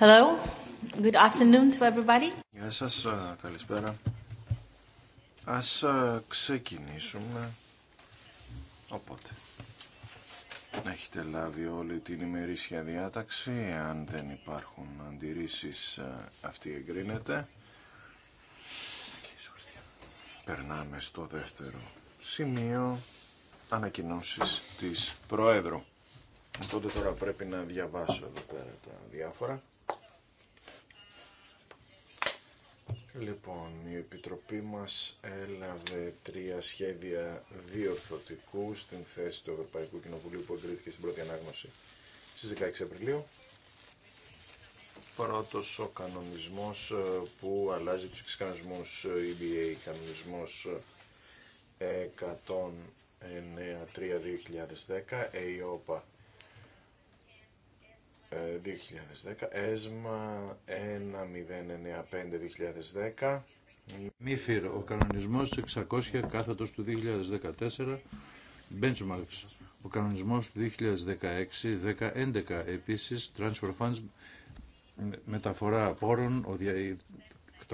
Hello. Good afternoon to everybody. Γεια σας, καλησπέρα. Ας ξεκινήσουμε. Οπότε. Έχετε λάβει όλη την ημερήσια διάταξη. Αν δεν υπάρχουν αντιρρήσεις, αυτή εγκρίνεται. Περνάμε στο δεύτερο σημείο ανακοινώσεις της Προέδρου. Οπότε τώρα πρέπει να διαβάσω εδώ πέρα τα διάφορα. Λοιπόν, η Επιτροπή μας έλαβε τρία σχέδια διορθωτικού στην θέση του Ευρωπαϊκού Κοινοβουλίου που εγκρίθηκε στην πρώτη ανάγνωση στις 16 Απριλίου. Πρώτος ο κανονισμός ε, που αλλάζει τους κανονισμούς ε, EBA, κανονισμός ε, ΕΙΟΠΑ 2010, ε, ΕΣΜΑ 1095-2010. ΜΥΦΙΡ, ο κανονισμός 600 κάθετος του 2014, benchmarks, ο κανονισμός του 2016-1011, επίσης transfer funds, μεταφορά πόρων, ο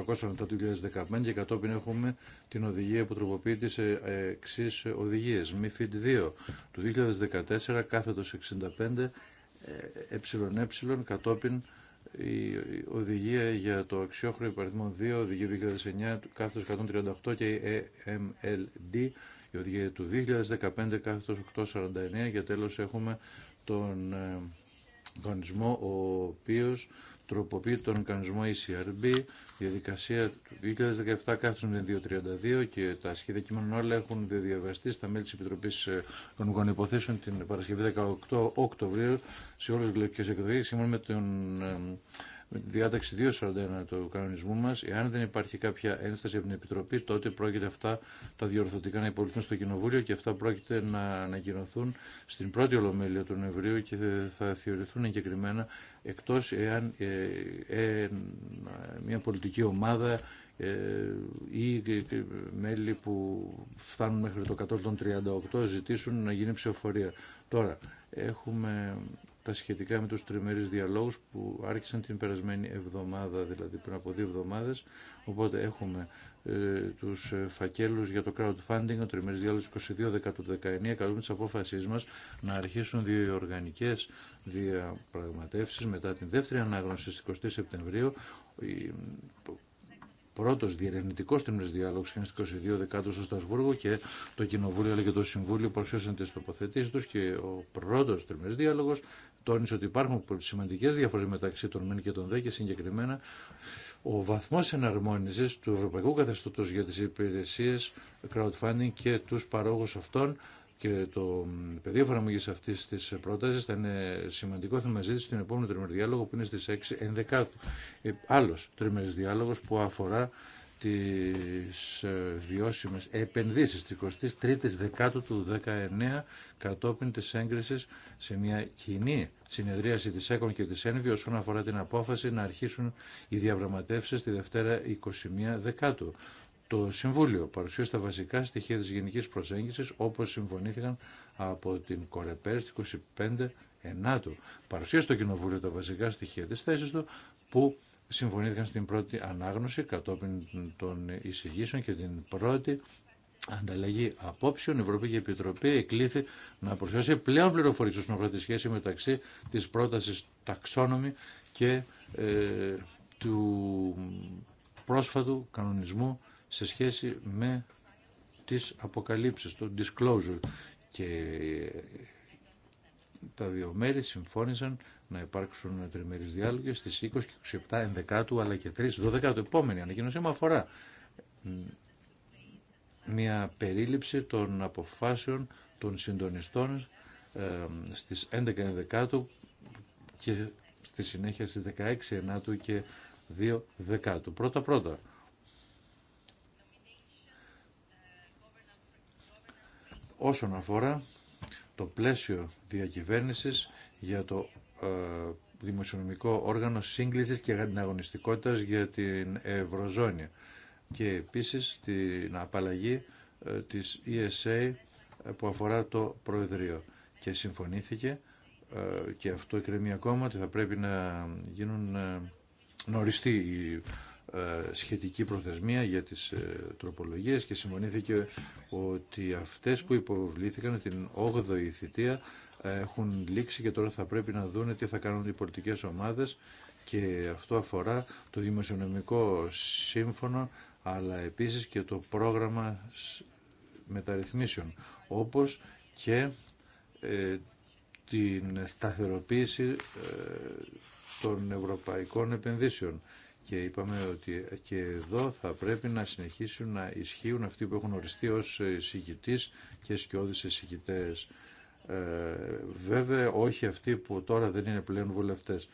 807 του 2015 και κατόπιν έχουμε την οδηγία που τροποποιεί τις ε, ε, εξής οδηγίες, MIFID 2 του 2014 κάθετος 65 ΕΕ κατόπιν η οδηγία για το αξιόχρονο υπαριθμό 2, οδηγία 2009 κάθετος 138 και η EMLD, η οδηγία του 2015 κάθετος 849 και τέλος έχουμε τον κανονισμό ο οποίος τροποποιεί τον κανονισμό ECRB η διαδικασία του 2017 με 232 και τα σχέδια κείμενων όλα έχουν διαβαστεί στα μέλη τη Επιτροπής ε, Οικονομικών Υποθέσεων την Παρασκευή 18 Οκτωβρίου σε όλε τις γλωσσικές εκδοχέ με τον ε, με τη διάταξη 241 του κανονισμού μα, εάν δεν υπάρχει κάποια ένσταση από την Επιτροπή, τότε πρόκειται αυτά τα διορθωτικά να υποβληθούν στο Κοινοβούλιο και αυτά πρόκειται να ανακοινωθούν στην πρώτη ολομέλεια του νευρίου και θα θεωρηθούν εγκεκριμένα εκτό εάν ε, ε, μια πολιτική ομάδα ε, ή μέλη που φτάνουν μέχρι το 138 ζητήσουν να γίνει ψηφοφορία. Τώρα, έχουμε τα σχετικά με τους τριμερείς διαλόγους που άρχισαν την περασμένη εβδομάδα, δηλαδή πριν από δύο εβδομάδες. Οπότε έχουμε ε, τους ε, φακέλους για το crowdfunding, ο τριμερείς διάλογος 22-19, καλούμε τις απόφασεις μας να αρχίσουν δύο οργανικές διαπραγματεύσεις μετά την δεύτερη ανάγνωση στις 20 Σεπτεμβρίου, πρώτο διερευνητικό τμήμα διάλογο είναι στι 22 στο Στασβούργο και το Κοινοβούλιο αλλά και το Συμβούλιο παρουσίασαν τι τοποθετήσει του και ο πρώτο τμήμα διάλογο τόνισε ότι υπάρχουν σημαντικέ διαφορέ μεταξύ των ΜΕΝ και των ΔΕ και συγκεκριμένα ο βαθμό εναρμόνιση του ευρωπαϊκού καθεστώτο για τι υπηρεσίε crowdfunding και του παρόγου αυτών και το πεδίο εφαρμογή αυτή τη πρόταση θα είναι σημαντικό θέμα ζήτηση στον επόμενο τριμερή διάλογο που είναι στι 6 ενδεκάτου. Ε, Άλλο τριμερή διάλογο που αφορά τι ε, βιώσιμε επενδύσει τη 23η δεκάτου του 19 κατόπιν τη έγκριση σε μια κοινή συνεδρίαση τη ΕΚΟΝ και τη ΕΝΒΙ όσον αφορά την απόφαση να αρχίσουν οι διαπραγματεύσει τη Δευτέρα 21 δεκάτου το Συμβούλιο παρουσίασε τα βασικά στοιχεία της γενικής προσέγγισης όπως συμφωνήθηκαν από την Κορεπέρ στις 25 Ενάτου. Παρουσίασε το Κοινοβούλιο τα βασικά στοιχεία της θέσης του που συμφωνήθηκαν στην πρώτη ανάγνωση κατόπιν των εισηγήσεων και την πρώτη ανταλλαγή απόψεων. Η Ευρωπαϊκή Επιτροπή εκλήθη να προσφέρει πλέον πληροφορίες τη σχέση μεταξύ της πρότασης ταξόνομη και ε, του πρόσφατου κανονισμού σε σχέση με τις αποκαλύψεις, το disclosure και τα δύο μέρη συμφώνησαν να υπάρξουν τριμερείς διάλογες στις 20 και 27 ενδεκάτου αλλά και 3 12 του επόμενη ανακοίνωσή μου αφορά μια περίληψη των αποφάσεων των συντονιστών ε, στις 11 ενδεκάτου και στη συνέχεια στις 16 ενάτου και 2 δεκάτου. Πρώτα πρώτα όσον αφορά το πλαίσιο διακυβέρνησης για το ε, δημοσιονομικό όργανο σύγκλησης και την αγωνιστικότητας για την Ευρωζώνη και επίσης την απαλλαγή ε, της ESA ε, που αφορά το Προεδρείο. Και συμφωνήθηκε και αυτό εκκρεμεί ακόμα ότι θα πρέπει να γίνουν να ε, σχετική προθεσμία για τις ε, τροπολογίες και συμφωνήθηκε ότι αυτές που υποβλήθηκαν την 8η θητεία ε, έχουν λήξει και τώρα θα πρέπει να δούνε τι θα κάνουν οι πολιτικές ομάδες και αυτό αφορά το δημοσιονομικό σύμφωνο αλλά επίσης και το πρόγραμμα μεταρρυθμίσεων όπως και την σταθεροποίηση των ευρωπαϊκών επενδύσεων και είπαμε ότι και εδώ θα πρέπει να συνεχίσουν να ισχύουν αυτοί που έχουν οριστεί ως συγκητής και σκιώδεις συγκητές. Ε, βέβαια όχι αυτοί που τώρα δεν είναι πλέον βουλευτές.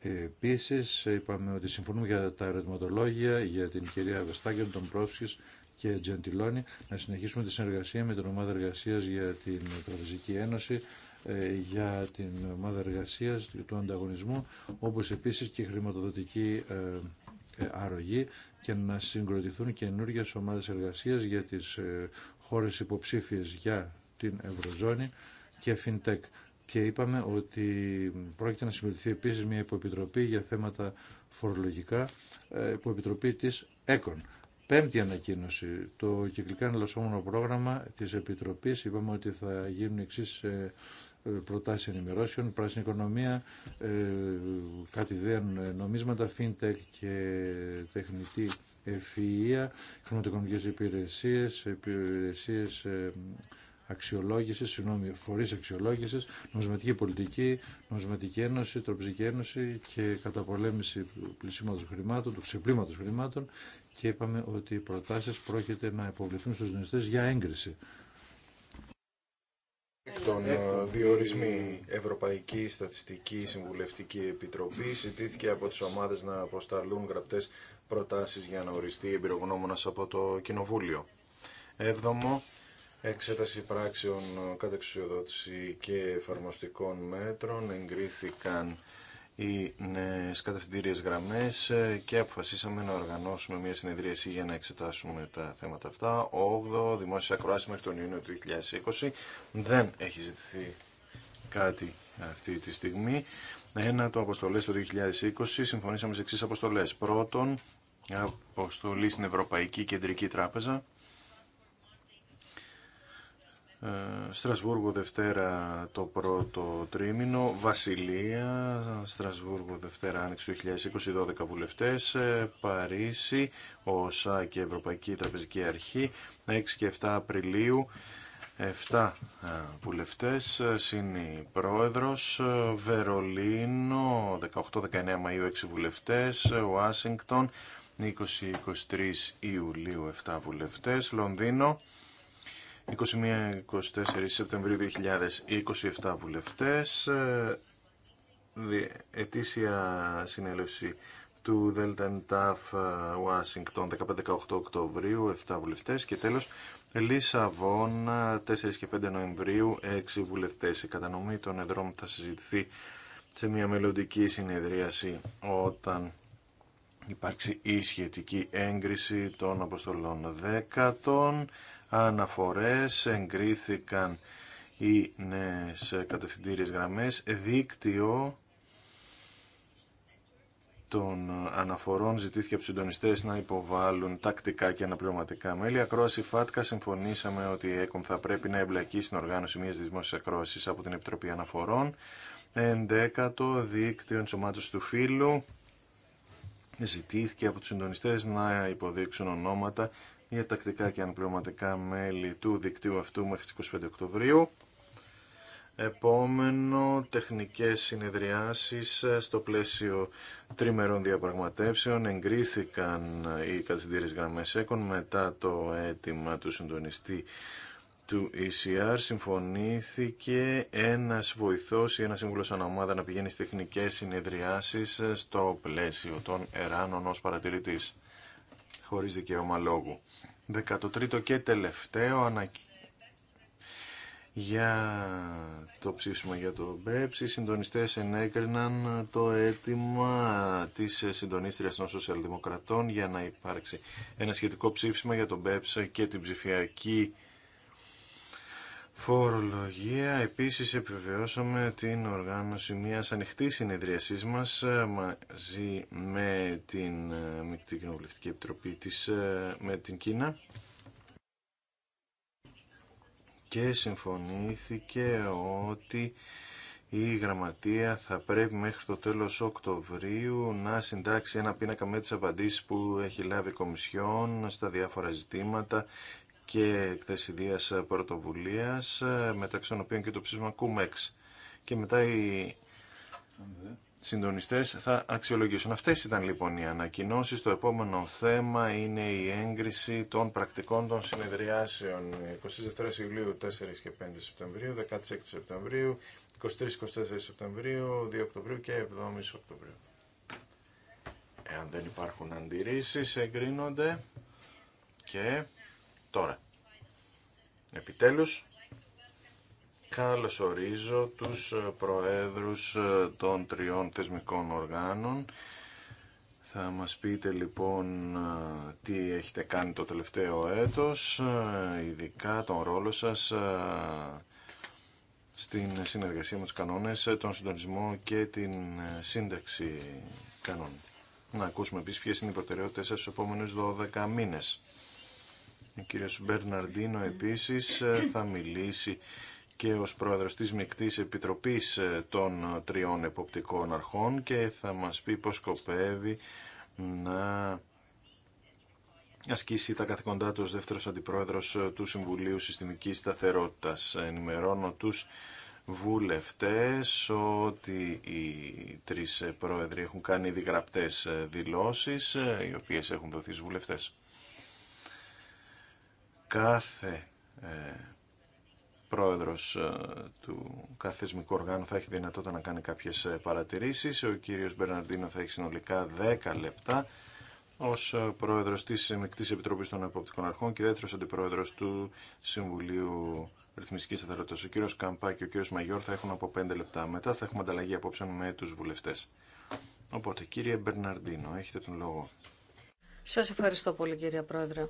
Επίση, είπαμε ότι συμφωνούμε για τα ερωτηματολόγια για την κυρία Βεστάγκερ, τον Πρόφσκης και Τζεντιλόνη, να συνεχίσουμε τη συνεργασία με την ομάδα εργασία για την Τραπεζική Ένωση, ε, για την ομάδα εργασία του ανταγωνισμού, όπως επίσης και χρηματοδοτική ε, ε, αρρωγή και να συγκροτηθούν καινούργιε ομάδες εργασίας για τις χώρες υποψήφιες για την Ευρωζώνη και FinTech. Και είπαμε ότι πρόκειται να συγκροτηθεί επίσης μια υποεπιτροπή για θέματα φορολογικά, υποεπιτροπή της ΕΚΟΝ. Πέμπτη ανακοίνωση. Το κυκλικά εναλλασσόμενο πρόγραμμα της Επιτροπής είπαμε ότι θα γίνουν εξή προτάσεις ενημερώσεων, πράσινη οικονομία, ε, κάτι δέν ε, νομίσματα, fintech και τεχνητή ευφυΐα, χρηματοοικονομικές υπηρεσίες, υπηρεσίες ε, αξιολόγηση, συγγνώμη, φορεί αξιολόγηση, νομισματική πολιτική, νομισματική ένωση, τροπική ένωση και καταπολέμηση πλησίματο χρημάτων, του ξεπλήματο χρημάτων. Και είπαμε ότι οι προτάσει πρόκειται να υποβληθούν στου νομιστές για έγκριση τον ε, διορισμή. Ευρωπαϊκή Στατιστική Συμβουλευτική Επιτροπή ζητήθηκε από τις ομάδες να αποσταλούν γραπτές προτάσεις για να οριστεί εμπειρογνώμονας από το Κοινοβούλιο. Έβδομο, εξέταση πράξεων κατεξουσιοδότηση και εφαρμοστικών μέτρων εγκρίθηκαν οι νέες κατευθυντήριες γραμμές ε, και αποφασίσαμε να οργανώσουμε μια συνεδρίαση για να εξετάσουμε τα θέματα αυτά. 8 δημόσια ακροάση μέχρι τον Ιούνιο του 2020. Δεν έχει ζητηθεί κάτι αυτή τη στιγμή. Ένα το αποστολές το 2020 συμφωνήσαμε σε εξής αποστολές. Πρώτον, αποστολή στην Ευρωπαϊκή Κεντρική Τράπεζα ε, Στρασβούργο Δευτέρα το πρώτο τρίμηνο, Βασιλεία, Στρασβούργο Δευτέρα Άνοιξη του 2020, 12 βουλευτές, ε, Παρίσι, ΟΣΑ και Ευρωπαϊκή Τραπεζική Αρχή, 6 και 7 Απριλίου, 7 ε, βουλευτές, Σύνη Πρόεδρος, Βερολίνο, 18-19 Μαΐου 6 βουλευτές, Ουάσιγκτον, 20-23 Ιουλίου 7 βουλευτές, Λονδίνο, 21-24 Σεπτεμβρίου 2027 βουλευτές, ε, ετήσια συνέλευση του ΔΕΛΤΑΝΤΑΦ ε, Ουάσιγκτον 15-18 Οκτωβρίου, 7 βουλευτές και τέλος Λισαβόνα 4 και 5 Νοεμβρίου, 6 βουλευτές. Η κατανομή των εδρών θα συζητηθεί σε μια μελλοντική συνεδρίαση όταν υπάρξει η σχετική έγκριση των αποστολών δέκατων αναφορές, εγκρίθηκαν οι νέες κατευθυντήριες γραμμές, δίκτυο των αναφορών ζητήθηκε από του συντονιστέ να υποβάλουν τακτικά και αναπληρωματικά μέλη. Ακρόαση ΦΑΤΚΑ συμφωνήσαμε ότι η ΕΚΟΜ θα πρέπει να εμπλακεί στην οργάνωση μια δημόσια ακρόαση από την Επιτροπή Αναφορών. Ενδέκατο, δίκτυο ενσωμάτωση του φύλου. Ζητήθηκε από του συντονιστέ να υποδείξουν ονόματα για τακτικά και αναπληρωματικά μέλη του δικτύου αυτού μέχρι τις 25 Οκτωβρίου. Επόμενο, τεχνικές συνεδριάσεις στο πλαίσιο τριμερών διαπραγματεύσεων. Εγκρίθηκαν οι κατευθυντήρες γραμμές ΕΚΟΝ μετά το αίτημα του συντονιστή του ECR. Συμφωνήθηκε ένας βοηθός ή ένας σύμβουλος αναμάδα να πηγαίνει στις τεχνικές συνεδριάσεις στο πλαίσιο των Εράνων ως παρατηρητής, χωρίς δικαίωμα λόγου. 13ο και τελευταίο ανακοίνωση για το ψήφισμα για το ΜΠΕΠΣ. Οι συντονιστές ενέκριναν το αίτημα της συντονίστριας των σοσιαλδημοκρατών για να υπάρξει ένα σχετικό ψήφισμα για το ΜΠΕΠΣ και την ψηφιακή φορολογία. Επίσης επιβεβαιώσαμε την οργάνωση μια ανοιχτή συνεδρίασή μας ε, μαζί με την ε, Μικτή Κοινοβουλευτική Επιτροπή της, ε, με την Κίνα και συμφωνήθηκε ότι η γραμματεία θα πρέπει μέχρι το τέλος Οκτωβρίου να συντάξει ένα πίνακα με τις απαντήσεις που έχει λάβει η Κομισιόν στα διάφορα ζητήματα και εκθέσει πρωτοβουλία πρωτοβουλίας, μεταξύ των οποίων και το ψήφισμα ΚΟΜΕΞ. Και μετά οι συντονιστέ θα αξιολογήσουν. Αυτές ήταν λοιπόν οι ανακοινώσει. Το επόμενο θέμα είναι η έγκριση των πρακτικών των συνεδριάσεων 24 Ιουλίου, 4 και 5 Σεπτεμβρίου, 16 Σεπτεμβρίου, 23-24 Σεπτεμβρίου, 2 Οκτωβρίου και 7 Οκτωβρίου. Εάν δεν υπάρχουν αντιρρήσει εγκρίνονται και Τώρα, επιτέλους, καλωσορίζω τους προέδρους των τριών θεσμικών οργάνων. Θα μας πείτε λοιπόν τι έχετε κάνει το τελευταίο έτος, ειδικά τον ρόλο σας στην συνεργασία με τους κανόνες, τον συντονισμό και την σύνταξη κανόνων. Να ακούσουμε επίσης ποιες είναι οι προτεραιότητες σας στους επόμενους 12 μήνες. Ο κύριος Μπερναρντίνο επίσης ε, θα μιλήσει και ως πρόεδρος της Μικτής Επιτροπής ε, των ε, Τριών Εποπτικών Αρχών και θα μας πει πώς σκοπεύει να ασκήσει τα καθηκοντά του ως δεύτερος αντιπρόεδρος του Συμβουλίου Συστημικής Σταθερότητας. Ενημερώνω τους βουλευτές ότι οι τρεις πρόεδροι έχουν κάνει ήδη δηλώσεις οι οποίες έχουν δοθεί στους βουλευτές κάθε ε, πρόεδρος ε, του καθεσμικού οργάνου θα έχει δυνατότητα να κάνει κάποιες ε, παρατηρήσεις. Ο κύριος Μπερναρντίνο θα έχει συνολικά 10 λεπτά ως ε, πρόεδρος της Μεκτής Επιτροπής των Εποπτικών Αρχών και δεύτερος αντιπρόεδρος του Συμβουλίου Ρυθμιστικής Σταθερότητας. Ο κύριος Καμπά και ο κύριος Μαγιόρ θα έχουν από 5 λεπτά. Μετά θα έχουμε ανταλλαγή απόψε με τους βουλευτές. Οπότε κύριε Μπερναρντίνο, έχετε τον λόγο. Σας ευχαριστώ πολύ κύριε Πρόεδρε.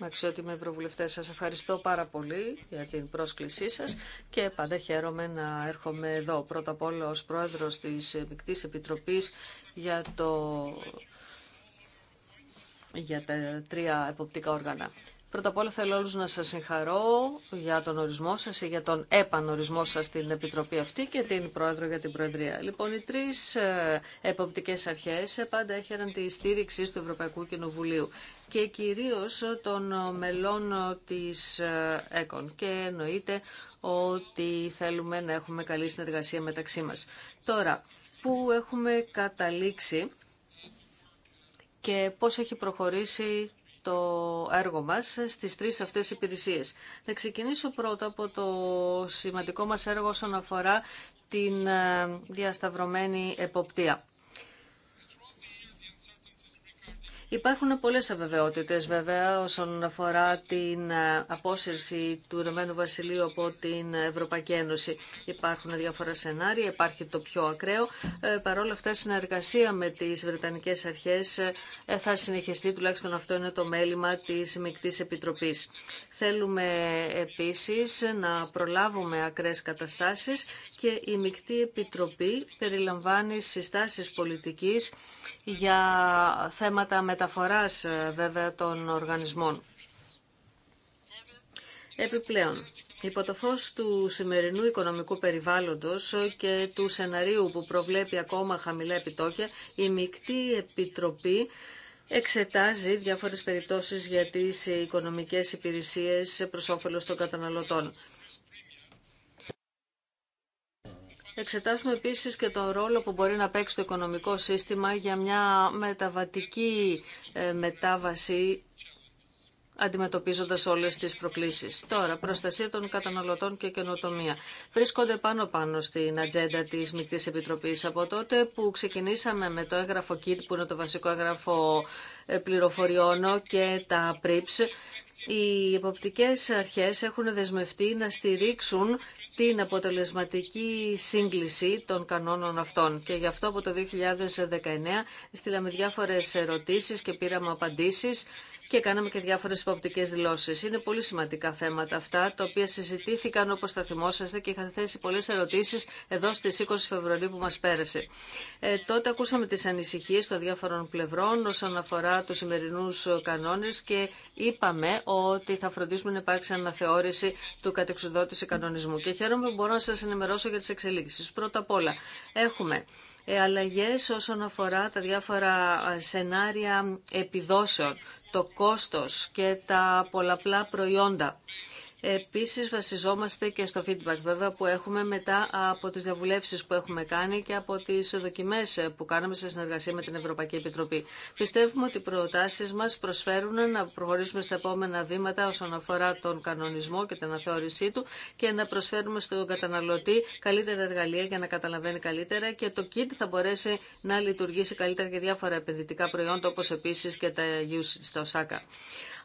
Αξιότιμοι Ευρωβουλευτέ, σα ευχαριστώ πάρα πολύ για την πρόσκλησή σα και πάντα χαίρομαι να έρχομαι εδώ. Πρώτα απ' όλα ω πρόεδρο τη Μικτή Επιτροπή για, το... για τα τρία εποπτικά όργανα. Πρώτα απ' όλα θέλω όλους να σας συγχαρώ για τον ορισμό σας ή για τον επανορισμό σας στην Επιτροπή αυτή και την Πρόεδρο για την Προεδρία. Λοιπόν, οι τρεις ε, εποπτικές αρχές πάντα έχεραν τη στήριξη του Ευρωπαϊκού Κοινοβουλίου και κυρίως των μελών της ε, ΕΚΟΝ και εννοείται ότι θέλουμε να έχουμε καλή συνεργασία μεταξύ μας. Τώρα, πού έχουμε καταλήξει και πώς έχει προχωρήσει το έργο μας στις τρεις αυτές υπηρεσίες. Να ξεκινήσω πρώτα από το σημαντικό μας έργο όσον αφορά την ε, διασταυρωμένη εποπτεία. Υπάρχουν πολλές αβεβαιότητες βέβαια όσον αφορά την ε, απόσυρση του Ηνωμένου Βασιλείου από την Ευρωπαϊκή Ένωση. Υπάρχουν διάφορα σενάρια, υπάρχει το πιο ακραίο. Ε, Παρ' όλα αυτά, συνεργασία με τις Βρετανικές Αρχές ε, θα συνεχιστεί, τουλάχιστον αυτό είναι το μέλημα τη Μικτής επιτροπή. Θέλουμε επίσης να προλάβουμε ακραίες καταστάσεις και η Μικτή Επιτροπή περιλαμβάνει συστάσεις πολιτικής για θέματα μεταφοράς ε, βέβαια των οργανισμών. Επιπλέον, υπό το φως του σημερινού οικονομικού περιβάλλοντος και του σεναρίου που προβλέπει ακόμα χαμηλά επιτόκια, η Μικτή Επιτροπή εξετάζει διάφορες περιπτώσεις για τις οικονομικές υπηρεσίες προς όφελος των καταναλωτών. Εξετάζουμε επίσης και το ρόλο που μπορεί να παίξει το οικονομικό σύστημα για μια μεταβατική ε, μετάβαση αντιμετωπίζοντας όλες τις προκλήσεις. Τώρα, προστασία των καταναλωτών και καινοτομία. Βρίσκονται πάνω-πάνω στην ατζέντα της Μικτής Επιτροπής. Από τότε που ξεκινήσαμε με το έγγραφο KIT, που είναι το βασικό έγγραφο ε, πληροφοριών και τα PRIPS, οι υποπτικές αρχές έχουν δεσμευτεί να στηρίξουν την αποτελεσματική σύγκληση των κανόνων αυτών. Και γι' αυτό από το 2019 στείλαμε διάφορες ερωτήσεις και πήραμε απαντήσεις και κάναμε και διάφορες υποπτικές δηλώσεις. Είναι πολύ σημαντικά θέματα αυτά, τα οποία συζητήθηκαν όπως θα θυμόσαστε και είχαν θέσει πολλές ερωτήσεις εδώ στις 20 Φεβρουαρίου που μας πέρασε. Ε, τότε ακούσαμε τις ανησυχίες των διάφορων πλευρών όσον αφορά τους σημερινού κανόνες και είπαμε ότι θα φροντίσουμε να υπάρξει αναθεώρηση του κατεξουδότηση κανονισμού. Και χαίρομαι που μπορώ να σας ενημερώσω για τις εξελίξεις. Πρώτα απ' όλα, έχουμε ε, αλλαγές όσον αφορά τα διάφορα ε, σενάρια επιδόσεων, το κόστος και τα πολλαπλά προϊόντα. Επίσης βασιζόμαστε και στο feedback βέβαια που έχουμε μετά από τις διαβουλεύσεις που έχουμε κάνει και από τις δοκιμές που κάναμε σε συνεργασία με την Ευρωπαϊκή Επιτροπή. Πιστεύουμε ότι οι προτάσεις μας προσφέρουν να προχωρήσουμε στα επόμενα βήματα όσον αφορά τον κανονισμό και την αναθεώρησή του και να προσφέρουμε στον καταναλωτή καλύτερα εργαλεία για να καταλαβαίνει καλύτερα και το kit θα μπορέσει να λειτουργήσει καλύτερα και διάφορα επενδυτικά προϊόντα όπως επίσης και τα use στα ΟΣΑΚΑ.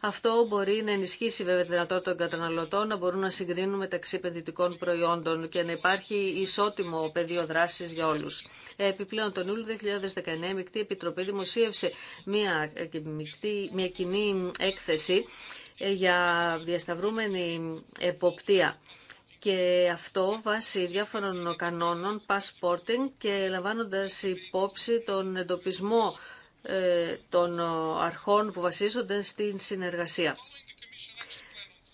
Αυτό μπορεί να ενισχύσει βέβαια τη δυνατότητα των καταναλωτών να μπορούν να συγκρίνουν μεταξύ επενδυτικών προϊόντων και να υπάρχει ισότιμο πεδίο δράση για όλου. Επιπλέον, τον Ιούλιο 2019, η Μικτή Επιτροπή δημοσίευσε μια, ε, μια κοινή έκθεση ε, για διασταυρούμενη εποπτεία και αυτό βάσει διάφορων κανόνων passporting και λαμβάνοντας υπόψη τον εντοπισμό ε, των ε, αρχών που βασίζονται στην συνεργασία.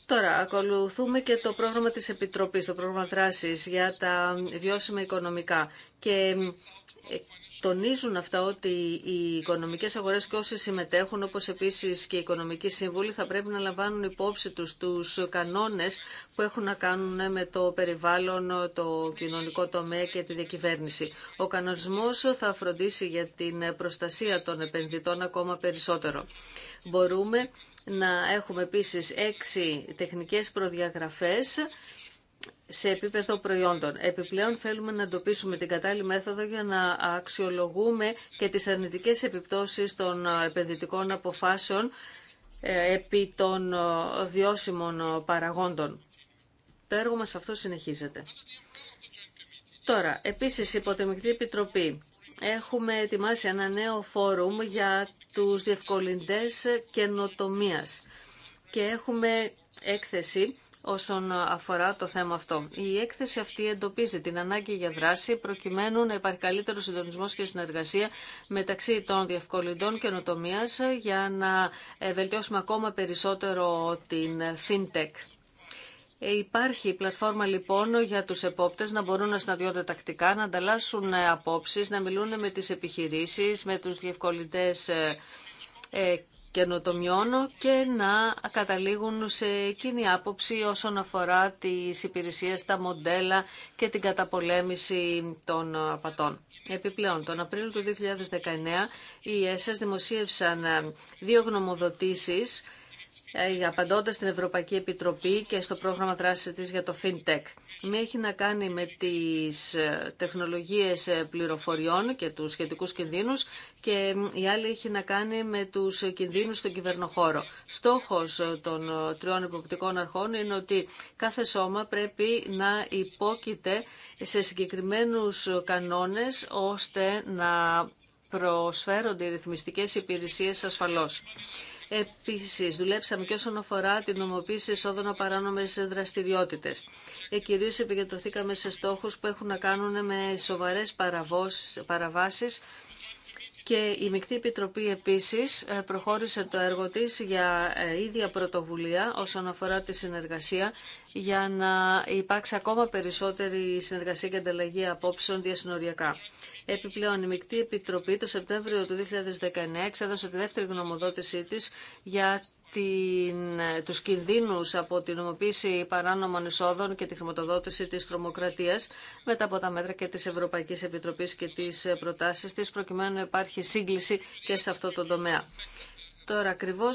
Τώρα, ακολουθούμε και το πρόγραμμα της Επιτροπής, το πρόγραμμα δράσης για τα βιώσιμα οικονομικά. Και ε, τονίζουν αυτά ότι οι οικονομικές αγορές και όσοι συμμετέχουν, όπως επίσης και οι οικονομικοί σύμβουλοι, θα πρέπει να λαμβάνουν υπόψη τους τους κανόνες που έχουν να κάνουν ναι, με το περιβάλλον, το κοινωνικό τομέα και τη διακυβέρνηση. Ο κανονισμός θα φροντίσει για την προστασία των επενδυτών ακόμα περισσότερο. Μπορούμε να έχουμε επίσης έξι τεχνικές προδιαγραφές σε επίπεδο προϊόντων. Επιπλέον θέλουμε να εντοπίσουμε την κατάλληλη μέθοδο για να αξιολογούμε και τις αρνητικές επιπτώσεις των ε, επενδυτικών αποφάσεων ε, επί των διώσιμων ε, παραγόντων. Το έργο μας αυτό συνεχίζεται. Τώρα, επίσης υπό τη Μικρή Επιτροπή έχουμε ετοιμάσει ένα νέο φόρουμ για τους διευκολυντές καινοτομίας και έχουμε έκθεση όσον αφορά το θέμα αυτό. Η έκθεση αυτή εντοπίζει την ανάγκη για δράση προκειμένου να υπάρχει καλύτερο συντονισμό και συνεργασία μεταξύ των διευκολυντών καινοτομία για να ε, βελτιώσουμε ακόμα περισσότερο την FinTech. Ε, υπάρχει πλατφόρμα λοιπόν για τους επόπτες να μπορούν να συναντιόνται τακτικά, να ανταλλάσσουν ε, απόψεις, να μιλούν με τις επιχειρήσεις, με τους διευκολυντές καινοτομιών και να καταλήγουν σε κοινή άποψη όσον αφορά τις υπηρεσίες, τα μοντέλα και την καταπολέμηση των απατών. Επιπλέον, τον Απρίλιο του 2019 οι ΕΣΕΣ δημοσίευσαν δύο γνωμοδοτήσεις ε, απαντώντας στην Ευρωπαϊκή Επιτροπή και στο πρόγραμμα δράσης της για το FinTech. Μία έχει να κάνει με τις ε, τεχνολογίες ε, πληροφοριών και τους σχετικούς κινδύνους και η άλλη έχει να κάνει με τους κινδύνους στον κυβερνοχώρο. Στόχος ε, των τριών υποπτικών αρχών είναι ότι κάθε σώμα πρέπει να υπόκειται σε συγκεκριμένους κανόνες ώστε να προσφέρονται οι ρυθμιστικές υπηρεσίες ασφαλώς. Επίση, δουλέψαμε και όσον αφορά την νομοποίηση εισόδων παράνομες δραστηριότητες. Ε, Κυρίω επικεντρωθήκαμε σε στόχους που έχουν να κάνουν με σοβαρέ παραβάσεις και η Μικτή Επιτροπή επίσης ε, προχώρησε το έργο της για ε, ίδια πρωτοβουλία όσον αφορά τη συνεργασία για να υπάρξει ακόμα περισσότερη συνεργασία και ανταλλαγή απόψεων διασυνοριακά. Επιπλέον, η Μικτή Επιτροπή το Σεπτέμβριο του 2019 εξέδωσε τη δεύτερη γνωμοδότησή της για την, τους κινδύνους από την νομοποίηση παράνομων εισόδων και τη χρηματοδότηση της τρομοκρατίας μετά από τα μέτρα και της Ευρωπαϊκής Επιτροπής και τις προτάσεις της προκειμένου να υπάρχει σύγκληση και σε αυτό το τομέα. Τώρα ακριβώ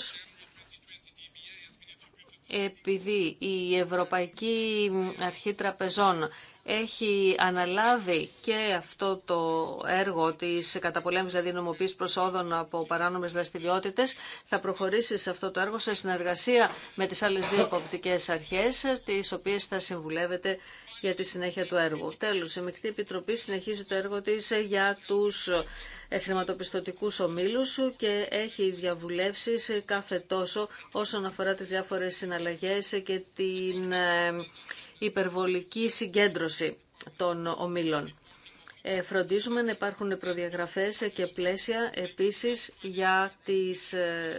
επειδή η Ευρωπαϊκή Αρχή Τραπεζών έχει αναλάβει και αυτό το έργο της καταπολέμησης, δηλαδή νομοποίησης προσόδων από παράνομες δραστηριότητες, θα προχωρήσει σε αυτό το έργο σε συνεργασία με τις άλλες δύο υποπτικές αρχές, τις οποίες θα συμβουλεύεται για τη συνέχεια του έργου. Τέλος, η Μεκτή Επιτροπή συνεχίζει το έργο της για τους χρηματοπιστωτικούς ομίλους και έχει διαβουλεύσει κάθε τόσο όσον αφορά τις διάφορες συναλλαγές και την ε, υπερβολική συγκέντρωση των ομίλων. Ε, φροντίζουμε να υπάρχουν προδιαγραφές και πλαίσια επίσης για τις ε,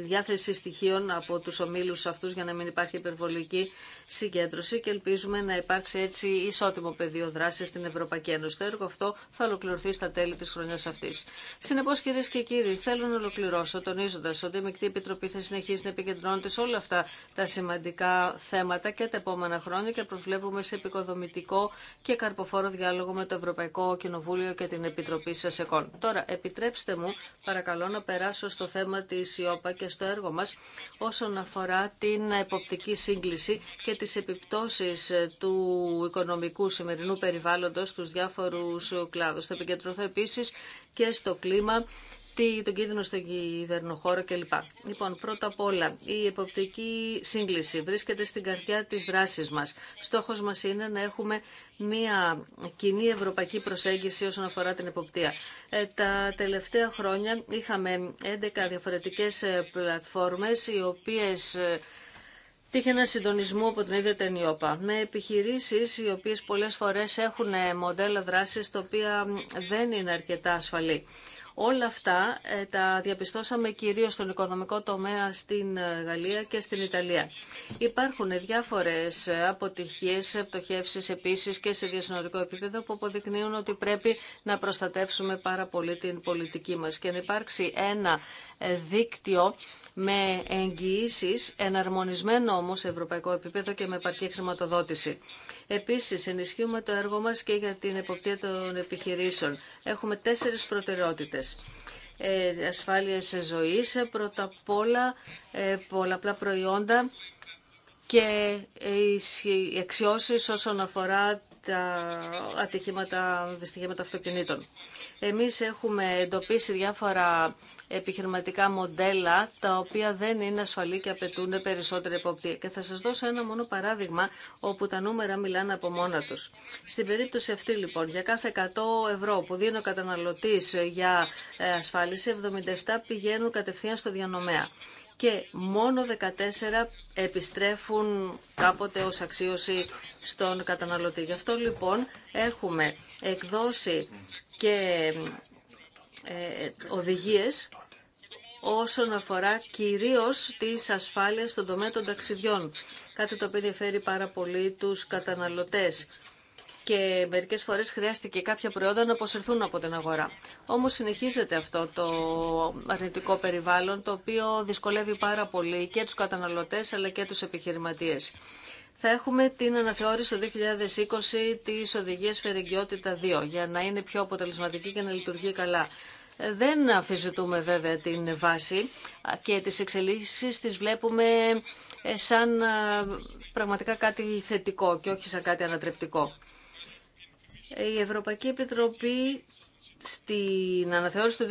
τη διάθεση στοιχείων από τους ομίλους αυτούς για να μην υπάρχει υπερβολική συγκέντρωση και ελπίζουμε να υπάρξει έτσι ισότιμο πεδίο δράσης στην Ευρωπαϊκή Ένωση. Το έργο αυτό θα ολοκληρωθεί στα τέλη της χρονιάς αυτής. Συνεπώς κυρίες και κύριοι, θέλω να ολοκληρώσω τονίζοντας ότι η Μεκτή Επιτροπή θα συνεχίσει να επικεντρώνεται σε όλα αυτά τα σημαντικά θέματα και τα επόμενα χρόνια και προβλέπουμε σε επικοδομητικό και καρποφόρο διάλογο με το Ευρωπαϊκό Κοινοβούλιο και την Επιτροπή ΣΕΣΕΚΟΝ. Τώρα επιτρέψτε μου παρακαλώ να περάσω στο θέμα της ΙΟΠΑ και στο έργο μας όσον αφορά την εποπτική σύγκληση και τις επιπτώσεις του οικονομικού σημερινού περιβάλλοντος στους διάφορους κλάδους. Θα επικεντρωθώ επίσης και στο κλίμα αυτή τον κίνδυνο στον κυβερνοχώρο κλπ. Λοιπόν, πρώτα απ' όλα, η εποπτική σύγκληση βρίσκεται στην καρδιά της δράσης μας. Στόχος μας είναι να έχουμε μια κοινή ευρωπαϊκή προσέγγιση όσον αφορά την εποπτεία. Ε, τα τελευταία χρόνια είχαμε 11 διαφορετικές ε, πλατφόρμες, οι οποίες... Ε, Τύχε ένα συντονισμό από την ίδια την ΙΟΠΑ με επιχειρήσει οι οποίε πολλέ φορέ έχουν μοντέλα δράση τα οποία δεν είναι αρκετά ασφαλή. Όλα αυτά ε, τα διαπιστώσαμε κυρίως στον οικονομικό τομέα στην ε, Γαλλία και στην Ιταλία. Υπάρχουν διάφορες αποτυχίες, επτοχεύσεις επίσης και σε διασυνορικό επίπεδο που αποδεικνύουν ότι πρέπει να προστατεύσουμε πάρα πολύ την πολιτική μας και να υπάρξει ένα ε, δίκτυο με εγγυήσει, εναρμονισμένο όμως σε ευρωπαϊκό επίπεδο και με επαρκή χρηματοδότηση. Επίσης, ενισχύουμε το έργο μας και για την εποπτεία των επιχειρήσεων. Έχουμε τέσσερις προτεραιότητες. Ε, ζωή, ζωής, πρώτα απ' όλα ε, πολλαπλά προϊόντα και ε, οι αξιώσεις όσον αφορά τα ατυχήματα, δυστυχήματα αυτοκινήτων. Εμείς έχουμε εντοπίσει διάφορα επιχειρηματικά μοντέλα τα οποία δεν είναι ασφαλή και απαιτούν περισσότερη εποπτεία. Και θα σας δώσω ένα μόνο παράδειγμα όπου τα νούμερα μιλάνε από μόνα τους. Στην περίπτωση αυτή λοιπόν για κάθε 100 ευρώ που δίνει ο καταναλωτής για ε, ασφάλιση 77 πηγαίνουν κατευθείαν στο διανομέα και μόνο 14 επιστρέφουν κάποτε ως αξίωση στον καταναλωτή. Γι' αυτό λοιπόν έχουμε εκδώσει και ε, οδηγίες όσον αφορά κυρίως τις ασφάλειες στον τομέα των ταξιδιών. Κάτι το οποίο ενδιαφέρει πάρα πολύ τους καταναλωτές και μερικέ φορέ χρειάστηκε κάποια προϊόντα να αποσυρθούν από την αγορά. Όμω συνεχίζεται αυτό το αρνητικό περιβάλλον το οποίο δυσκολεύει πάρα πολύ και του καταναλωτέ, αλλά και του επιχειρηματίε. Θα έχουμε την αναθεώρηση το 2020 τη οδηγία Φερεγγιότητα 2 για να είναι πιο αποτελεσματική και να λειτουργεί καλά. Δεν αφιζητούμε βέβαια την βάση και τις εξελίξεις τις βλέπουμε σαν ε, πραγματικά κάτι θετικό και όχι σαν κάτι ανατρεπτικό. Η Ευρωπαϊκή Επιτροπή στην αναθεώρηση του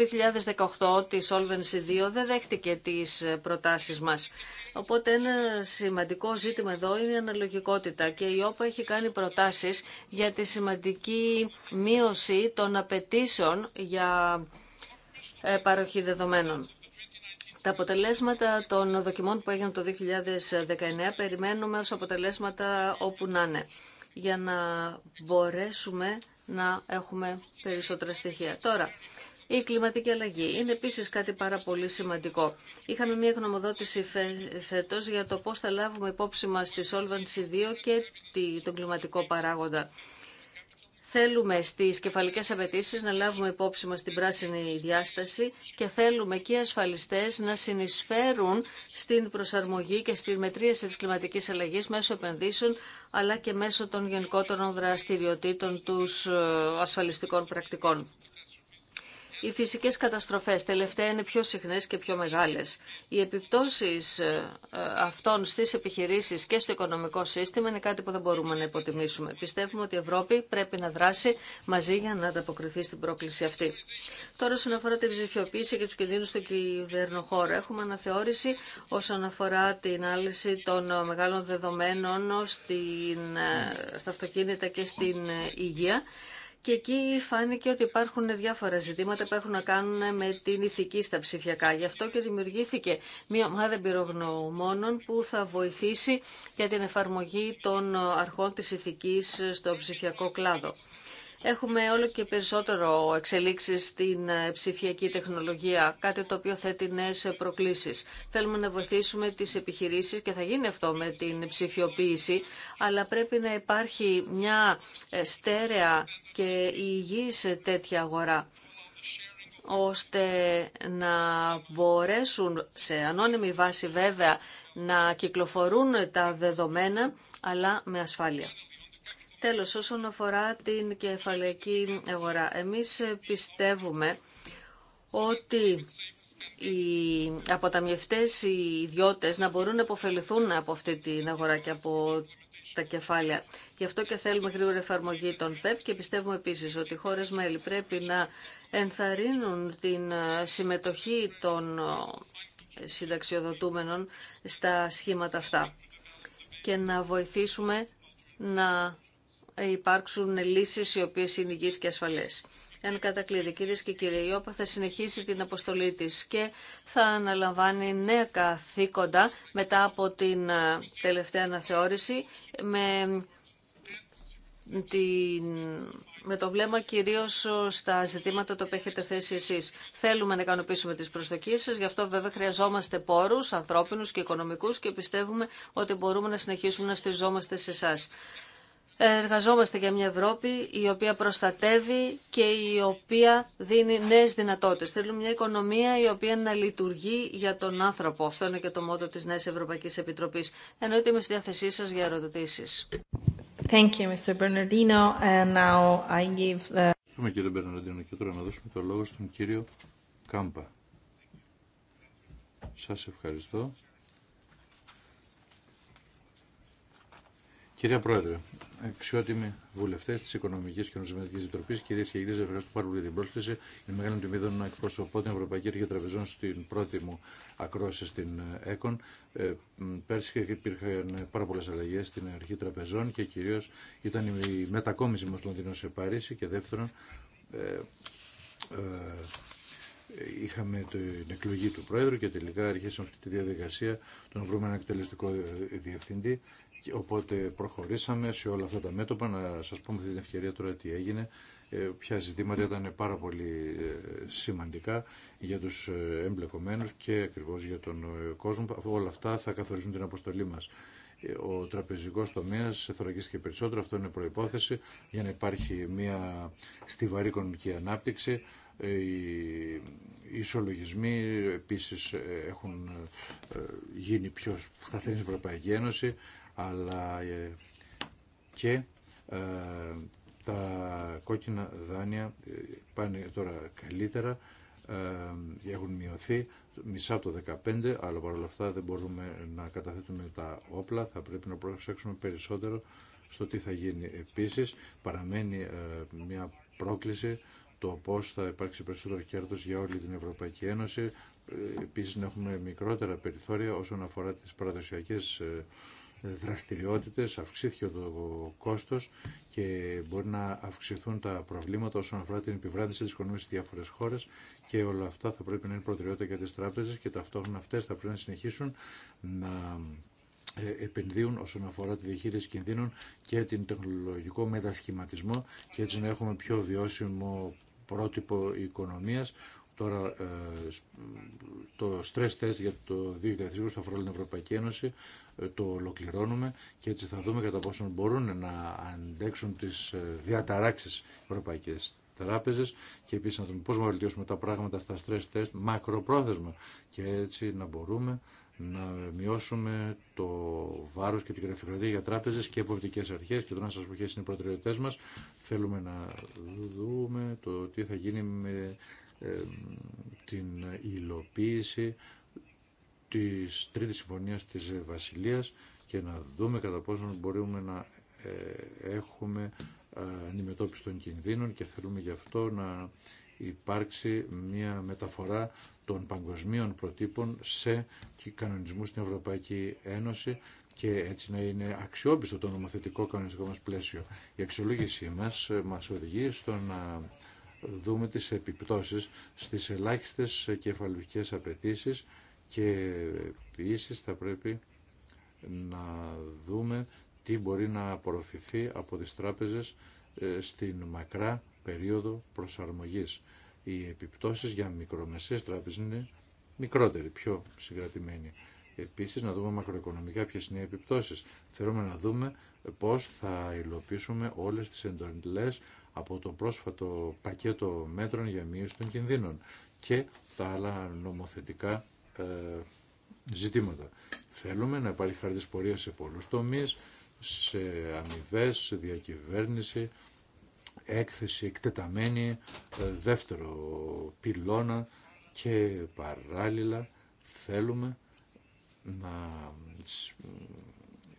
2018 της Solvency 2 δεν δέχτηκε τις προτάσεις μας. Οπότε ένα σημαντικό ζήτημα εδώ είναι η αναλογικότητα και η ΟΠΑ έχει κάνει προτάσεις για τη σημαντική μείωση των απαιτήσεων για ε, παροχή δεδομένων. Τα αποτελέσματα των δοκιμών που έγιναν το 2019 περιμένουμε ως αποτελέσματα όπου να είναι για να μπορέσουμε να έχουμε περισσότερα στοιχεία. Τώρα, η κλιματική αλλαγή είναι επίσης κάτι πάρα πολύ σημαντικό. Είχαμε μια εκνομοδότηση φέτος για το πώς θα λάβουμε υπόψη μας τη Solvency 2 και τον κλιματικό παράγοντα. Θέλουμε στις κεφαλικές απαιτήσει να λάβουμε υπόψη μας την πράσινη διάσταση και θέλουμε και οι ασφαλιστές να συνεισφέρουν στην προσαρμογή και στη μετρίαση της κλιματικής αλλαγής μέσω επενδύσεων αλλά και μέσω των γενικότερων δραστηριοτήτων τους ε, ασφαλιστικών πρακτικών. Οι φυσικές καταστροφές τελευταία είναι πιο συχνές και πιο μεγάλες. Οι επιπτώσεις ε, ε, αυτών στις επιχειρήσεις και στο οικονομικό σύστημα είναι κάτι που δεν μπορούμε να υποτιμήσουμε. Πιστεύουμε ότι η Ευρώπη πρέπει να δράσει μαζί για να ανταποκριθεί στην πρόκληση αυτή. Τώρα, όσον αφορά την ψηφιοποίηση και του κινδύνου στον κυβερνοχώρο, έχουμε αναθεώρηση όσον αφορά την άλυση των μεγάλων δεδομένων στην, ε, στα αυτοκίνητα και στην υγεία. Και εκεί φάνηκε ότι υπάρχουν διάφορα ζητήματα που έχουν να κάνουν με την ηθική στα ψηφιακά. Γι' αυτό και δημιουργήθηκε μια ομάδα εμπειρογνωμόνων που θα βοηθήσει για την εφαρμογή των αρχών της ηθικής στο ψηφιακό κλάδο. Έχουμε όλο και περισσότερο εξελίξεις στην ε, ψηφιακή τεχνολογία, κάτι το οποίο θέτει νέες προκλήσεις. Θέλουμε να βοηθήσουμε τις επιχειρήσεις και θα γίνει αυτό με την ψηφιοποίηση, αλλά πρέπει να υπάρχει μια ε, στέρεα και υγιής τέτοια αγορά ώστε να μπορέσουν σε ανώνυμη βάση βέβαια να κυκλοφορούν τα δεδομένα αλλά με ασφάλεια. Τέλος, όσον αφορά την κεφαλαϊκή αγορά, εμείς πιστεύουμε ότι οι αποταμιευτές, οι ιδιώτες να μπορούν να υποφεληθούν από αυτή την αγορά και από τα κεφάλαια. Γι' αυτό και θέλουμε γρήγορη εφαρμογή των ΠΕΠ και πιστεύουμε επίσης ότι οι χώρες μέλη πρέπει να ενθαρρύνουν την συμμετοχή των συνταξιοδοτούμενων στα σχήματα αυτά και να βοηθήσουμε να υπάρξουν λύσεις οι οποίες είναι υγιείς και ασφαλές. Εν κατακλείδη, κυρίε και κύριοι, η ΟΠΑ θα συνεχίσει την αποστολή τη και θα αναλαμβάνει νέα καθήκοντα μετά από την ε, τελευταία αναθεώρηση με, με το βλέμμα κυρίω στα ζητήματα τα οποία έχετε θέσει εσεί. Θέλουμε να ικανοποιήσουμε τι προσδοκίε σα, γι' αυτό βέβαια χρειαζόμαστε πόρου, ανθρώπινου και οικονομικού και πιστεύουμε ότι μπορούμε να συνεχίσουμε να στηριζόμαστε σε εσά. Εργαζόμαστε για μια Ευρώπη η οποία προστατεύει και η οποία δίνει νέες δυνατότητες. Θέλουμε μια οικονομία η οποία να λειτουργεί για τον άνθρωπο. Αυτό είναι και το μότο της Νέας Ευρωπαϊκής Επιτροπής. Εννοείται είμαι στη διάθεσή σας για ερωτήσει. Ευχαριστούμε κύριε Μπερναρντίνο και τώρα να δώσουμε το λόγο στον κύριο Κάμπα. Σας ευχαριστώ. Κυρία Πρόεδρε, αξιότιμοι βουλευτέ τη Οικονομική και Νομισματική Επιτροπή, κυρίε και κύριοι, ευχαριστώ πάρα πολύ την πρόσκληση. Είναι μεγάλη τιμή να εκπροσωπώ την Ευρωπαϊκή Αρχή Τραπεζών στην πρώτη μου ακρόαση στην ΕΚΟΝ. Ε, πέρσι υπήρχαν πάρα πολλέ αλλαγέ στην Αρχή Τραπεζών και κυρίω ήταν η μετακόμιση μα Λονδίνο σε Παρίσι και δεύτερον. Ε, ε, είχαμε την εκλογή του Πρόεδρου και τελικά αρχίσαμε αυτή τη διαδικασία τον βρούμε ένα εκτελεστικό ε, διευθυντή Οπότε προχωρήσαμε σε όλα αυτά τα μέτωπα. Να σας πούμε αυτή την ευκαιρία τώρα τι έγινε. Ε, Ποια ζητήματα ήταν πάρα πολύ ε, σημαντικά για τους ε, εμπλεκομένους και ακριβώ για τον κόσμο. Όλα αυτά θα καθορίζουν την αποστολή μας. Ο τραπεζικός τομέας θωρακίστηκε περισσότερο. Αυτό είναι προϋπόθεση για να υπάρχει μια στιβαρή οικονομική ανάπτυξη. Οι ισολογισμοί επίσης έχουν γίνει πιο σταθερή στην Ευρωπαϊκή Ένωση αλλά ε, και ε, τα κόκκινα δάνεια ε, πάνε τώρα καλύτερα, έχουν μειωθεί μισά από το 15, αλλά παρόλα αυτά δεν μπορούμε να καταθέτουμε τα όπλα, θα πρέπει να προσέξουμε περισσότερο στο τι θα γίνει. Επίσης παραμένει μια πρόκληση το πώς θα υπάρξει περισσότερο κέρδος για όλη την Ευρωπαϊκή Ένωση. Επίσης να έχουμε μικρότερα περιθώρια όσον αφορά τις παραδοσιακές δραστηριότητες, αυξήθηκε το κόστος και μπορεί να αυξηθούν τα προβλήματα όσον αφορά την επιβράδυνση της οικονομίας σε διάφορες χώρες και όλα αυτά θα πρέπει να είναι προτεραιότητα για τις τράπεζες και ταυτόχρονα αυτές θα πρέπει να συνεχίσουν να ε, επενδύουν όσον αφορά τη διαχείριση κινδύνων και την τεχνολογικό μετασχηματισμό και έτσι να έχουμε πιο βιώσιμο πρότυπο οικονομίας τώρα ε, το stress test για το 2020 θα αφορά την Ευρωπαϊκή Ένωση το ολοκληρώνουμε και έτσι θα δούμε κατά πόσο μπορούν να αντέξουν τις ε, διαταράξεις ευρωπαϊκές τράπεζες και επίσης να δούμε πώς να βελτιώσουμε τα πράγματα στα stress test μακροπρόθεσμα και έτσι να μπορούμε να μειώσουμε το βάρος και την γραφειοκρατία για τράπεζες και εποπτικές αρχές και το να σας πω ποιες είναι οι προτεραιότητές μας. Θέλουμε να δούμε το τι θα γίνει με ε, την υλοποίηση της Τρίτης Συμφωνίας της Βασιλείας και να δούμε κατά πόσο μπορούμε να ε, έχουμε ε, αντιμετώπιση των κινδύνων και θέλουμε γι' αυτό να υπάρξει μια μεταφορά των παγκοσμίων προτύπων σε κανονισμού στην Ευρωπαϊκή Ένωση και έτσι να είναι αξιόπιστο το νομοθετικό κανονιστικό μας πλαίσιο. Η αξιολόγησή μας ε, μας οδηγεί στο να δούμε τις επιπτώσεις στις ελάχιστες κεφαλουχικές απαιτήσει και επίση θα πρέπει να δούμε τι μπορεί να απορροφηθεί από τις τράπεζες ε, στην μακρά περίοδο προσαρμογής. Οι επιπτώσεις για μικρομεσαίες τράπεζες είναι μικρότεροι, πιο συγκρατημένοι. Επίσης να δούμε μακροοικονομικά ποιες είναι οι επιπτώσεις. Θέλουμε να δούμε πώς θα υλοποιήσουμε όλες τις εντολές από το πρόσφατο πακέτο μέτρων για μείωση των κινδύνων και τα άλλα νομοθετικά ε, ζητήματα. Θέλουμε να υπάρχει χαρτής πορεία σε πολλούς τομείς, σε αμοιβέ, σε διακυβέρνηση, έκθεση εκτεταμένη, ε, δεύτερο πυλώνα και παράλληλα θέλουμε να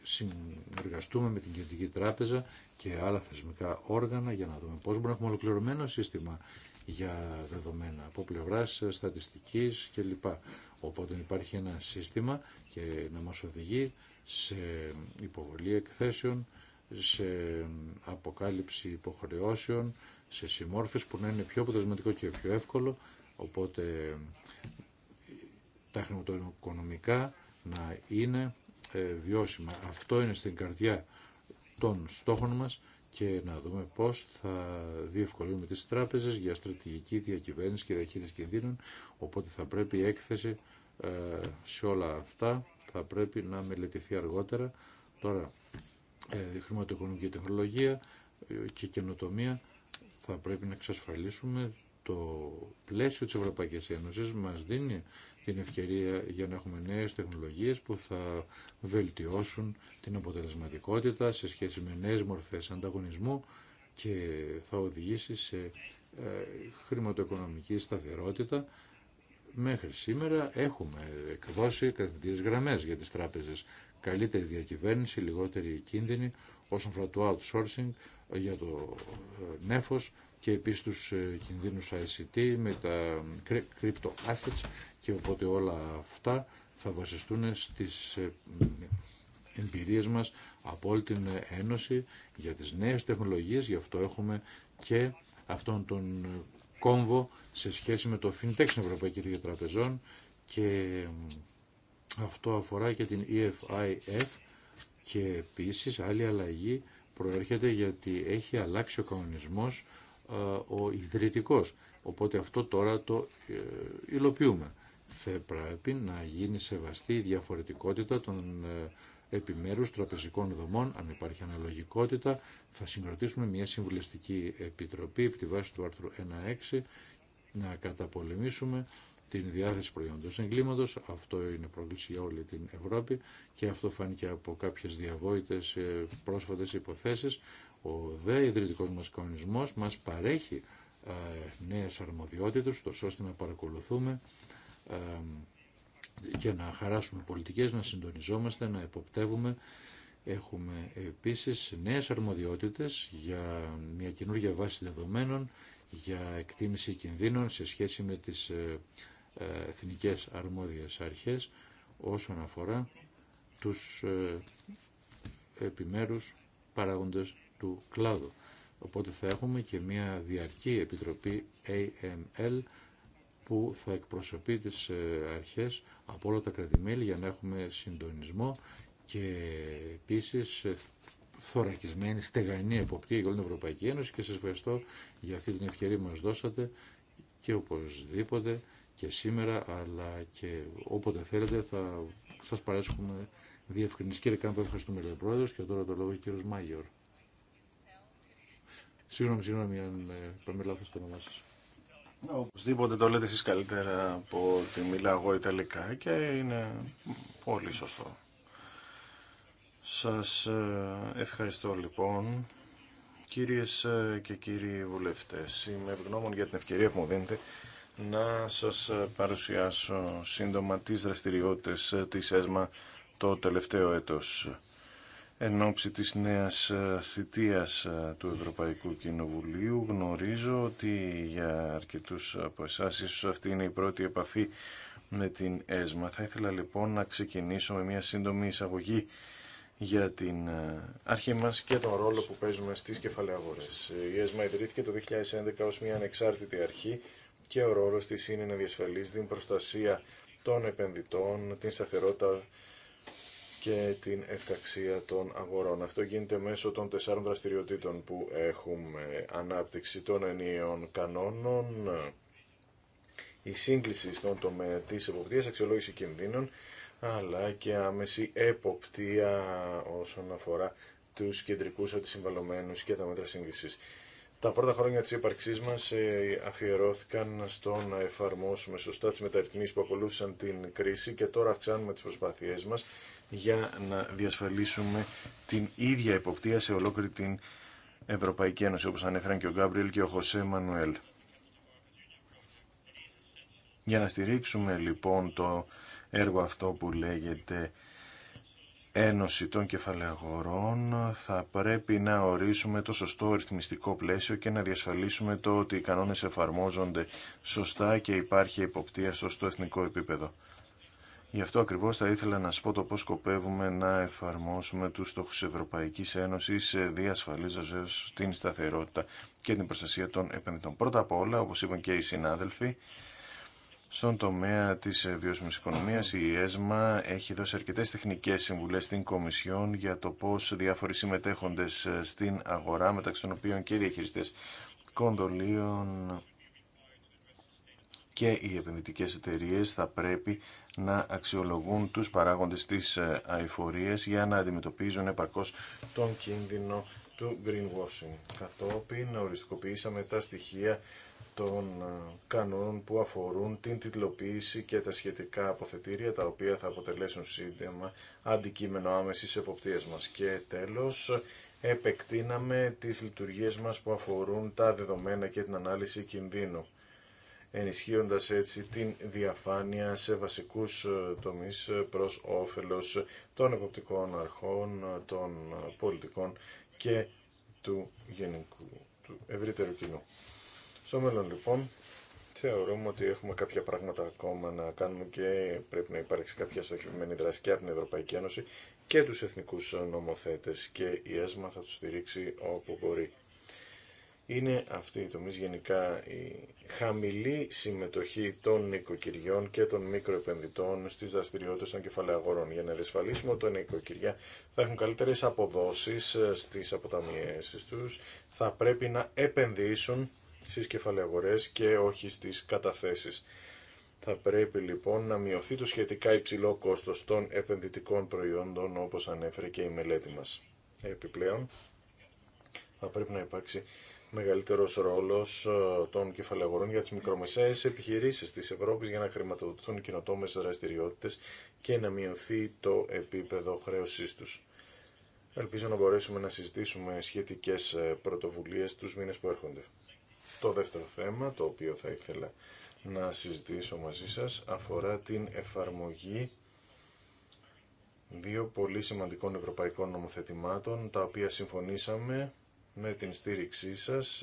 συνεργαστούμε με την Κεντρική Τράπεζα και άλλα θεσμικά όργανα για να δούμε πώς μπορούμε να έχουμε ολοκληρωμένο σύστημα για δεδομένα από πλευράς στατιστικής κλπ. Οπότε υπάρχει ένα σύστημα και να μας οδηγεί σε υποβολή εκθέσεων, σε αποκάλυψη υποχρεώσεων, σε συμμόρφες που να είναι πιο αποτελεσματικό και πιο εύκολο, οπότε τα χρηματοοικονομικά να είναι ε, βιώσιμα. Αυτό είναι στην καρδιά των στόχων μας και να δούμε πώς θα διευκολύνουμε τις τράπεζες για στρατηγική διακυβέρνηση και διαχείριση κινδύνων, οπότε θα πρέπει η έκθεση ε, σε όλα αυτά θα πρέπει να μελετηθεί αργότερα. Τώρα, ε, χρηματοοικονομική τεχνολογία ε, και καινοτομία θα πρέπει να εξασφαλίσουμε το πλαίσιο της Ευρωπαϊκής Ένωσης μας δίνει την ευκαιρία για να έχουμε νέες τεχνολογίες που θα βελτιώσουν την αποτελεσματικότητα σε σχέση με νέες μορφές ανταγωνισμού και θα οδηγήσει σε ε, χρηματοοικονομική σταθερότητα. Μέχρι σήμερα έχουμε εκδώσει καθημερινές γραμμές για τις τράπεζες. Καλύτερη διακυβέρνηση, λιγότερη κίνδυνη όσον αφορά το outsourcing για το ε, νέφος, και επίσης τους ε, κινδύνους ICT με τα crypto assets και οπότε όλα αυτά θα βασιστούν στις ε, εμπειρίες μας από όλη την Ένωση για τις νέες τεχνολογίες, γι' αυτό έχουμε και αυτόν τον κόμβο σε σχέση με το FinTech στην Ευρωπαϊκή και ε, αυτό αφορά και την EFIF και επίσης άλλη αλλαγή προέρχεται γιατί έχει αλλάξει ο κανονισμός ο ιδρυτικός. Οπότε αυτό τώρα το ε, υλοποιούμε. Θα πρέπει να γίνει σεβαστή η διαφορετικότητα των ε, επιμέρους τραπεζικών δομών, αν υπάρχει αναλογικότητα, θα συγκροτήσουμε μια συμβουλευτική επιτροπή επί τη βάση του άρθρου 1.6 να καταπολεμήσουμε την διάθεση προϊόντος εγκλήματος. Αυτό είναι πρόκληση για όλη την Ευρώπη και αυτό φάνηκε από κάποιες διαβόητες ε, πρόσφατες υποθέσεις ο δε ιδρυτικός μας κανονισμός μας παρέχει ε, νέες αρμοδιότητες, το ώστε να παρακολουθούμε ε, και να χαράσουμε πολιτικές, να συντονιζόμαστε, να εποπτεύουμε. Έχουμε επίσης νέες αρμοδιότητες για μια καινούργια βάση δεδομένων, για εκτίμηση κινδύνων σε σχέση με τις ε, ε, εθνικές αρμόδιες αρχές όσον αφορά τους ε, επιμέρους παράγοντες του κλάδου. Οπότε θα έχουμε και μια διαρκή επιτροπή AML που θα εκπροσωπεί τις ε, αρχές από όλα τα κρατημέλη για να έχουμε συντονισμό και επίσης ε, θωρακισμένη, στεγανή εποπτεία για όλη την Ευρωπαϊκή Ένωση και σας ευχαριστώ για αυτή την ευκαιρία που μας δώσατε και οπωσδήποτε και σήμερα αλλά και όποτε θέλετε θα σας παρέσχουμε διευκρινιστική Κύριε Κάμπο, ευχαριστούμε Πρόεδρος και τώρα το λόγο ο κύριος Μάγιορ. Συγγνώμη, συγγνώμη αν ε, πάμε λάθο το όνομά σα. Οπωσδήποτε το λέτε εσεί καλύτερα από ότι μιλάω εγώ Ιταλικά και είναι πολύ σωστό. Σας ε, ευχαριστώ λοιπόν. Κυρίες ε, και κύριοι βουλευτές, είμαι ευγνώμων για την ευκαιρία που μου δίνετε να σας παρουσιάσω σύντομα τι δραστηριότητε της ΕΣΜΑ το τελευταίο έτος εν ώψη της νέας ε, θητείας ε, του Ευρωπαϊκού Κοινοβουλίου. Γνωρίζω ότι για αρκετούς από εσάς ίσως αυτή είναι η πρώτη επαφή με την ΕΣΜΑ. Θα ήθελα λοιπόν να ξεκινήσω με μια σύντομη εισαγωγή για την ε, αρχή μας και τον ρόλο που παίζουμε στις κεφαλαίες Η ΕΣΜΑ ιδρύθηκε το 2011 ως μια ανεξάρτητη αρχή και ο ρόλος της είναι να διασφαλίζει την προστασία των επενδυτών, την σταθερότητα και την εφταξία των αγορών. Αυτό γίνεται μέσω των τεσσάρων δραστηριοτήτων που έχουμε ανάπτυξη των ενιαίων κανόνων, η σύγκληση στον τομέα της εποπτείας, αξιολόγηση κινδύνων, αλλά και άμεση εποπτεία όσον αφορά τους κεντρικούς αντισυμβαλωμένους και τα μέτρα σύγκλησης. Τα πρώτα χρόνια της ύπαρξή μας ε, αφιερώθηκαν στο να εφαρμόσουμε σωστά τις μεταρρυθμίσεις που ακολούθησαν την κρίση και τώρα αυξάνουμε τις προσπάθειές μας για να διασφαλίσουμε την ίδια εποπτεία σε ολόκληρη την Ευρωπαϊκή Ένωση, όπως ανέφεραν και ο Γκάμπριελ και ο Χωσέ Μανουέλ. Για να στηρίξουμε λοιπόν το έργο αυτό που λέγεται Ένωση των Κεφαλαιαγορών θα πρέπει να ορίσουμε το σωστό ρυθμιστικό πλαίσιο και να διασφαλίσουμε το ότι οι κανόνες εφαρμόζονται σωστά και υπάρχει υποπτία στο εθνικό επίπεδο. Γι' αυτό ακριβώ θα ήθελα να σα πω το πώς σκοπεύουμε να εφαρμόσουμε τους στόχου της Ευρωπαϊκής Ένωσης διασφαλίζοντας την σταθερότητα και την προστασία των επενδυτών. Πρώτα απ' όλα, όπως είπαν και οι συνάδελφοι, στον τομέα τη ε, βιώσιμη οικονομία, η ΕΣΜΑ έχει δώσει αρκετές τεχνικές συμβουλές στην Κομισιόν για το πώ διάφοροι συμμετέχοντε ε, στην αγορά, μεταξύ των οποίων και οι διαχειριστέ κονδολίων και οι επενδυτικές εταιρείες θα πρέπει να αξιολογούν τους παράγοντες της ε, αηφορίας για να αντιμετωπίζουν επαρκώς τον κίνδυνο του greenwashing. Κατόπιν οριστικοποιήσαμε τα στοιχεία των ε, κανόνων που αφορούν την τιτλοποίηση και τα σχετικά αποθετήρια τα οποία θα αποτελέσουν σύντομα αντικείμενο άμεσης εποπτείας μας. Και τέλος, επεκτείναμε τις λειτουργίες μας που αφορούν τα δεδομένα και την ανάλυση κινδύνου ενισχύοντας έτσι την διαφάνεια σε βασικούς ε, τομείς ε, προς όφελος των εποπτικών αρχών, ε, των πολιτικών και του γενικού, του ευρύτερου κοινού. Στο μέλλον λοιπόν θεωρούμε ότι έχουμε κάποια πράγματα ακόμα να κάνουμε και πρέπει να υπάρξει κάποια στοχευμένη δράση και από την Ευρωπαϊκή Ένωση και τους εθνικούς νομοθέτες και η ΕΣΜΑ θα τους στηρίξει όπου μπορεί είναι αυτή η τομής γενικά η χαμηλή συμμετοχή των νοικοκυριών και των μικροεπενδυτών στι δραστηριότητε των κεφαλαίων για να διασφαλίσουμε ότι τα νοικοκυριά θα έχουν καλύτερε αποδόσεις ε, στι αποταμιέσει του. θα πρέπει να επενδύσουν στις κεφαλαίε και όχι στι καταθέσει. Θα πρέπει λοιπόν να μειωθεί το σχετικά υψηλό κόστος των επενδυτικών προϊόντων όπως ανέφερε και η μελέτη μας. Επιπλέον θα πρέπει να υπάρξει μεγαλύτερος ρόλος ε, των κεφαλαγορών για τις μικρομεσαίες επιχειρήσεις της Ευρώπης για να χρηματοδοτηθούν κοινοτόμες δραστηριότητες και να μειωθεί το επίπεδο χρέωσής τους. Ελπίζω να μπορέσουμε να συζητήσουμε σχετικές ε, πρωτοβουλίες τους μήνες που έρχονται. Το δεύτερο θέμα, το οποίο θα ήθελα να συζητήσω μαζί σας, αφορά την εφαρμογή δύο πολύ σημαντικών ευρωπαϊκών νομοθετημάτων, τα οποία συμφωνήσαμε με την στήριξή σας,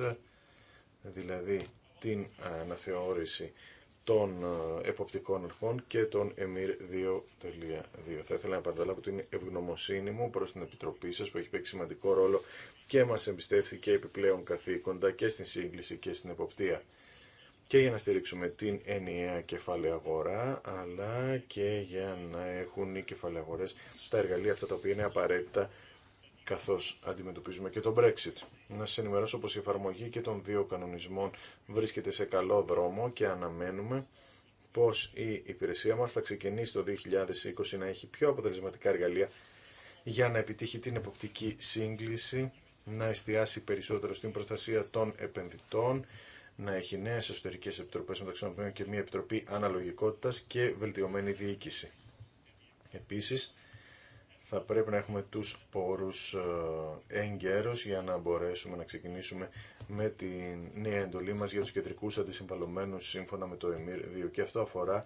δηλαδή την αναθεώρηση των ε, εποπτικών αρχών και των emir 2.2. Θα ήθελα να παραλάβω την ευγνωμοσύνη μου προς την Επιτροπή σας που έχει παίξει σημαντικό ρόλο και μας εμπιστεύθηκε επιπλέον καθήκοντα και στην σύγκληση και στην εποπτεία και για να στηρίξουμε την ενιαία κεφαλαία αγορά, αλλά και για να έχουν οι κεφάλαια αγορές τα εργαλεία αυτά τα οποία είναι απαραίτητα καθώς αντιμετωπίζουμε και τον Brexit. Να σας ενημερώσω πως η εφαρμογή και των δύο κανονισμών βρίσκεται σε καλό δρόμο και αναμένουμε πως η υπηρεσία μας θα ξεκινήσει το 2020 να έχει πιο αποτελεσματικά εργαλεία για να επιτύχει την εποπτική σύγκληση, να εστιάσει περισσότερο στην προστασία των επενδυτών, να έχει νέε εσωτερικέ επιτροπέ μεταξύ των οποίων και μια επιτροπή αναλογικότητα και βελτιωμένη διοίκηση. Επίση, θα πρέπει να έχουμε τους πόρους ε, εγκαίρως για να μπορέσουμε να ξεκινήσουμε με τη νέα εντολή μας για τους κεντρικούς αντισυμβαλωμένους σύμφωνα με το ΕΜΙΡ 2 και αυτό αφορά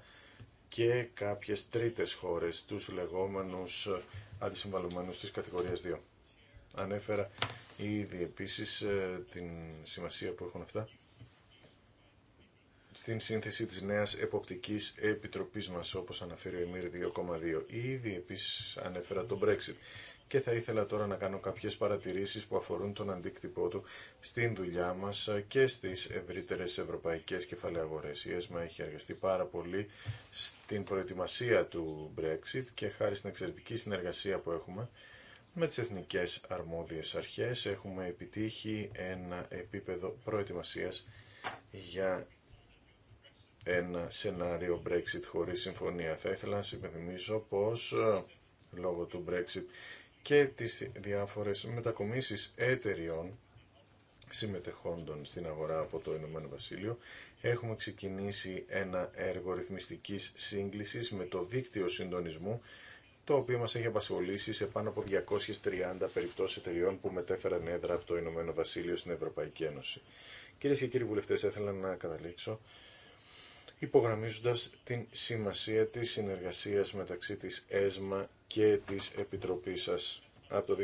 και κάποιες τρίτες χώρες, τους λεγόμενους ε, αντισυμβαλωμένους της κατηγορίας 2. Ανέφερα ήδη επίσης ε, την σημασία που έχουν αυτά στην σύνθεση της νέας εποπτικής επιτροπής μας, όπως αναφέρει ο ΕΜΗΡ 2,2. Ήδη επίσης ανέφερα τον Brexit και θα ήθελα τώρα να κάνω κάποιες παρατηρήσεις που αφορούν τον αντίκτυπό του στην δουλειά μας και στις ευρύτερες ευρωπαϊκές κεφαλαίες αγορές. Η ΕΣΜΑ έχει εργαστεί πάρα πολύ στην προετοιμασία του Brexit και χάρη στην εξαιρετική συνεργασία που έχουμε με τις εθνικές αρμόδιες αρχές έχουμε επιτύχει ένα επίπεδο προετοιμασίας για ένα σενάριο Brexit χωρίς συμφωνία. Θα ήθελα να συμπενθυμίσω πως ε, λόγω του Brexit και τις διάφορες μετακομίσεις εταιριών συμμετεχόντων στην αγορά από το Ηνωμένο Βασίλειο, έχουμε ξεκινήσει ένα έργο ρυθμιστικής σύγκλησης με το δίκτυο συντονισμού, το οποίο μας έχει απασχολήσει σε πάνω από 230 περιπτώσεις εταιριών που μετέφεραν έδρα από το Ηνωμένο Βασίλειο στην Ευρωπαϊκή Ένωση. Κυρίε και κύριοι βουλευτές, ήθελα να καταλήξω υπογραμμίζοντας την σημασία της συνεργασίας μεταξύ της ΕΣΜΑ και της Επιτροπής σας. Από το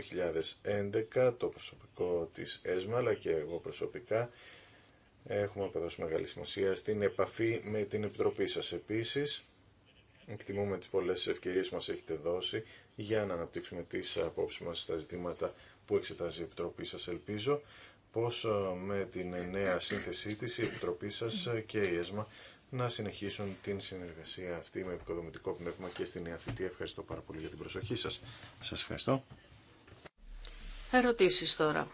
2011 το προσωπικό της ΕΣΜΑ αλλά και εγώ προσωπικά έχουμε αποδώσει μεγάλη σημασία στην επαφή με την Επιτροπή σας. Επίσης, εκτιμούμε τις πολλές ευκαιρίες που μας έχετε δώσει για να αναπτύξουμε τις απόψεις μας στα ζητήματα που εξετάζει η Επιτροπή σας. Ελπίζω πως ε, με την νέα σύνθεσή της η Επιτροπή σας και η ΕΣΜΑ να συνεχίσουν την συνεργασία αυτή με επικοδομητικό πνεύμα και στην Νέα Ευχαριστώ πάρα πολύ για την προσοχή σας. Σας ευχαριστώ. Ερωτήσεις τώρα.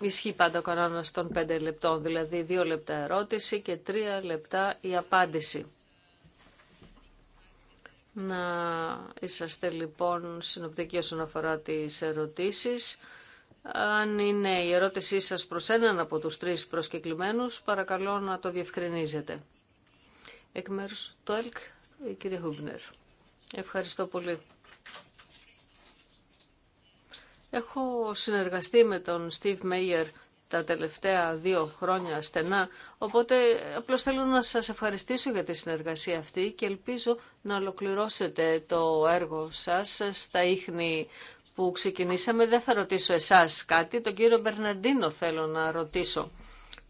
Ισχύει πάντα ο κανόνα των πέντε λεπτών, δηλαδή δύο λεπτά ερώτηση και τρία λεπτά η απάντηση. Να είσαστε λοιπόν συνοπτικοί όσον αφορά τις ερωτήσεις. Αν είναι η ερώτησή σας προς έναν από τους τρεις προσκεκλημένους, παρακαλώ να το διευκρινίζετε. Εκ μέρους του ΕΛΚ, η κυρία Χούμπνερ. Ευχαριστώ πολύ. Έχω συνεργαστεί με τον Στίβ Μέιερ τα τελευταία δύο χρόνια στενά, οπότε απλώς θέλω να σας ευχαριστήσω για τη συνεργασία αυτή και ελπίζω να ολοκληρώσετε το έργο σας στα ίχνη που ξεκινήσαμε δεν θα ρωτήσω εσάς κάτι, τον κύριο Μπερναντίνο θέλω να ρωτήσω,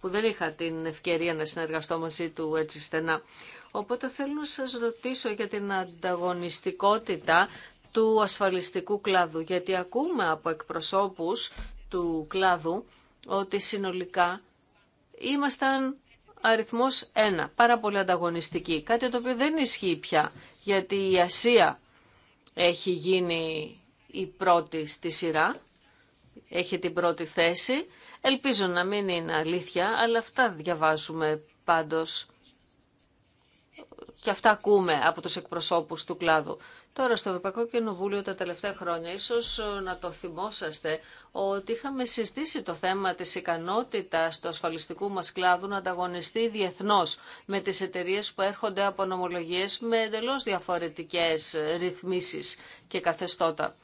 που δεν είχα την ευκαιρία να συνεργαστώ μαζί του έτσι στενά. Οπότε θέλω να σας ρωτήσω για την ανταγωνιστικότητα του ασφαλιστικού κλάδου, γιατί ακούμε από εκπροσώπους του κλάδου ότι συνολικά ήμασταν αριθμός ένα, πάρα πολύ ανταγωνιστική, κάτι το οποίο δεν ισχύει πια, γιατί η Ασία έχει γίνει η πρώτη στη σειρά, έχει την πρώτη θέση. Ελπίζω να μην είναι αλήθεια, αλλά αυτά διαβάζουμε πάντως και αυτά ακούμε από τους εκπροσώπους του κλάδου. Τώρα στο Ευρωπαϊκό Κοινοβούλιο τα τελευταία χρόνια, ίσως ε, να το θυμόσαστε, ότι είχαμε συστήσει το θέμα της ικανότητας του ασφαλιστικού μας κλάδου να ανταγωνιστεί διεθνώς με τις εταιρείες που έρχονται από νομολογίες με εντελώς διαφορετικές ρυθμίσεις και καθεστώτα.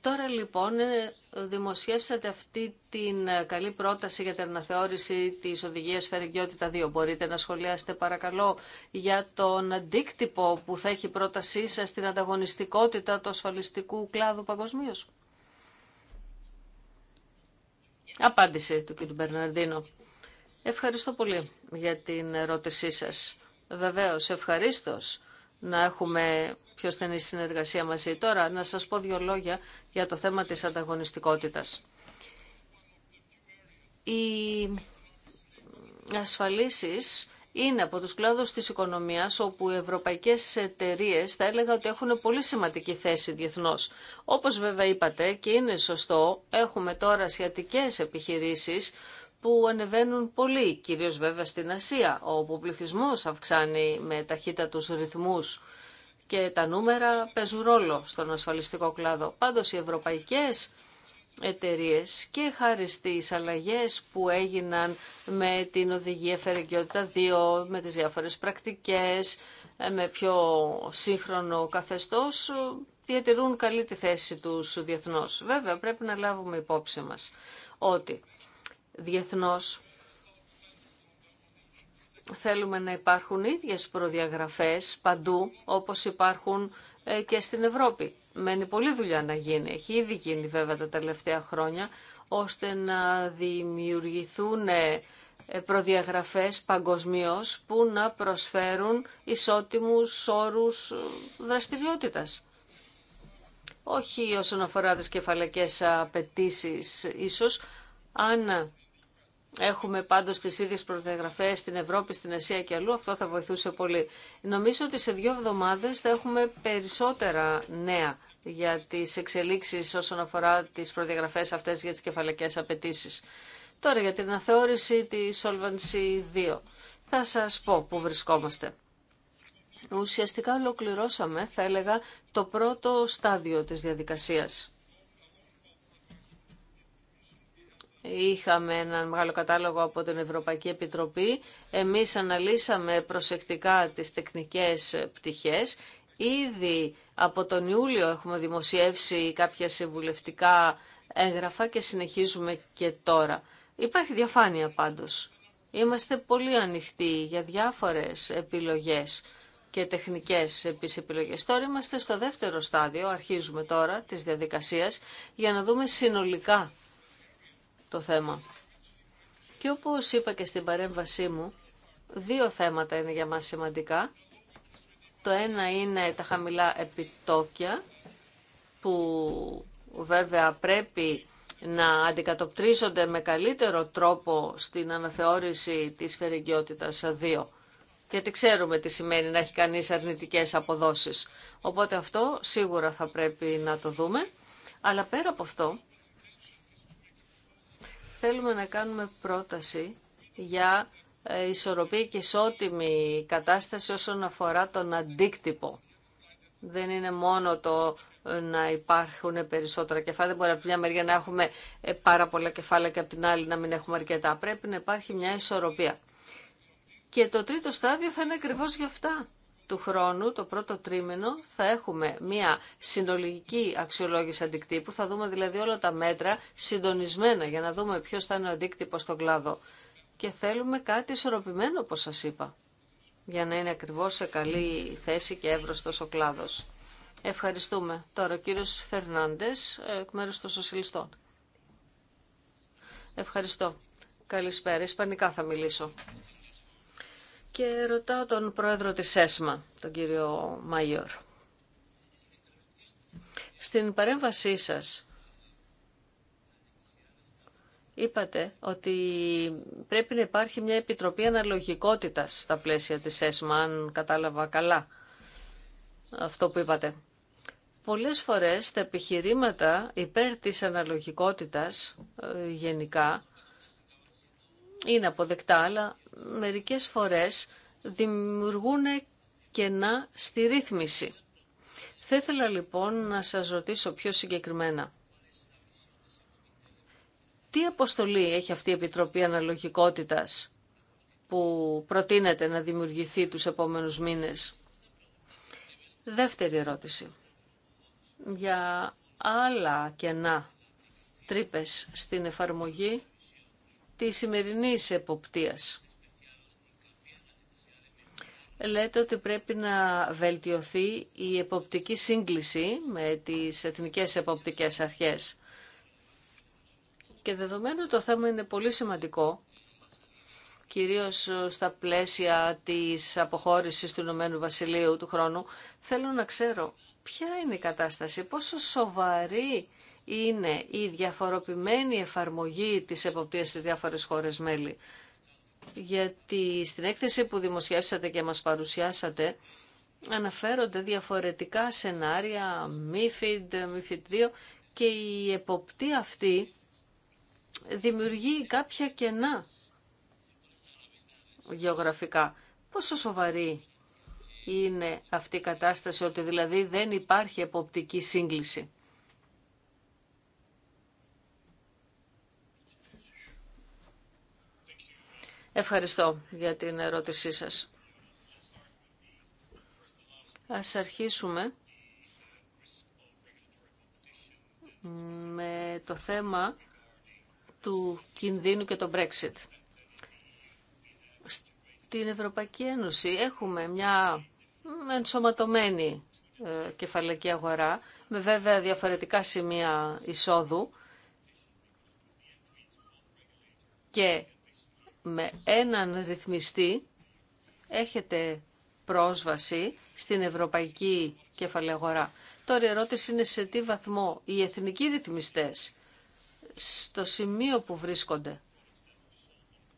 Τώρα λοιπόν ε, δημοσιεύσατε αυτή την ε, καλή πρόταση για την αναθεώρηση της οδηγίας Φερικιότητα 2. Μπορείτε να σχολιάσετε παρακαλώ για τον αντίκτυπο που θα έχει η πρότασή σας στην ανταγωνιστικότητα του ασφαλιστικού κλάδου παγκοσμίω. Απάντηση του κ. Μπερναρντίνο. Ευχαριστώ πολύ για την ερώτησή σας. Βεβαίως, ευχαρίστως να έχουμε πιο στενή συνεργασία μαζί. Τώρα να σας πω δύο λόγια για το θέμα της ανταγωνιστικότητας. Οι ασφαλίσεις είναι από τους κλάδους της οικονομίας όπου οι ευρωπαϊκές εταιρείε θα έλεγα ότι έχουν πολύ σημαντική θέση διεθνώς. Όπως βέβαια είπατε και είναι σωστό, έχουμε τώρα ασιατικές επιχειρήσεις που ανεβαίνουν πολύ, κυρίως βέβαια στην Ασία, όπου ο πληθυσμός αυξάνει με ταχύτατους ρυθμούς και τα νούμερα παίζουν ρόλο στον ασφαλιστικό κλάδο. Πάντως οι ευρωπαϊκές εταιρείες και χάρη στις αλλαγές που έγιναν με την οδηγία Φερεγγιότητα 2, με τις διάφορες πρακτικές, με πιο σύγχρονο καθεστώς, διατηρούν καλή τη θέση τους διεθνώς. Βέβαια πρέπει να λάβουμε υπόψη μας ότι διεθνώς θέλουμε να υπάρχουν ίδιες προδιαγραφές παντού όπως υπάρχουν ε, και στην Ευρώπη. Μένει πολλή δουλειά να γίνει. Έχει ήδη γίνει βέβαια τα τελευταία χρόνια ώστε να δημιουργηθούν ε, προδιαγραφές παγκοσμίως που να προσφέρουν ισότιμους όρους ε, δραστηριότητας. Όχι όσον αφορά τις κεφαλακές απαιτήσει ίσως, αν έχουμε πάντω τι ίδιες προδιαγραφέ στην Ευρώπη, στην Ασία και αλλού, αυτό θα βοηθούσε πολύ. Νομίζω ότι σε δύο εβδομάδε θα έχουμε περισσότερα νέα για τι εξελίξει όσον αφορά τι προδιαγραφέ αυτέ για τι κεφαλαικέ απαιτήσει. Τώρα για την αναθεώρηση τη Solvency 2. Θα σα πω που βρισκόμαστε. Ουσιαστικά ολοκληρώσαμε, θα έλεγα, το πρώτο στάδιο της διαδικασίας. είχαμε έναν μεγάλο κατάλογο από την Ευρωπαϊκή Επιτροπή. Εμείς αναλύσαμε προσεκτικά τις τεχνικές πτυχές. Ήδη από τον Ιούλιο έχουμε δημοσιεύσει κάποια συμβουλευτικά έγγραφα και συνεχίζουμε και τώρα. Υπάρχει διαφάνεια πάντως. Είμαστε πολύ ανοιχτοί για διάφορες επιλογές και τεχνικές επίσης επιλογές. Τώρα είμαστε στο δεύτερο στάδιο, αρχίζουμε τώρα της διαδικασίας, για να δούμε συνολικά το θέμα. Και όπως είπα και στην παρέμβασή μου, δύο θέματα είναι για μας σημαντικά. Το ένα είναι τα χαμηλά επιτόκια, που βέβαια πρέπει να αντικατοπτρίζονται με καλύτερο τρόπο στην αναθεώρηση της φερεγγιότητας 2. Γιατί ξέρουμε τι σημαίνει να έχει κανείς αρνητικές αποδόσεις. Οπότε αυτό σίγουρα θα πρέπει να το δούμε. Αλλά πέρα από αυτό, θέλουμε να κάνουμε πρόταση για ε, ισορροπή και ισότιμη κατάσταση όσον αφορά τον αντίκτυπο. Δεν είναι μόνο το ε, να υπάρχουν περισσότερα κεφάλαια. Δεν μπορεί από μια μεριά να έχουμε ε, πάρα πολλά κεφάλαια και από την άλλη να μην έχουμε αρκετά. Πρέπει να υπάρχει μια ισορροπία. Και το τρίτο στάδιο θα είναι ακριβώς γι' αυτά του χρόνου, το πρώτο τρίμηνο, θα έχουμε μια συνολική αξιολόγηση αντικτύπου. Θα δούμε δηλαδή όλα τα μέτρα συντονισμένα για να δούμε ποιος θα είναι ο αντίκτυπος στον κλάδο. Και θέλουμε κάτι ισορροπημένο, όπως σας είπα, για να είναι ακριβώς σε καλή θέση και εύρωστος ο κλάδος. Ευχαριστούμε. Τώρα ο κύριος Φερνάντες, εκ μέρους των Σοσιαλιστών. Ευχαριστώ. Καλησπέρα. Ισπανικά θα μιλήσω και ρωτάω τον πρόεδρο της ΕΣΜΑ, τον κύριο Μαϊόρ. Στην παρέμβασή σας είπατε ότι πρέπει να υπάρχει μια επιτροπή αναλογικότητας στα πλαίσια της ΕΣΜΑ, αν κατάλαβα καλά αυτό που είπατε. Πολλές φορές τα επιχειρήματα υπέρ της αναλογικότητας ε, γενικά είναι αποδεκτά, αλλά μερικές φορές δημιουργούν κενά στη ρύθμιση. Θα ήθελα λοιπόν να σας ρωτήσω πιο συγκεκριμένα. Τι αποστολή έχει αυτή η Επιτροπή Αναλογικότητας που προτείνεται να δημιουργηθεί τους επόμενους μήνες. Δεύτερη ερώτηση. Για άλλα κενά τρύπες στην εφαρμογή της σημερινής εποπτείας λέτε ότι πρέπει να βελτιωθεί η εποπτική σύγκληση με τις εθνικές εποπτικές αρχές. Και δεδομένου το θέμα είναι πολύ σημαντικό, κυρίως στα πλαίσια της αποχώρησης του Ηνωμένου Βασιλείου του χρόνου, θέλω να ξέρω ποια είναι η κατάσταση, πόσο σοβαρή είναι η διαφοροποιημένη εφαρμογή της εποπτείας στις διάφορες χώρες μέλη γιατί στην έκθεση που δημοσιεύσατε και μας παρουσιάσατε αναφέρονται διαφορετικά σενάρια, MIFID, MIFID 2 και η εποπτεία αυτή δημιουργεί κάποια κενά γεωγραφικά. Πόσο σοβαρή είναι αυτή η κατάσταση ότι δηλαδή δεν υπάρχει εποπτική σύγκληση. Ευχαριστώ για την ερώτησή σας. Ας αρχίσουμε με το θέμα του κινδύνου και το Brexit. Στην Ευρωπαϊκή Ένωση έχουμε μια ενσωματωμένη ε, κεφαλαϊκή αγορά, με βέβαια διαφορετικά σημεία εισόδου και με έναν ρυθμιστή έχετε πρόσβαση στην ευρωπαϊκή κεφαλαία αγορά. Τώρα η ερώτηση είναι σε τι βαθμό οι εθνικοί ρυθμιστές στο σημείο που βρίσκονται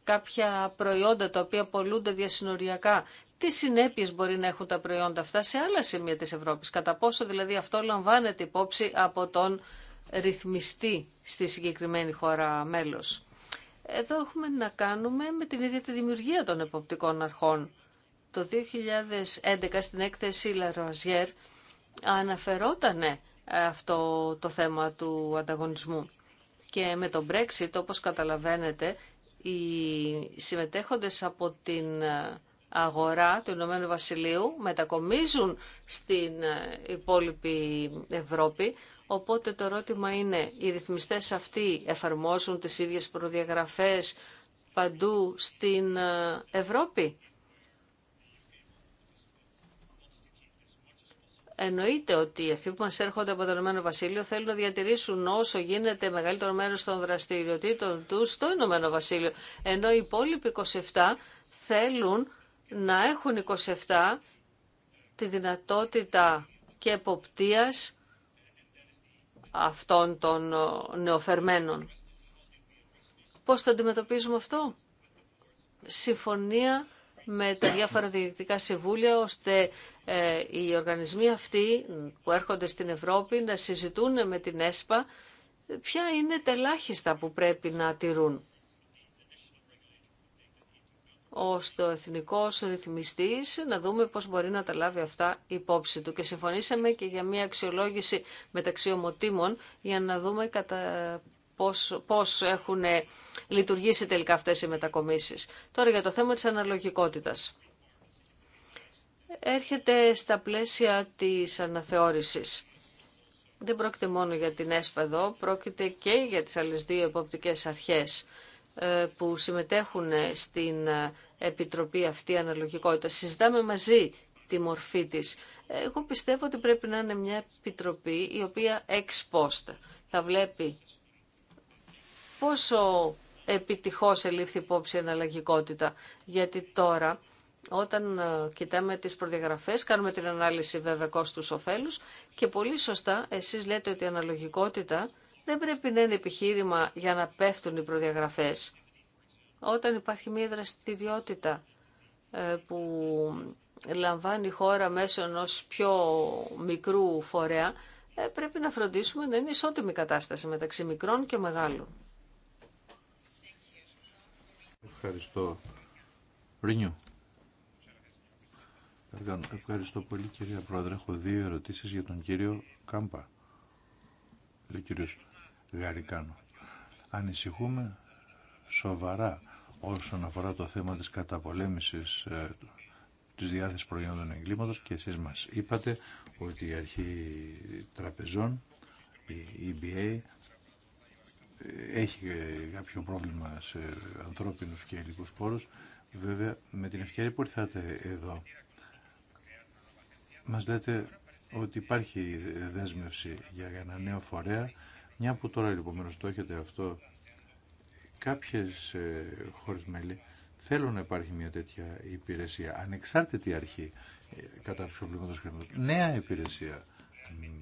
κάποια προϊόντα τα οποία πολλούνται διασυνοριακά. Τι συνέπειες μπορεί να έχουν τα προϊόντα αυτά σε άλλα σημεία της Ευρώπης. κατά πόσο δηλαδή αυτό λαμβάνεται υπόψη από τον ρυθμιστή στη συγκεκριμένη χώρα μέλος. Εδώ έχουμε να κάνουμε με την ίδια τη δημιουργία των εποπτικών αρχών. Το 2011 στην έκθεση Λαροαζιέρ αναφερότανε αυτό το θέμα του ανταγωνισμού. Και με το Brexit, όπως καταλαβαίνετε, οι συμμετέχοντες από την αγορά του Ηνωμένου Βασιλείου μετακομίζουν στην υπόλοιπη Ευρώπη, Οπότε το ερώτημα είναι, οι ρυθμιστές αυτοί εφαρμόσουν τις ίδιες προδιαγραφές παντού στην ε, Ευρώπη. Εννοείται ότι αυτοί που μας έρχονται από το Ηνωμένο Βασίλειο θέλουν να διατηρήσουν όσο γίνεται μεγαλύτερο μέρος των δραστηριοτήτων του στο Ηνωμένο Βασίλειο. Ενώ οι υπόλοιποι 27 θέλουν να έχουν 27 τη δυνατότητα και εποπτείας αυτών των ε, νεοφερμένων. Πώς το αντιμετωπίζουμε αυτό? Συμφωνία με τα διάφορα διεκτικά συμβούλια, ώστε ε, οι οργανισμοί αυτοί που έρχονται στην Ευρώπη να συζητούν με την ΕΣΠΑ ποια είναι τα ελάχιστα που πρέπει να τηρούν ώστε ο εθνικός ρυθμιστή να δούμε πώς μπορεί να τα λάβει αυτά υπόψη του. Και συμφωνήσαμε και για μια αξιολόγηση μεταξύ ομοτήμων για να δούμε κατά πώς, πώς έχουν λειτουργήσει τελικά αυτές οι μετακομίσεις. Τώρα για το θέμα της αναλογικότητας. Έρχεται στα πλαίσια της αναθεώρησης. Δεν πρόκειται μόνο για την ΕΣΠΑ εδώ, πρόκειται και για τις άλλες δύο εποπτικές αρχές. Ε, που συμμετέχουν στην ε, Επιτροπή αυτή αναλογικότητα. Συζητάμε μαζί τη μορφή της. Εγώ πιστεύω ότι πρέπει να είναι μια επιτροπή η οποία ex θα βλέπει πόσο επιτυχώς ελήφθη υπόψη η αναλογικότητα. Γιατί τώρα όταν ε, κοιτάμε τις προδιαγραφές, κάνουμε την ανάλυση βέβαια κόστους ωφέλους και πολύ σωστά εσείς λέτε ότι η αναλογικότητα δεν πρέπει να είναι επιχείρημα για να πέφτουν οι προδιαγραφές. Όταν υπάρχει μια δραστηριότητα ε, που λαμβάνει η χώρα μέσω ενό πιο μικρού φορέα, ε, πρέπει να φροντίσουμε να είναι ισότιμη κατάσταση μεταξύ μικρών και μεγάλων. Ευχαριστώ. Ρινιού. Ευχαριστώ πολύ κυρία Πρόεδρε. Έχω δύο ερωτήσεις για τον κύριο Κάμπα. Λέει Γαρικάνο. Ανησυχούμε σοβαρά όσον αφορά το θέμα της καταπολέμησης ε, της διάθεσης προϊόντων εγκλήματος και εσείς μας είπατε ότι η αρχή τραπεζών, η EBA, ε, έχει ε, κάποιο πρόβλημα σε ανθρώπινους και υλικούς πόρους. Βέβαια, με την ευκαιρία που ήρθατε εδώ, μας λέτε ότι υπάρχει δέσμευση για ένα νέο φορέα μια που τώρα λοιπόν το έχετε αυτό, κάποιες ε, χώρες μέλη θέλουν να υπάρχει μια τέτοια υπηρεσία, ανεξάρτητη αρχή ε, κατά Νέα υπηρεσία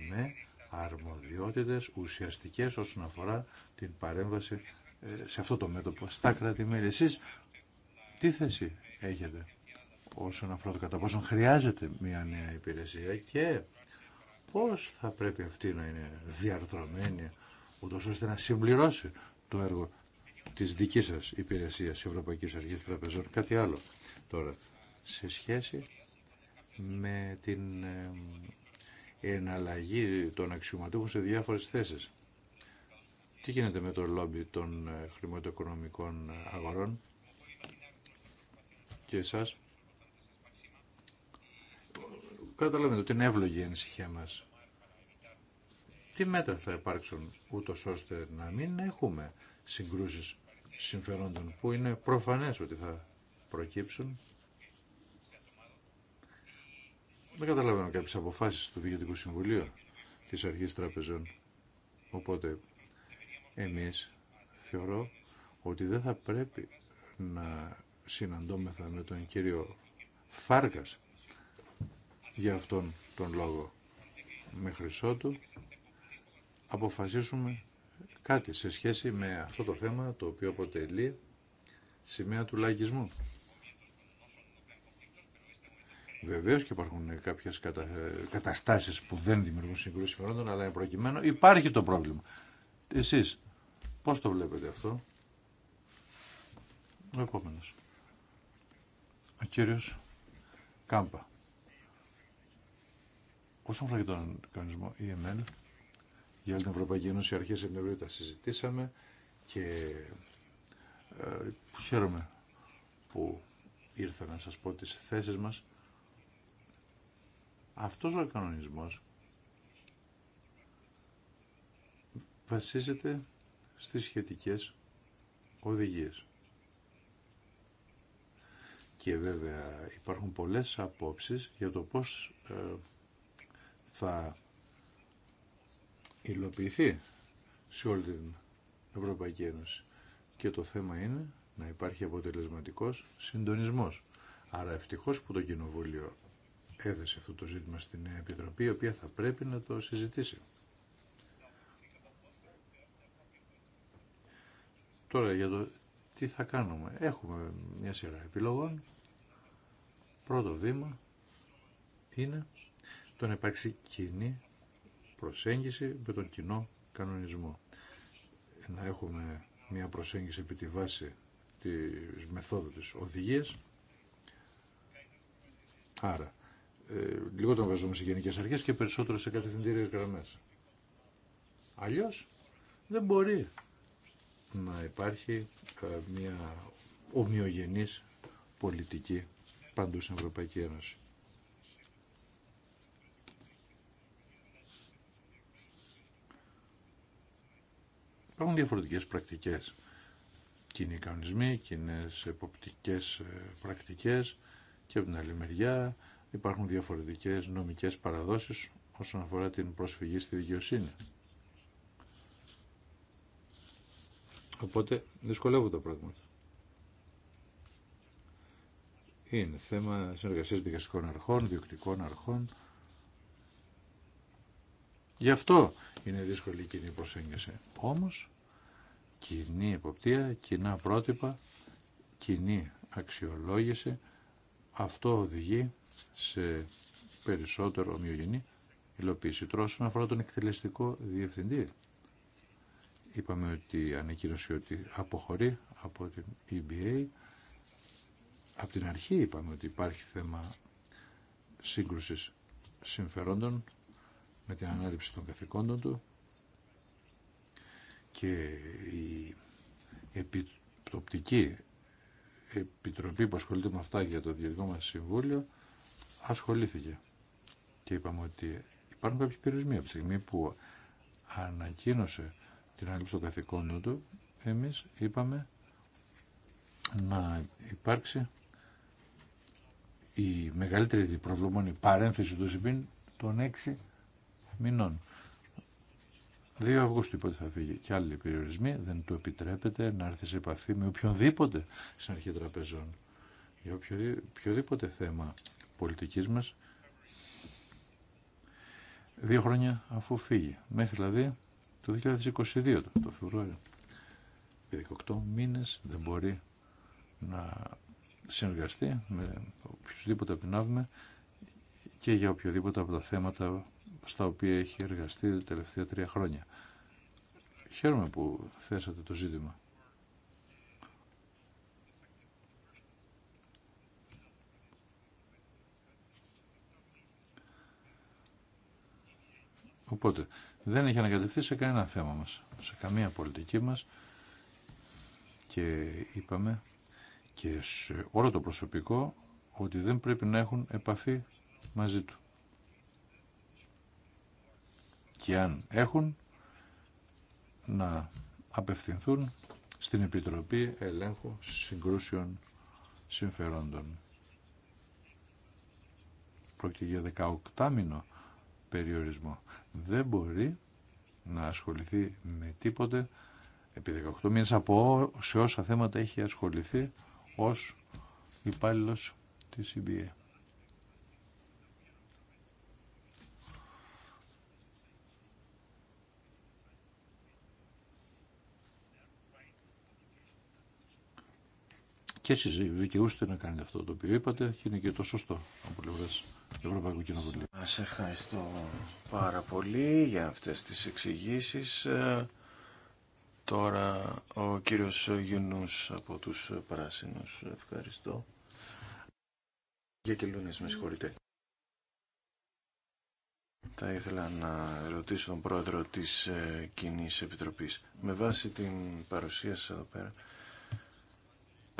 με αρμοδιότητες ουσιαστικές όσον αφορά την παρέμβαση ε, σε αυτό το μέτωπο, στα κράτη-μέλη. Εσείς τι θέση έχετε όσον αφορά το κατά πόσον χρειάζεται μια νέα υπηρεσία και πώς θα πρέπει αυτή να είναι διαρθρωμένη ούτως ώστε να συμπληρώσει το έργο της δικής σας υπηρεσίας Ευρωπαϊκής Αρχής Τραπεζών. Κάτι άλλο τώρα σε σχέση με την ε, εναλλαγή των αξιωματούχων σε διάφορες θέσεις. Τι γίνεται με το λόμπι των ε, χρηματοοικονομικών αγορών και εσάς. Καταλαβαίνετε ότι είναι εύλογη η ανησυχία μας τι μέτρα θα υπάρξουν ούτω ώστε να μην έχουμε συγκρούσεις συμφερόντων που είναι προφανές ότι θα προκύψουν. Δεν καταλαβαίνω κάποιες αποφάσεις του Διοικητικού Συμβουλίου της Αρχής Τραπεζών. Οπότε εμείς θεωρώ ότι δεν θα πρέπει να συναντώμεθα με τον κύριο Φάρκας για αυτόν τον λόγο με χρυσό του αποφασίσουμε κάτι σε σχέση με αυτό το θέμα το οποίο αποτελεί σημαία του λαϊκισμού. Βεβαίως και υπάρχουν κάποιες κατα... καταστάσεις που δεν δημιουργούν συγκρούσεις συμφερόντων, αλλά προκειμένου υπάρχει το πρόβλημα. Εσείς πώς το βλέπετε αυτό. Ο επόμενος. Ο κύριος Κάμπα. Πώς αφορά τον κανονισμό EML, για την Ευρωπαϊκή Ένωση αρχές Σεπτεμβρίου τα συζητήσαμε και ε, χαίρομαι που ήρθα να σας πω τις θέσεις μας. Αυτός ο κανονισμός βασίζεται στις σχετικές οδηγίες. Και βέβαια υπάρχουν πολλές απόψεις για το πώς ε, θα υλοποιηθεί σε όλη την Ευρωπαϊκή Ένωση. Και το θέμα είναι να υπάρχει αποτελεσματικός συντονισμός. Άρα ευτυχώς που το Κοινοβούλιο έδεσε αυτό το ζήτημα στην Νέα Επιτροπή, η οποία θα πρέπει να το συζητήσει. Τώρα για το τι θα κάνουμε. Έχουμε μια σειρά επιλογών. Πρώτο βήμα είναι το να υπάρξει κοινή προσέγγιση με τον κοινό κανονισμό. Να έχουμε μια προσέγγιση επί τη βάση της μεθόδου της οδηγίας. Άρα, ε, λιγότερο βάζουμε σε γενικές αρχές και περισσότερο σε κατευθυντήριες γραμμές. Αλλιώς δεν μπορεί να υπάρχει ε, μια ομοιογενής πολιτική παντού στην Ευρωπαϊκή Ένωση. Υπάρχουν διαφορετικές πρακτικές. κοινή κανονισμή, κοινέ εποπτικές ε, πρακτικές και από την άλλη μεριά υπάρχουν διαφορετικές νομικές παραδόσεις όσον αφορά την προσφυγή στη δικαιοσύνη. Οπότε δυσκολεύονται τα πράγματα. Είναι θέμα συνεργασίας δικαστικών αρχών, διοκτικών αρχών, Γι' αυτό είναι δύσκολη η κοινή προσέγγιση. Όμως, κοινή υποπτία, κοινά πρότυπα, κοινή αξιολόγηση, αυτό οδηγεί σε περισσότερο ομοιογενή υλοποίηση. τρόσου να αφορά τον εκτελεστικό διευθυντή, είπαμε ότι ανακοίνωσε ότι αποχωρεί από την EBA. Από την αρχή είπαμε ότι υπάρχει θέμα σύγκρουσης συμφερόντων με την ανάληψη των καθηκόντων του και η επιτοπτική επιτροπή που ασχολείται με αυτά για το διεδικό μας Συμβούλιο ασχολήθηκε και είπαμε ότι υπάρχουν κάποιοι περιορισμοί από τη στιγμή που ανακοίνωσε την ανάληψη των καθηκόντων του εμείς είπαμε να υπάρξει η μεγαλύτερη διπροβλημόνη παρένθεση του ΣΥΠΗΝ των έξι μηνών. 2 Αυγούστου είπε ότι θα φύγει και άλλοι περιορισμοί δεν του επιτρέπεται να έρθει σε επαφή με οποιονδήποτε στην αρχή τραπεζών για οποιοδήποτε θέμα πολιτική μα δύο χρόνια αφού φύγει μέχρι δηλαδή το 2022 το Φεβρουάριο 18 μήνες δεν μπορεί να συνεργαστεί με οποιοδήποτε πεινάβουμε και για οποιοδήποτε από τα θέματα στα οποία έχει εργαστεί τα τελευταία τρία χρόνια. Χαίρομαι που θέσατε το ζήτημα. Οπότε, δεν έχει ανακατευθεί σε κανένα θέμα μας, σε καμία πολιτική μας και είπαμε και σε όλο το προσωπικό ότι δεν πρέπει να έχουν επαφή μαζί του και αν έχουν να απευθυνθούν στην Επιτροπή Ελέγχου Συγκρούσεων Συμφερόντων. Πρόκειται για 18 μήνο περιορισμό. Δεν μπορεί να ασχοληθεί με τίποτε επί 18 μήνες από σε όσα θέματα έχει ασχοληθεί ως υπάλληλος της EBA. και εσείς δικαιούστε να κάνετε αυτό το οποίο είπατε και είναι και το σωστό από πλευράς του Ευρωπαϊκού Κοινοβουλίου. Σας ευχαριστώ πάρα πολύ για αυτές τις εξηγήσει. Ε, τώρα ο κύριος Γιουνούς από τους Πράσινους. Ευχαριστώ. Για και Λούνες, με συγχωρείτε. Θα ήθελα να ρωτήσω τον πρόεδρο της ε, κοινή Επιτροπής. Με βάση την παρουσία σας εδώ πέρα,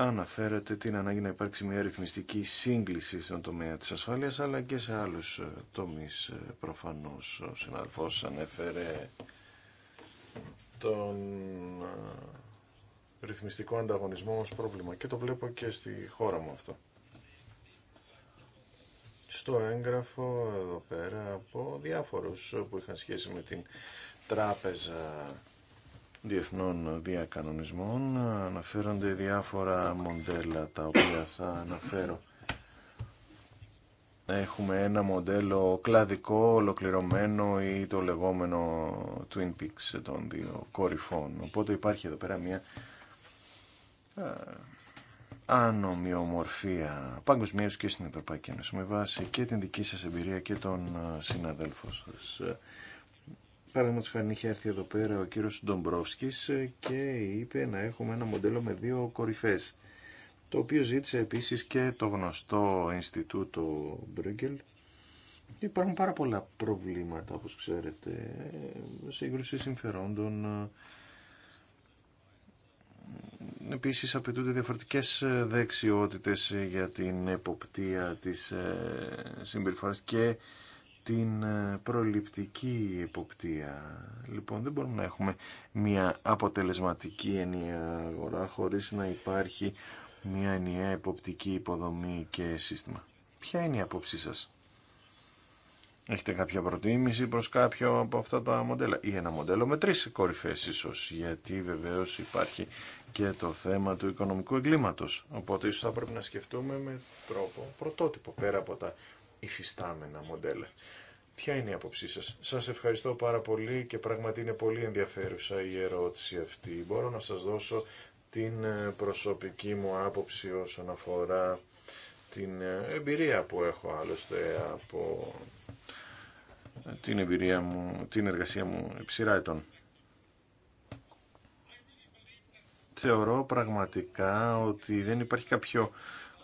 αναφέρατε την ανάγκη να υπάρξει μια ρυθμιστική σύγκληση στον τομέα της ασφάλειας αλλά και σε άλλους ε, τομείς ε, προφανώς ο συναδελφός ανέφερε τον ε, ρυθμιστικό ανταγωνισμό ως πρόβλημα και το βλέπω και στη χώρα μου αυτό. Στο έγγραφο εδώ πέρα από διάφορους που είχαν σχέση με την τράπεζα διεθνών διακανονισμών. Αναφέρονται διάφορα μοντέλα τα οποία θα αναφέρω. Έχουμε ένα μοντέλο κλαδικό, ολοκληρωμένο ή το λεγόμενο Twin Peaks των δύο κορυφών. Οπότε υπάρχει εδώ πέρα μια άνομη ομορφία παγκοσμίως και στην Ευρωπαϊκή Ένωση με βάση και την δική σας εμπειρία και των συναδέλφων σας. Παραδείγματος χάρη είχε έρθει εδώ πέρα ο κύριος Ντομπρόφσκης ε, και είπε να έχουμε ένα μοντέλο με δύο κορυφές το οποίο ζήτησε επίσης και το γνωστό Ινστιτούτο Μπρέγκελ. Υπάρχουν πάρα πολλά προβλήματα, όπως ξέρετε, ε, σύγκρουση συμφερόντων. Ε, επίσης απαιτούνται διαφορετικές δεξιότητες για την εποπτεία της συμπεριφοράς και την ε, προληπτική υποπτία. Λοιπόν, δεν μπορούμε να έχουμε μια αποτελεσματική ενιαία αγορά χωρίς να υπάρχει μια ενιαία υποπτική υποδομή και σύστημα. Ποια είναι η απόψή σας? Έχετε κάποια προτίμηση προς κάποιο από αυτά τα μοντέλα ή ένα μοντέλο με τρεις κορυφές ίσως, γιατί βεβαίως υπάρχει και το θέμα του οικονομικού εγκλήματος. Οπότε ίσως θα πρέπει να σκεφτούμε με τρόπο πρωτότυπο πέρα από τα υφιστάμενα μοντέλα. Ποια είναι η άποψή σας. Σας ευχαριστώ πάρα πολύ και πράγματι είναι πολύ ενδιαφέρουσα η ερώτηση αυτή. Μπορώ να σας δώσω την ε, προσωπική μου άποψη όσον αφορά την ε, εμπειρία που έχω άλλωστε από ε, την εμπειρία μου, την εργασία μου ψηρά ετών. Θεωρώ πραγματικά ότι δεν υπάρχει κάποιο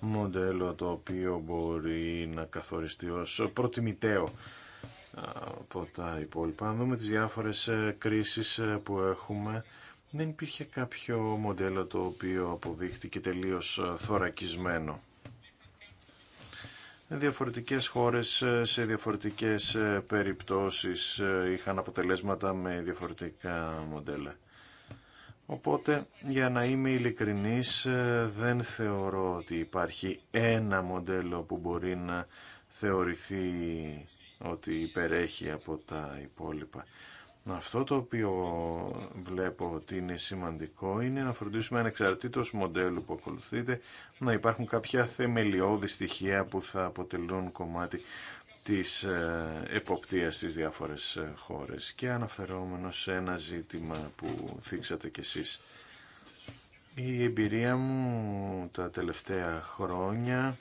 μοντέλο το οποίο μπορεί να καθοριστεί ως προτιμητέο από τα υπόλοιπα. Αν δούμε τις διάφορες ε, κρίσεις ε, που έχουμε, δεν υπήρχε κάποιο μοντέλο το οποίο αποδείχτηκε τελείως ε, θωρακισμένο. Διαφορετικές χώρες σε διαφορετικές περιπτώσεις είχαν αποτελέσματα με διαφορετικά μοντέλα. Οπότε, για να είμαι ειλικρινής, ε, δεν θεωρώ ότι υπάρχει ένα μοντέλο που μπορεί να θεωρηθεί ότι υπερέχει από τα υπόλοιπα. Αυτό το οποίο βλέπω ότι είναι σημαντικό είναι να φροντίσουμε ανεξαρτήτως μοντέλου που ακολουθείτε να υπάρχουν κάποια θεμελιώδη στοιχεία που θα αποτελούν κομμάτι της ε, εποπτείας στις διάφορες ε, χώρες και αναφερόμενο σε ένα ζήτημα που θίξατε κι εσείς. Η εμπειρία μου τα τελευταία χρόνια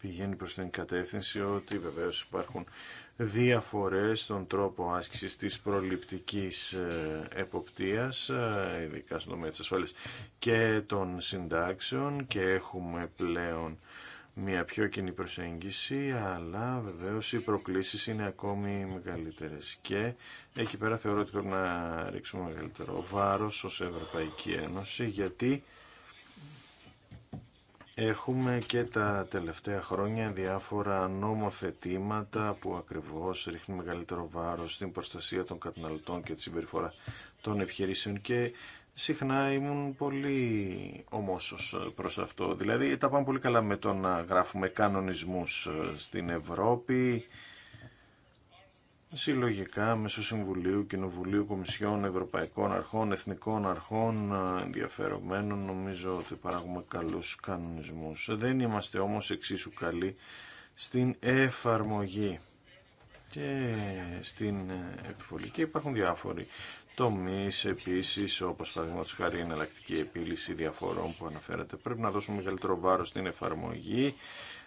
πηγαίνει προς την κατεύθυνση ότι βεβαίως υπάρχουν διαφορές στον τρόπο άσκησης της προληπτικής ε, εποπτείας, ειδικά στον τομέα της ασφάλειας και των συντάξεων και έχουμε πλέον μια πιο κοινή προσέγγιση, αλλά βεβαίως οι προκλήσεις είναι ακόμη μεγαλύτερες και εκεί πέρα θεωρώ ότι πρέπει να ρίξουμε μεγαλύτερο βάρος ως Ευρωπαϊκή Ένωση, γιατί Έχουμε και τα τελευταία χρόνια διάφορα νομοθετήματα που ακριβώς ρίχνουν μεγαλύτερο βάρος στην προστασία των καταναλωτών και τη συμπεριφορά των επιχειρήσεων και συχνά ήμουν πολύ ομόσος προς αυτό. Δηλαδή τα πάμε πολύ καλά με το να γράφουμε κανονισμούς ε, στην Ευρώπη, συλλογικά μέσω Συμβουλίου, Κοινοβουλίου, Κομισιών, Ευρωπαϊκών Αρχών, Εθνικών Αρχών, ε, ενδιαφερομένων. Νομίζω ότι παράγουμε καλούς κανονισμούς. Δεν είμαστε όμως εξίσου καλοί στην εφαρμογή και στην ε, επιβολή. υπάρχουν διάφοροι τομεί επίσης όπως παραδείγματο χάρη η εναλλακτική επίλυση διαφορών που αναφέρατε πρέπει να δώσουμε μεγαλύτερο βάρο στην εφαρμογή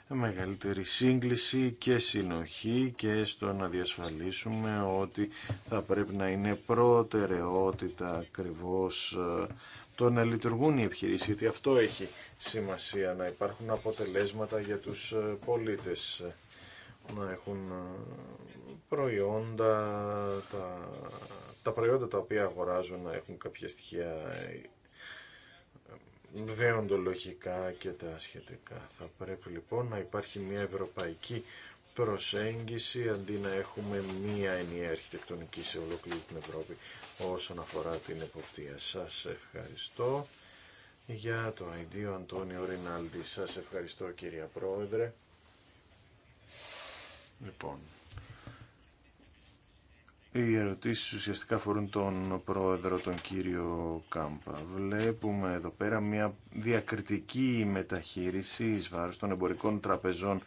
μεγαλύτερη σύγκληση και συνοχή και στο να διασφαλίσουμε ότι θα πρέπει να είναι προτεραιότητα ακριβώ ε, το να λειτουργούν οι επιχειρήσει. γιατί αυτό έχει σημασία, να υπάρχουν αποτελέσματα για του ε, πολίτε. Ε, να έχουν προϊόντα τα τα προϊόντα τα οποία αγοράζουν να έχουν κάποια στοιχεία βεοντολογικά ε, και τα σχετικά. Θα πρέπει λοιπόν να υπάρχει μια ευρωπαϊκή προσέγγιση αντί να έχουμε μία ενιαία αρχιτεκτονική σε ολόκληρη την Ευρώπη όσον αφορά την εποπτεία. Σας ευχαριστώ για το ID Αντώνιο Ρινάλντι. Σας ευχαριστώ κυρία Πρόεδρε. Λοιπόν, οι ερωτήσει ουσιαστικά αφορούν τον πρόεδρο, τον κύριο Κάμπα. Βλέπουμε εδώ πέρα μια διακριτική μεταχείριση εις βάρος των εμπορικών τραπεζών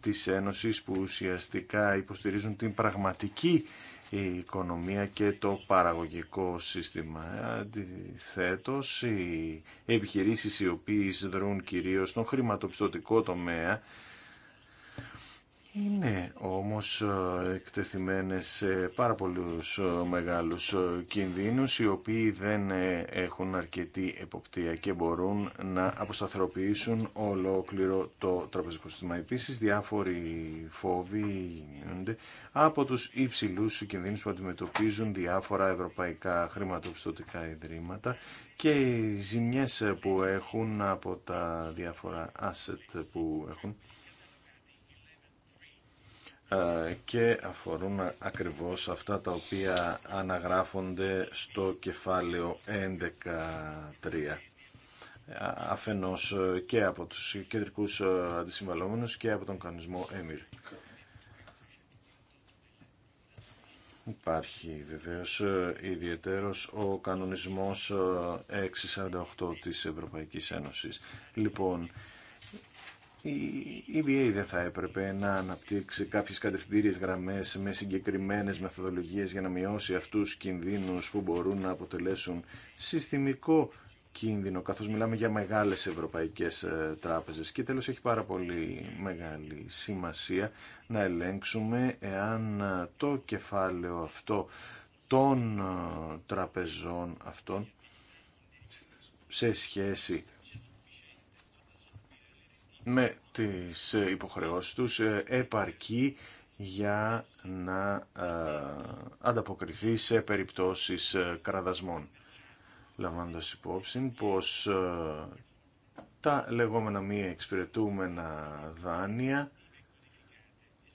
της Ένωσης που ουσιαστικά υποστηρίζουν την πραγματική οικονομία και το παραγωγικό σύστημα. Αντιθέτω, οι επιχειρήσεις οι οποίες δρούν κυρίως στον χρηματοπιστωτικό τομέα είναι όμως ε, εκτεθειμένες σε πάρα πολλούς ε, μεγάλους ε, κινδύνους οι οποίοι δεν έχουν αρκετή εποπτεία και μπορούν να αποσταθεροποιήσουν ολόκληρο το τραπεζικό σύστημα. Επίσης διάφοροι φόβοι γίνονται από τους υψηλούς κινδύνους που αντιμετωπίζουν διάφορα ευρωπαϊκά χρηματοπιστωτικά ιδρύματα και οι ζημιές που έχουν από τα διάφορα asset που έχουν και αφορούν ακριβώς αυτά τα οποία αναγράφονται στο κεφάλαιο 11.3 αφενός ε, και από τους κεντρικούς ε, αντισυμβαλόμενους και από τον κανονισμό ΕΜΙΡ. Υπάρχει βεβαίως ε, ιδιαίτερος ο κανονισμός 648 της Ευρωπαϊκής Ένωσης. Λοιπόν, η EBA δεν θα έπρεπε να αναπτύξει κάποιες κατευθυντήριες γραμμές με συγκεκριμένες μεθοδολογίες για να μειώσει αυτούς τους κινδύνους που μπορούν να αποτελέσουν συστημικό κίνδυνο, καθώς μιλάμε για μεγάλες ευρωπαϊκές ε, τράπεζες. Και τέλος έχει πάρα πολύ μεγάλη σημασία να ελέγξουμε εάν ε, το κεφάλαιο αυτό των ε, τραπεζών αυτών σε σχέση με τις ε, υποχρεώσεις τους ε, επαρκεί για να ε, ανταποκριθεί σε περιπτώσεις κραδασμών. Λαμβάνοντας υπόψη πως τα λεγόμενα μη εξυπηρετούμενα δάνεια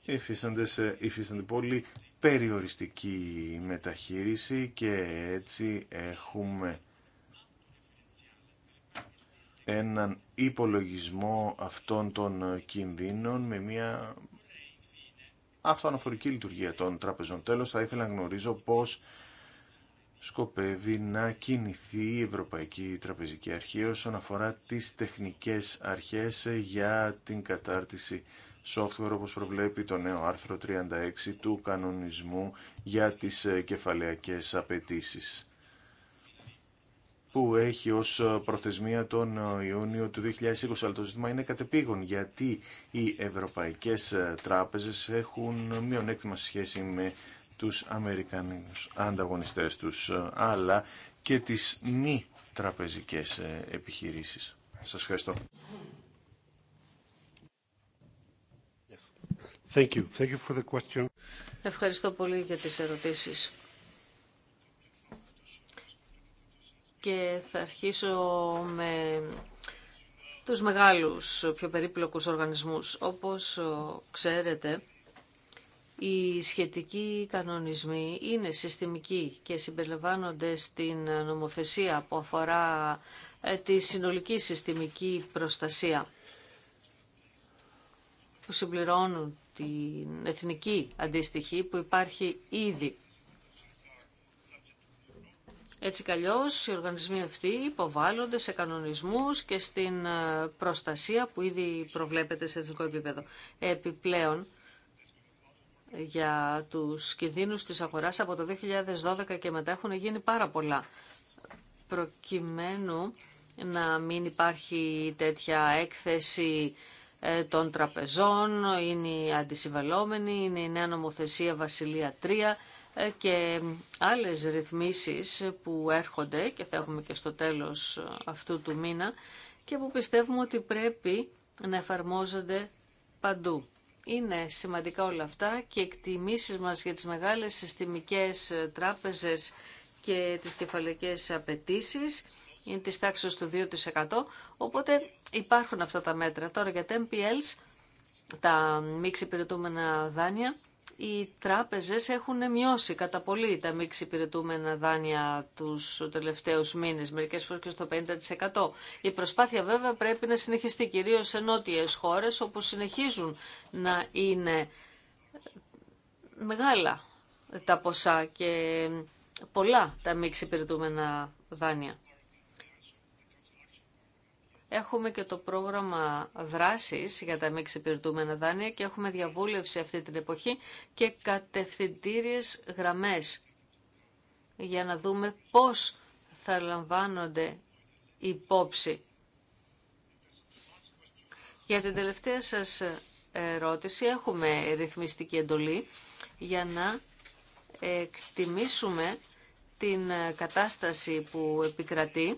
υφίστανται, σε, υφίστανται πολύ περιοριστική μεταχείριση και έτσι έχουμε έναν υπολογισμό αυτών των κινδύνων με μια αυτοαναφορική λειτουργία των τραπεζών. Τέλος, θα ήθελα να γνωρίζω πώς σκοπεύει να κινηθεί η Ευρωπαϊκή Τραπεζική Αρχή όσον αφορά τις τεχνικές αρχές για την κατάρτιση software όπως προβλέπει το νέο άρθρο 36 του κανονισμού για τις κεφαλαιακές απαιτήσει που έχει ως ε, προθεσμία τον ε, Ιούνιο του 2020. Αλλά το ζήτημα είναι κατεπήγον γιατί οι ευρωπαϊκές ε, τράπεζες έχουν μειονέκτημα σε σχέση με τους Αμερικανούς ανταγωνιστές τους, αλλά και τις μη τραπεζικές επιχειρήσεις. Σας ευχαριστώ. Thank you. Thank you for the question. Ευχαριστώ πολύ για τις ερωτήσεις. και θα αρχίσω με τους μεγάλους, πιο περίπλοκους οργανισμούς. Όπως ξέρετε, οι σχετικοί κανονισμοί είναι συστημικοί και συμπεριλαμβάνονται στην νομοθεσία που αφορά ε, τη συνολική συστημική προστασία που συμπληρώνουν την εθνική αντίστοιχη που υπάρχει ήδη έτσι κι οι οργανισμοί αυτοί υποβάλλονται σε κανονισμούς και στην ε, προστασία που ήδη προβλέπεται σε εθνικό επίπεδο. Επιπλέον, για τους κινδύνους της αγοράς από το 2012 και μετά έχουν γίνει πάρα πολλά προκειμένου να μην υπάρχει τέτοια έκθεση ε, των τραπεζών, είναι οι αντισυμβαλόμενοι, είναι η νέα νομοθεσία Βασιλεία 3 και άλλες ρυθμίσεις που έρχονται και θα έχουμε και στο τέλος αυτού του μήνα και που πιστεύουμε ότι πρέπει να εφαρμόζονται παντού. Είναι σημαντικά όλα αυτά και εκτιμήσεις μας για τις μεγάλες συστημικές τράπεζες και τις κεφαλικές απαιτήσει είναι της τάξης του 2%. Οπότε υπάρχουν αυτά τα μέτρα. Τώρα για τα MPLs, τα μη εξυπηρετούμενα δάνεια, οι τράπεζες έχουν μειώσει κατά πολύ τα μη εξυπηρετούμενα δάνεια τους τελευταίους μήνες, μερικές φορές και στο 50%. Η προσπάθεια βέβαια πρέπει να συνεχιστεί, κυρίως σε νότιες χώρες όπου συνεχίζουν να είναι μεγάλα τα ποσά και πολλά τα μη εξυπηρετούμενα δάνεια. Έχουμε και το πρόγραμμα δράσης για τα μη εξυπηρετούμενα δάνεια και έχουμε διαβούλευση αυτή την εποχή και κατευθυντήριες γραμμές για να δούμε πώς θα λαμβάνονται υπόψη. Για την τελευταία σας ερώτηση έχουμε ρυθμιστική εντολή για να εκτιμήσουμε την κατάσταση που επικρατεί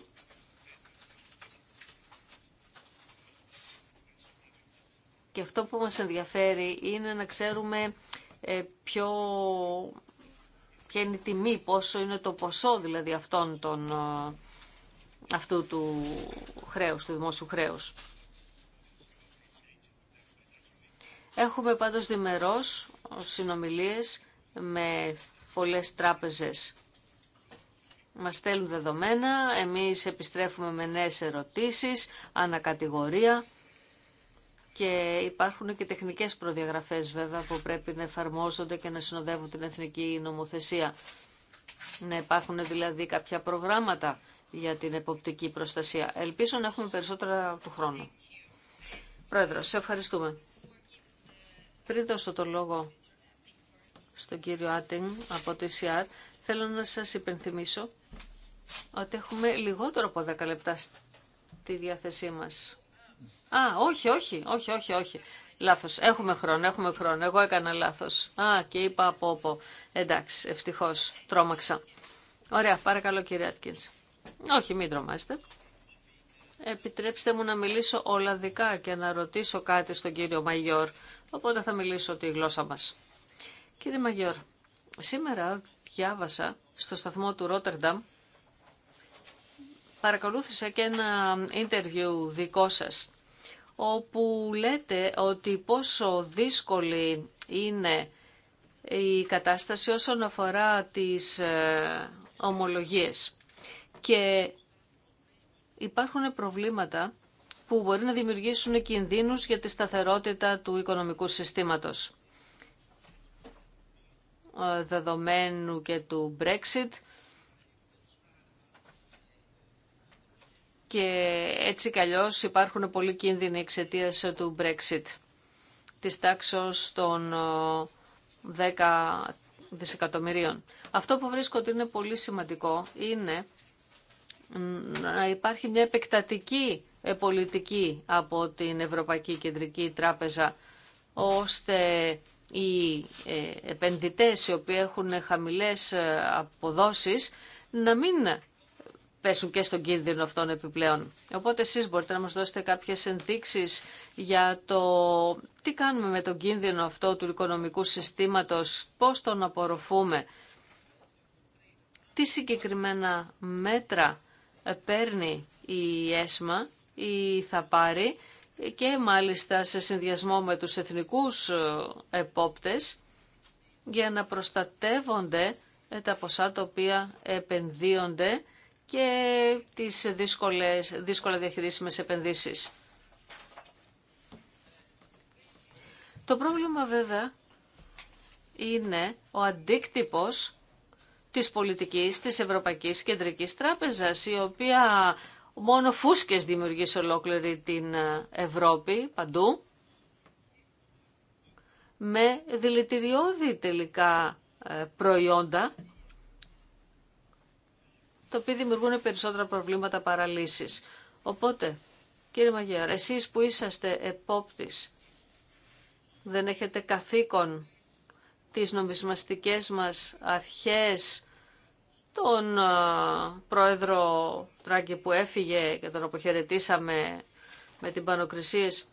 Και αυτό που μας ενδιαφέρει είναι να ξέρουμε ε, ποιο, ποια είναι η τιμή, πόσο είναι το ποσό δηλαδή αυτών ε, αυτού του χρέους, του δημόσιου χρέους. Έχουμε πάντως διμερώς συνομιλίες με πολλές τράπεζες. Μας στέλνουν δεδομένα, εμείς επιστρέφουμε με νέες ερωτήσεις, ανακατηγορία και υπάρχουν και τεχνικές προδιαγραφές βέβαια που πρέπει να εφαρμόζονται και να συνοδεύουν την εθνική νομοθεσία. Να υπάρχουν δηλαδή κάποια προγράμματα για την εποπτική προστασία. Ελπίζω να έχουμε περισσότερα του χρόνου. Πρόεδρο, σε ευχαριστούμε. Πριν δώσω το λόγο στον κύριο Άτινγκ από το ECR, θέλω να σας υπενθυμίσω ότι έχουμε λιγότερο από 10 λεπτά στη διάθεσή μας. Α, όχι, όχι, όχι, όχι, όχι. Λάθος. Έχουμε χρόνο, έχουμε χρόνο. Εγώ έκανα λάθος. Α, και είπα από όπου. Εντάξει, ευτυχώ, τρόμαξα. Ωραία, παρακαλώ κύριε Άτκιν. Όχι, μην τρομάστε. Επιτρέψτε μου να μιλήσω ολαδικά και να ρωτήσω κάτι στον κύριο Μαγιόρ. Οπότε θα μιλήσω τη γλώσσα μας. Κύριε Μαγιόρ, σήμερα διάβασα στο σταθμό του Ρότερνταμ παρακολούθησα και ένα interview δικό σας όπου λέτε ότι πόσο δύσκολη είναι η κατάσταση όσον αφορά τις ε, ομολογίες. Και υπάρχουν προβλήματα που μπορεί να δημιουργήσουν κινδύνους για τη σταθερότητα του οικονομικού συστήματος. Ε, δεδομένου και του Brexit, και έτσι αλλιώς υπάρχουν πολλοί κίνδυνοι εξαιτία του Brexit της τάξης των 10 ε, δισεκατομμυρίων. Αυτό που βρίσκω ότι είναι πολύ σημαντικό είναι να υπάρχει μια επεκτατική ε, πολιτική από την Ευρωπαϊκή Κεντρική Τράπεζα ώστε οι ε, επενδυτές οι οποίοι έχουν χαμηλές αποδόσεις να μην πέσουν και στον κίνδυνο αυτών επιπλέον. Οπότε εσείς μπορείτε να μας δώσετε κάποιες ενδείξεις για το τι κάνουμε με τον κίνδυνο αυτό του οικονομικού συστήματος, πώς τον απορροφούμε, τι συγκεκριμένα μέτρα παίρνει η ΕΣΜΑ ή θα πάρει και μάλιστα σε συνδυασμό με τους εθνικούς ε, επόπτες για να προστατεύονται ε, τα ποσά τα οποία επενδύονται και τις δύσκολες, δύσκολα διαχειρίσιμες επενδύσεις. Το πρόβλημα βέβαια είναι ο αντίκτυπος της πολιτικής της Ευρωπαϊκής Κεντρικής Τράπεζας, η οποία μόνο φούσκες δημιουργεί σε ολόκληρη την Ευρώπη, παντού, με δηλητηριώδη τελικά ε, προϊόντα το οποίο δημιουργούν περισσότερα προβλήματα παραλύσεις. Οπότε, κύριε Μαγιέρα, εσείς που είσαστε επόπτης, δεν έχετε καθήκον τις νομισμαστικές μας αρχές, τον πρόεδρο Τράγκη που έφυγε και τον αποχαιρετήσαμε με την Πανοκρισίες,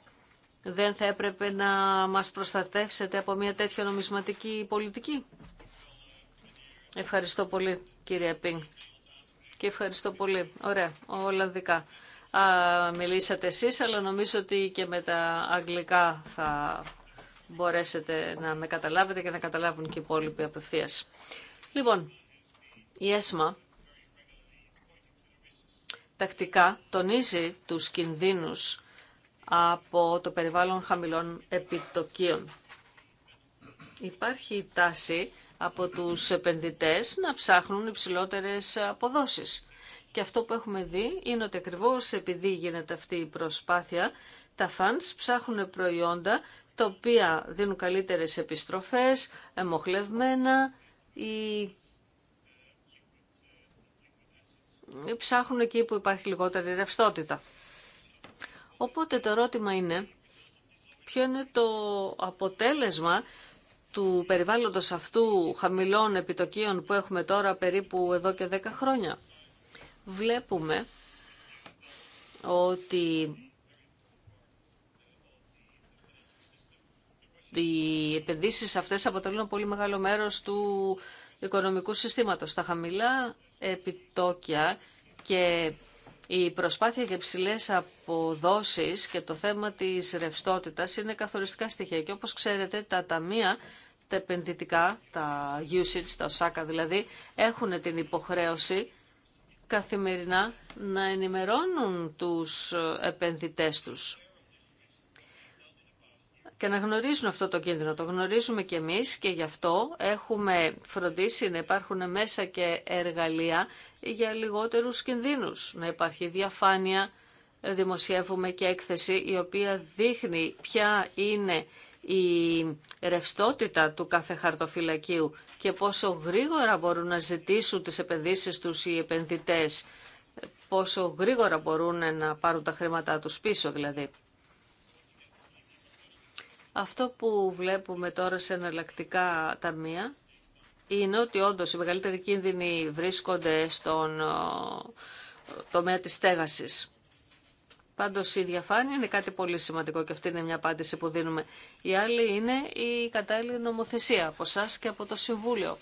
δεν θα έπρεπε να μας προστατεύσετε από μια τέτοια νομισματική πολιτική. Ευχαριστώ πολύ κύριε Πίνγκ. Και ευχαριστώ πολύ. Ωραία, Ολλανδικά. Α, μιλήσατε εσείς, αλλά νομίζω ότι και με τα αγγλικά θα μπορέσετε να με καταλάβετε και να καταλάβουν και οι υπόλοιποι απευθείας. Λοιπόν, η ΕΣΜΑ τακτικά τονίζει τους κινδύνους από το περιβάλλον χαμηλών επιτοκίων. Υπάρχει η τάση από τους επενδυτές να ψάχνουν υψηλότερες αποδόσεις. Και αυτό που έχουμε δει είναι ότι ακριβώ επειδή γίνεται αυτή η προσπάθεια, τα funds ψάχνουν προϊόντα τα οποία δίνουν καλύτερες επιστροφές, εμοχλευμένα ή ψάχνουν εκεί που υπάρχει λιγότερη ρευστότητα. Οπότε το ερώτημα είναι ποιο είναι το αποτέλεσμα του περιβάλλοντος αυτού χαμηλών επιτοκίων που έχουμε τώρα περίπου εδώ και 10 χρόνια. Βλέπουμε ότι οι επενδύσεις αυτές αποτελούν πολύ μεγάλο μέρος του οικονομικού συστήματος. Τα χαμηλά επιτόκια και η προσπάθεια για ψηλέ αποδόσεις και το θέμα της ρευστότητα είναι καθοριστικά στοιχεία και όπως ξέρετε τα ταμεία τα επενδυτικά, τα usage, τα οσάκα δηλαδή, έχουν την υποχρέωση καθημερινά να ενημερώνουν τους επενδυτές τους και να γνωρίζουν αυτό το κίνδυνο. Το γνωρίζουμε και εμείς και γι' αυτό έχουμε φροντίσει να υπάρχουν μέσα και εργαλεία για λιγότερους κινδύνους. Να υπάρχει διαφάνεια, δημοσιεύουμε και έκθεση η οποία δείχνει ποια είναι η ρευστότητα του κάθε χαρτοφυλακίου και πόσο γρήγορα μπορούν να ζητήσουν τις επενδύσεις τους οι επενδυτές, πόσο γρήγορα μπορούν να πάρουν τα χρήματά τους πίσω δηλαδή. Αυτό που βλέπουμε τώρα σε εναλλακτικά ταμεία είναι ότι όντως οι μεγαλύτεροι κίνδυνοι βρίσκονται στον ε, τομέα της στέγασης. Πάντως η διαφάνεια είναι κάτι πολύ σημαντικό και αυτή είναι μια απάντηση που δίνουμε. Η άλλη είναι η κατάλληλη νομοθεσία από εσά και από το Συμβούλιο.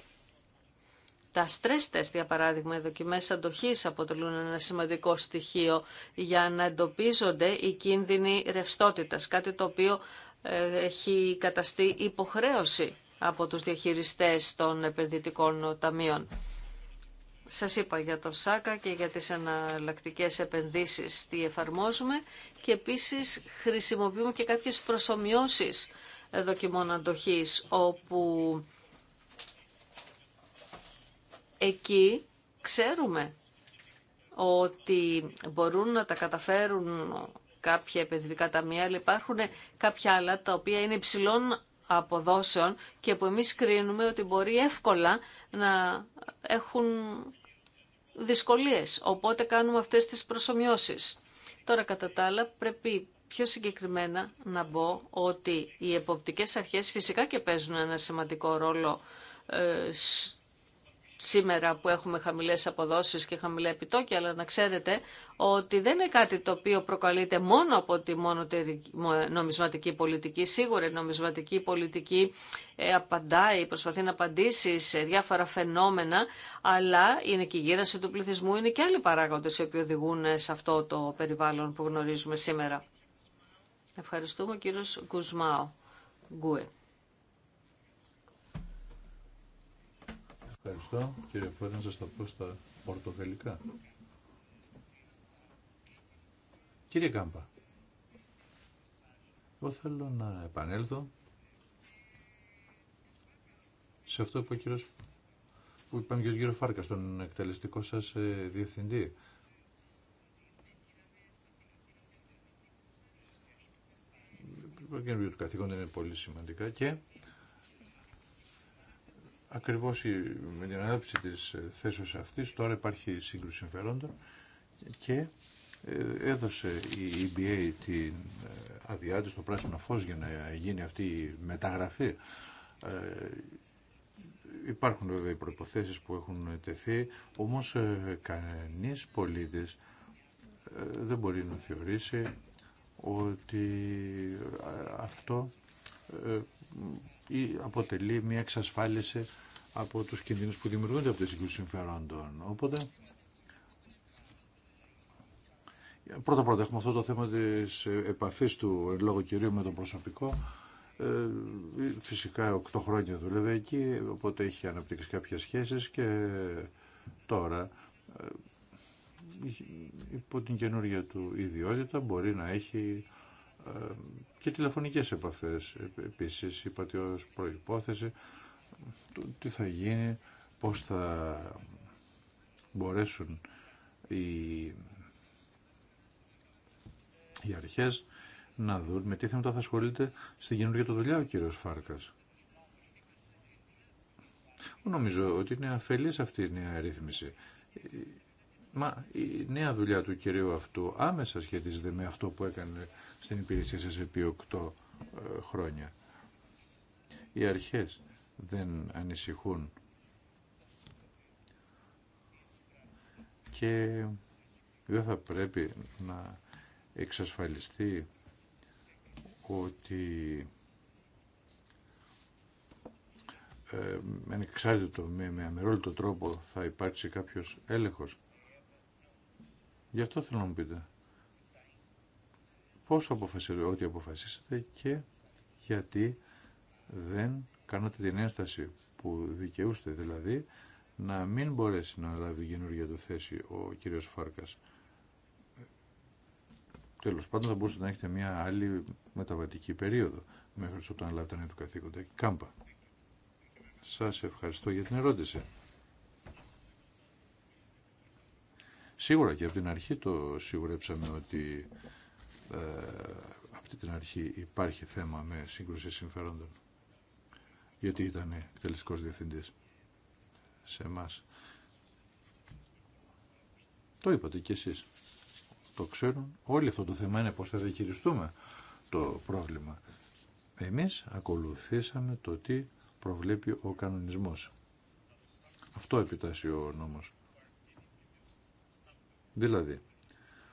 Τα στρες τεστ, για παράδειγμα, οι δοκιμές αντοχής αποτελούν ένα σημαντικό στοιχείο για να εντοπίζονται οι κίνδυνοι ρευστότητας, κάτι το οποίο ε, έχει καταστεί υποχρέωση από τους διαχειριστές των επενδυτικών ταμείων. Σας είπα για το ΣΑΚΑ και για τις εναλλακτικέ επενδύσεις τι εφαρμόζουμε και επίσης χρησιμοποιούμε και κάποιες προσωμιώσεις δοκιμών αντοχής όπου εκεί ξέρουμε ότι μπορούν να τα καταφέρουν κάποια επενδυτικά ταμεία, αλλά υπάρχουν κάποια άλλα τα οποία είναι υψηλών αποδόσεων και που εμείς κρίνουμε ότι μπορεί εύκολα να έχουν δυσκολίες. Οπότε κάνουμε αυτές τις προσωμιώσεις. Τώρα κατά τα άλλα πρέπει πιο συγκεκριμένα να πω ότι οι εποπτικές αρχές φυσικά και παίζουν ένα σημαντικό ρόλο ε, σήμερα που έχουμε χαμηλές αποδόσεις και χαμηλά επιτόκια, αλλά να ξέρετε ότι δεν είναι κάτι το οποίο προκαλείται μόνο από τη νομισματική πολιτική. Σίγουρα η νομισματική πολιτική ε, απαντάει, προσπαθεί να απαντήσει σε διάφορα φαινόμενα, αλλά είναι και η γύραση του πληθυσμού, είναι και άλλοι παράγοντες οι οποίοι οδηγούν σε αυτό το περιβάλλον που γνωρίζουμε σήμερα. Ευχαριστούμε, κύριος Κουσμάου. Γκουε. Ευχαριστώ. Κύριε Πρόεδρε, να σας το πω στα πορτογαλικά. Κύριε Κάμπα, εγώ θέλω να επανέλθω σε αυτό που, ο κύριος, είπαμε και ο κύριο Φάρκα, τον εκτελεστικό σας ε, διευθυντή. Το του είναι πολύ σημαντικά και ακριβώς με την ανάπτυξη της ε, θέσεως αυτής τώρα υπάρχει σύγκρουση συμφερόντων και ε, έδωσε η EBA την ε, αδειά τη, το πράσινο φω για να γίνει αυτή η μεταγραφή. Υπάρχουν βέβαια οι προποθέσει που έχουν τεθεί, όμως κανείς πολίτη δεν μπορεί να θεωρήσει ότι αυτό ή αποτελεί μια εξασφάλιση από τους κινδύνους που δημιουργούνται από τις συγκρούσεις συμφερόντων. Οπότε, πρώτα-πρώτα έχουμε αυτό το θέμα της επαφής του λόγω κυρίου με το προσωπικό. Ε, φυσικά οκτώ χρόνια δουλεύει εκεί, οπότε έχει αναπτύξει κάποιες σχέσεις και τώρα ε, υπό την καινούργια του ιδιότητα μπορεί να έχει ε, και τηλεφωνικές επαφές ε, επίσης είπατε ως προϋπόθεση τι θα γίνει, πώς θα μπορέσουν οι, οι αρχές να δουν με τι θέματα θα ασχολείται στην καινούργια του δουλειά ο κύριος Φάρκας. Νομίζω ότι είναι αφελής αυτή η νέα ρύθμιση. Μα η νέα δουλειά του κυρίου αυτού άμεσα σχετίζεται με αυτό που έκανε στην υπηρεσία σας επί 8 ε, χρόνια. Οι αρχές δεν ανησυχούν και δεν θα πρέπει να εξασφαλιστεί ότι με ανεξάρτητο, με, με αμερόλητο τρόπο θα υπάρξει κάποιος έλεγχος. Γι' αυτό θέλω να μου πείτε. Πώς αποφασίσετε ό,τι αποφασίσατε και γιατί δεν κάνατε την ένσταση που δικαιούστε, δηλαδή να μην μπορέσει να λάβει καινούργια του θέση ο κύριος Φάρκας. Τέλος πάντων θα μπορούσατε να έχετε μια άλλη μεταβατική περίοδο μέχρι όταν λάβετε νέα του καθήκοντα. Κάμπα. Σας ευχαριστώ για την ερώτηση. Σίγουρα και από την αρχή το σιγουρέψαμε ότι ε, από την αρχή υπάρχει θέμα με σύγκρουση συμφερόντων. Γιατί ήταν εκτελεστικός διευθυντής σε εμά. Το είπατε κι εσείς. Το ξέρουν. Όλοι αυτό το θέμα είναι πώς θα διαχειριστούμε το πρόβλημα. Εμείς ακολουθήσαμε το τι προβλέπει ο κανονισμός. Αυτό επιτάσσει ο νόμος. Δηλαδή,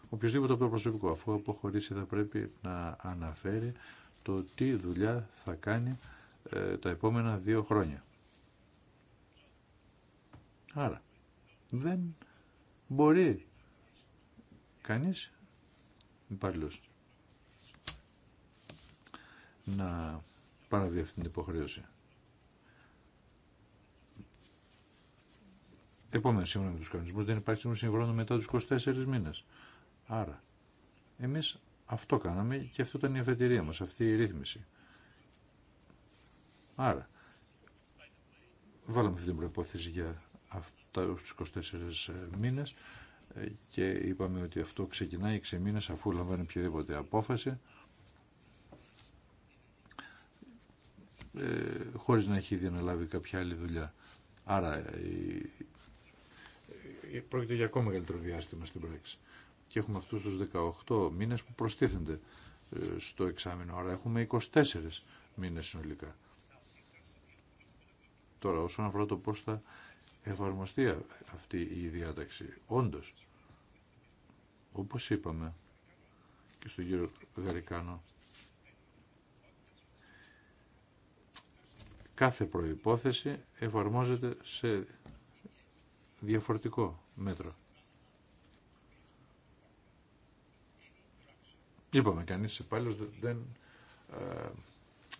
οποιοδήποτε από το προσωπικό, αφού αποχωρήσει, θα πρέπει να αναφέρει το τι δουλειά θα κάνει ε, τα επόμενα δύο χρόνια. Άρα, δεν μπορεί κανείς υπάλληλο να παραβεί την υποχρέωση. Επόμενο, σύμφωνα με του κανονισμού, δεν υπάρχει σύμφωνο μετά του 24 μήνε. Άρα, εμεί αυτό κάναμε και αυτό ήταν η αφετηρία μα, αυτή η ρύθμιση. Άρα, βάλαμε αυτή την προπόθεση για αυτά τους 24 ε, μήνες ε, και είπαμε ότι αυτό ξεκινάει 6 μήνες αφού λαμβάνει οποιαδήποτε απόφαση ε, χωρίς να έχει ήδη αναλάβει κάποια άλλη δουλειά. Άρα πρόκειται για ακόμα μεγαλύτερο διάστημα στην πράξη. Και έχουμε αυτού τους 18 μήνε που προστίθενται ε, στο εξάμεινο, άρα έχουμε 24 μήνε. συνολικά. Τώρα, όσον αφορά το πώ θα εφαρμοστεί αυτή η διάταξη, όντω. όπως είπαμε και στον κύριο Γαρικάνο, κάθε προϋπόθεση εφαρμόζεται σε διαφορετικό μέτρο. Είπαμε, κανείς υπάλληλος δεν ε,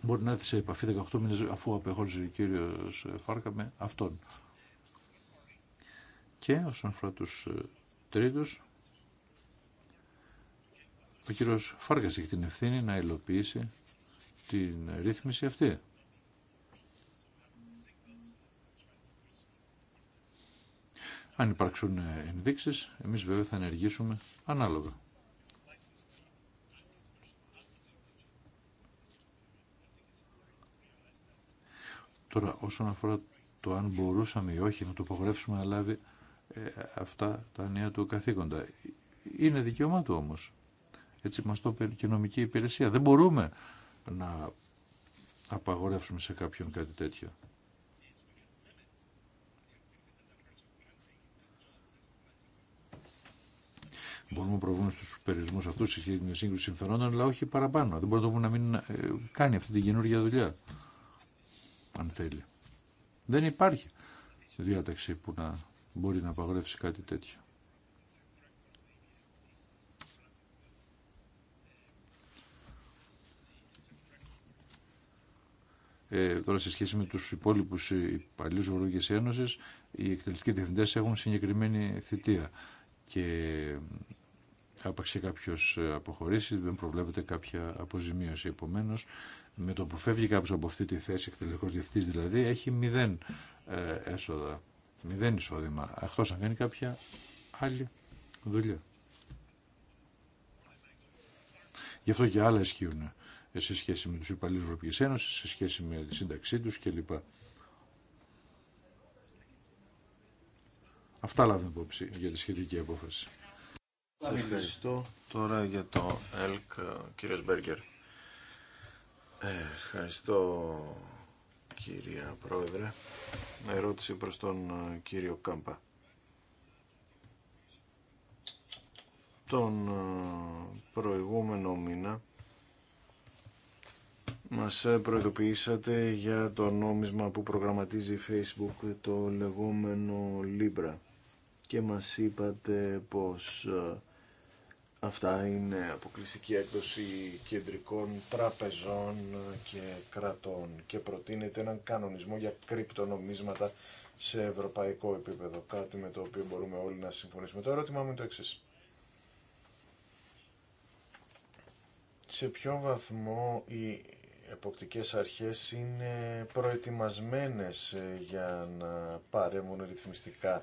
μπορεί να έρθει σε επαφή 18 μήνες αφού απεχώρησε ο κύριος ε, Φάρκα με αυτόν. Και όσον αφορά τους ε, τρίτους, ο κύριος Φάρκας έχει την ευθύνη να υλοποιήσει την ρύθμιση αυτή. Αν υπάρξουν ε, ενδείξεις, εμείς βέβαια θα ενεργήσουμε ανάλογα. Τώρα, όσον αφορά το αν μπορούσαμε ή όχι να το απογορεύσουμε να λάβει ε, αυτά τα νέα του καθήκοντα. Είναι δικαίωμά του όμως. Έτσι μας το είπε η νομική υπηρεσία. Δεν μπορούμε να απαγορεύσουμε σε κάποιον κάτι τέτοιο. μπορούμε να προβούμε στου περιορισμού αυτού σε σύγκρουση συμφερόντων, αλλά όχι παραπάνω. Δεν μπορούμε να μην ε, κάνει αυτή την καινούργια δουλειά. Αν θέλει. Δεν υπάρχει διάταξη που να μπορεί να απαγορεύσει κάτι τέτοιο. Ε, τώρα σε σχέση με τους υπόλοιπους ε, υπαλλήλους Ευρωπαϊκής Ένωσης, οι εκτελεστικοί διευθυντές έχουν συγκεκριμένη θητεία και άπαξε κάποιο ε, αποχωρήσει, δεν προβλέπεται κάποια αποζημίωση. Επομένω, με το που φεύγει κάποιο από αυτή τη θέση, εκτελεχώ διευθυντή δηλαδή, έχει μηδέν ε, έσοδα, μηδέν εισόδημα. Αυτό αν κάνει κάποια άλλη δουλειά. Γι' αυτό και άλλα ισχύουν ε, σε σχέση με τους υπαλλήλους Ευρωπαϊκής Ένωση, σε σχέση με τη σύνταξή τους κλπ. Αυτά λάβουμε υπόψη για τη σχετική απόφαση. Σας ευχαριστώ. Τώρα για το ΕΛΚ, κύριο Μπέργκερ. Ε, ευχαριστώ, κυρία Πρόεδρε. Ερώτηση προς τον ε, κύριο Κάμπα. Τον ε, προηγούμενο μήνα μας προειδοποιήσατε για το νόμισμα που προγραμματίζει Facebook το λεγόμενο Libra και μας είπατε πως Αυτά είναι αποκλειστική έκδοση κεντρικών τραπεζών και κρατών και προτείνεται έναν κανονισμό για κρυπτονομίσματα σε ευρωπαϊκό επίπεδο. Κάτι με το οποίο μπορούμε όλοι να συμφωνήσουμε. Το ερώτημά μου είναι το εξή. Σε ποιο βαθμό οι εποκτικές αρχές είναι προετοιμασμένες ε, για να παρέμουν ρυθμιστικά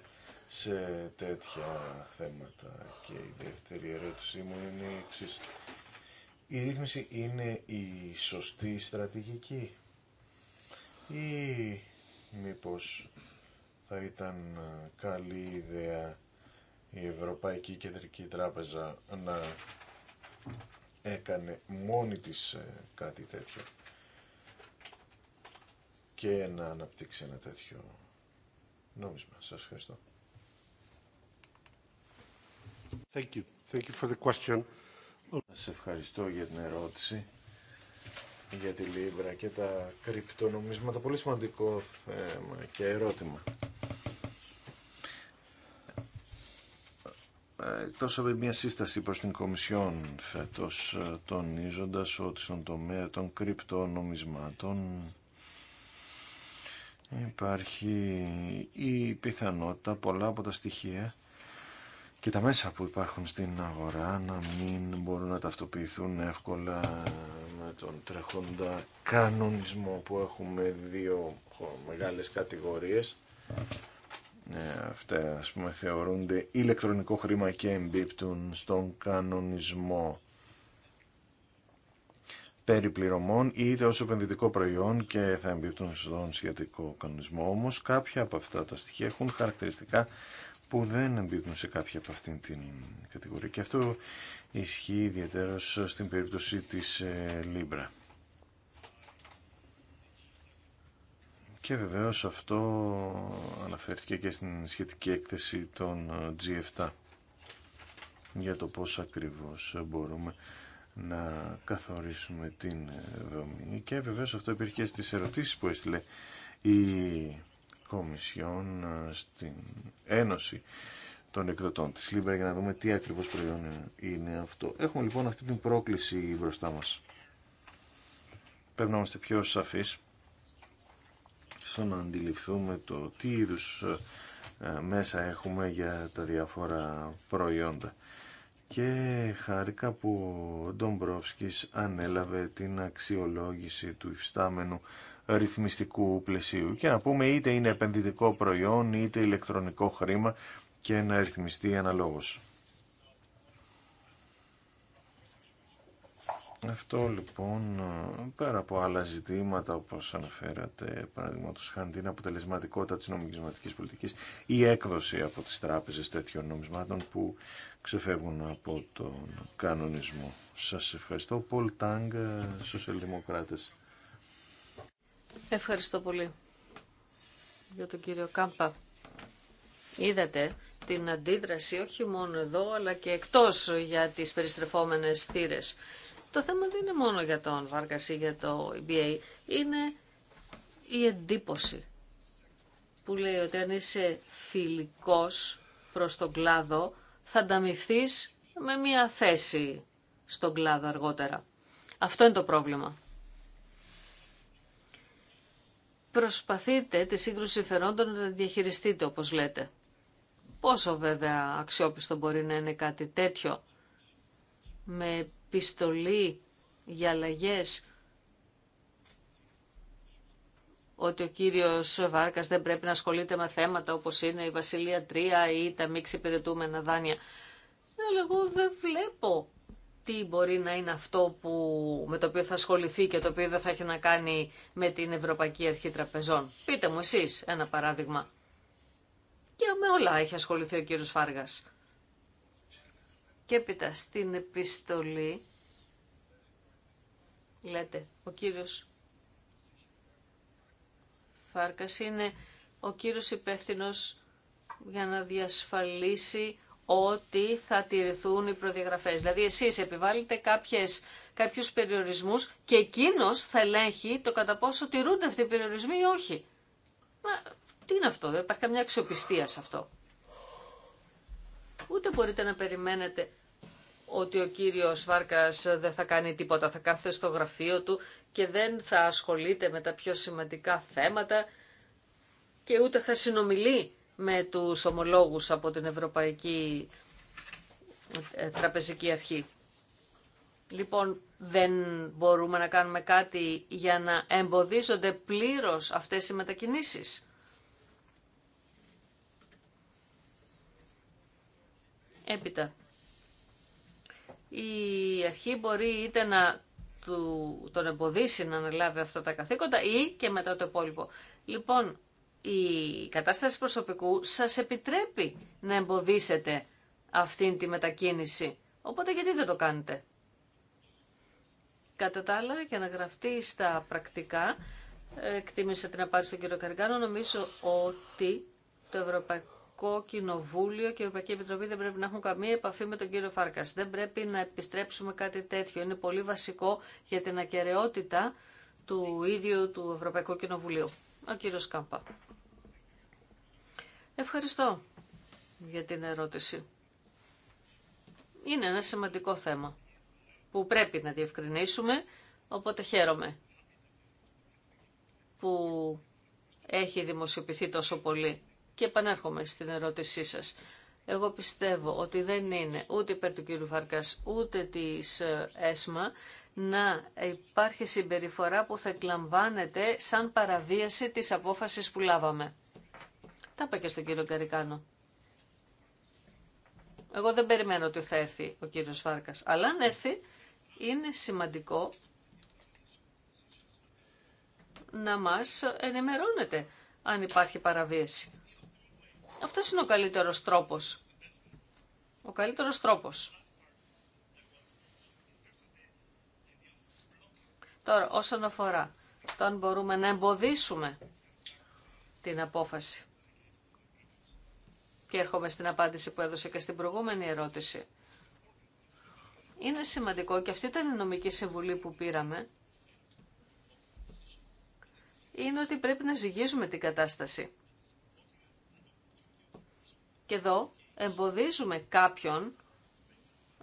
σε τέτοια θέματα. Και η δεύτερη ερώτησή μου είναι η Η ρύθμιση είναι η σωστή στρατηγική ή μήπως θα ήταν καλή ιδέα η Ευρωπαϊκή Κεντρική Τράπεζα να έκανε μόνη της ε, κάτι τέτοιο και να αναπτύξει ένα τέτοιο νόμισμα. Σας ευχαριστώ. Thank you. Thank you for the question. ευχαριστώ για την ερώτηση για τη Λίβρα και τα κρυπτονομίσματα. Πολύ σημαντικό θέμα και ερώτημα. Εκτός από μια σύσταση προς την Κομισιόν φέτος ε, τονίζοντας ότι στον τομέα των κρυπτονομισμάτων υπάρχει η πιθανότητα πολλά από τα στοιχεία και τα μέσα που υπάρχουν στην αγορά να μην μπορούν να ταυτοποιηθούν εύκολα με τον τρεχόντα κανονισμό που έχουμε δύο μεγάλες κατηγορίες. Ε, αυτά ας πούμε θεωρούνται ηλεκτρονικό χρήμα και εμπίπτουν στον κανονισμό περιπληρωμών είτε ως επενδυτικό προϊόν και θα εμπίπτουν στον σχετικό κανονισμό. Όμως κάποια από αυτά τα στοιχεία έχουν χαρακτηριστικά που δεν εμπίπτουν σε κάποια από αυτήν την κατηγορία. Και αυτό ισχύει ιδιαίτερα στην περίπτωση της ε, Λίμπρα. Και βεβαίως αυτό αναφέρθηκε και στην σχετική έκθεση των ε, G7 για το πώς ακριβώς μπορούμε να καθορίσουμε την ε, δομή. Και βεβαίως αυτό υπήρχε στις ερωτήσεις που έστειλε η Κομισιόν ε, στην Ένωση των εκδοτών της Λίμπερα για να δούμε τι ακριβώς προϊόν είναι αυτό. Έχουμε λοιπόν αυτή την πρόκληση μπροστά μας. Πρέπει να είμαστε πιο σαφείς στο να αντιληφθούμε το τι είδους ε, ε, μέσα έχουμε για τα διάφορα προϊόντα. Και χάρηκα που ο Ντομπρόφσκης ανέλαβε την αξιολόγηση του υφιστάμενου ρυθμιστικού πλαισίου και να πούμε είτε είναι επενδυτικό προϊόν είτε ηλεκτρονικό χρήμα και να ρυθμιστεί αναλόγως. Αυτό λοιπόν, πέρα από άλλα ζητήματα όπως αναφέρατε, παραδείγματο χάνει την αποτελεσματικότητα της νομισματικής πολιτικής ή έκδοση από τις τράπεζες τέτοιων νομισμάτων που ξεφεύγουν από τον κανονισμό. Σας ευχαριστώ. Πολ Τάγκ, Σοσιαλδημοκράτες. Ευχαριστώ πολύ για τον κύριο Κάμπα. Είδατε την αντίδραση όχι μόνο εδώ αλλά και εκτός για τις περιστρεφόμενες θύρες. Το θέμα δεν είναι μόνο για τον Βάρκας ή για το EBA, είναι η εντύπωση που λέει ότι αν είσαι φιλικός προς τον κλάδο θα ανταμυφθείς με μια θέση στον κλάδο αργότερα. Αυτό είναι το πρόβλημα. προσπαθείτε τη σύγκρουση συμφερόντων να διαχειριστείτε όπως λέτε. Πόσο βέβαια αξιόπιστο μπορεί να είναι κάτι τέτοιο με πιστολή για αλλαγέ ότι ο κύριος Βάρκας δεν πρέπει να ασχολείται με θέματα όπως είναι η Βασιλεία 3 ή τα μη ξυπηρετούμενα δάνεια. Ναι, αλλά εγώ δεν βλέπω τι μπορεί να είναι αυτό που, με το οποίο θα ασχοληθεί και το οποίο δεν θα έχει να κάνει με την Ευρωπαϊκή Αρχή Τραπεζών. Πείτε μου εσείς ένα παράδειγμα. Και με όλα έχει ασχοληθεί ο κύριος Φάργας. Και έπειτα στην επιστολή λέτε ο κύριος Φάρκας είναι ο κύριος υπεύθυνο για να διασφαλίσει ότι θα τηρηθούν οι προδιαγραφές. Δηλαδή εσείς επιβάλλετε κάποιες, κάποιους περιορισμούς και εκείνο θα ελέγχει το κατά πόσο τηρούνται αυτοί οι περιορισμοί ή όχι. Μα τι είναι αυτό, δεν υπάρχει καμιά αξιοπιστία σε αυτό. Ούτε μπορείτε να περιμένετε ότι ο κύριος Βάρκας δεν θα κάνει τίποτα, θα κάθεται στο γραφείο του και δεν θα ασχολείται με τα πιο σημαντικά θέματα και ούτε θα συνομιλεί με τους ομολόγους από την Ευρωπαϊκή ε, Τραπεζική Αρχή. Λοιπόν, δεν μπορούμε να κάνουμε κάτι για να εμποδίζονται πλήρως αυτές οι μετακινήσεις. Έπειτα, η αρχή μπορεί είτε να τον εμποδίσει να αναλάβει αυτά τα καθήκοντα ή και μετά το υπόλοιπο. Λοιπόν, η κατάσταση προσωπικού σας επιτρέπει να εμποδίσετε αυτήν τη μετακίνηση. Οπότε γιατί δεν το κάνετε. Κατά τα άλλα, για να γραφτεί στα πρακτικά, εκτίμησα την απάντηση του κύριο Καργκάνο, νομίζω ότι το Ευρωπαϊκό Κοινοβούλιο και η Ευρωπαϊκή Επιτροπή δεν πρέπει να έχουν καμία επαφή με τον κύριο Φάρκα. Δεν πρέπει να επιστρέψουμε κάτι τέτοιο. Είναι πολύ βασικό για την ακαιρεότητα του ίδιου του Ευρωπαϊκού Κοινοβουλίου. Ο κύριο Κάμπα. Ευχαριστώ για την ερώτηση. Είναι ένα σημαντικό θέμα που πρέπει να διευκρινίσουμε, οπότε χαίρομαι που έχει δημοσιοποιηθεί τόσο πολύ. Και επανέρχομαι στην ερώτησή σας. Εγώ πιστεύω ότι δεν είναι ούτε υπέρ του κύριου ούτε της ε, ΕΣΜΑ να υπάρχει συμπεριφορά που θα εκλαμβάνεται σαν παραβίαση της απόφασης που λάβαμε. Τα είπα και στον κύριο Καρικάνο. Εγώ δεν περιμένω ότι θα έρθει ο κύριος Φάρκας. Αλλά αν έρθει, είναι σημαντικό να μας ενημερώνετε αν υπάρχει παραβίαση. Αυτός είναι ο καλύτερος τρόπος. Ο καλύτερος τρόπος. Τώρα, όσον αφορά το αν μπορούμε να εμποδίσουμε την απόφαση. Και έρχομαι στην απάντηση που έδωσε και στην προηγούμενη ερώτηση. Είναι σημαντικό και αυτή ήταν η νομική συμβουλή που πήραμε. Είναι ότι πρέπει να ζυγίζουμε την κατάσταση. Και εδώ εμποδίζουμε κάποιον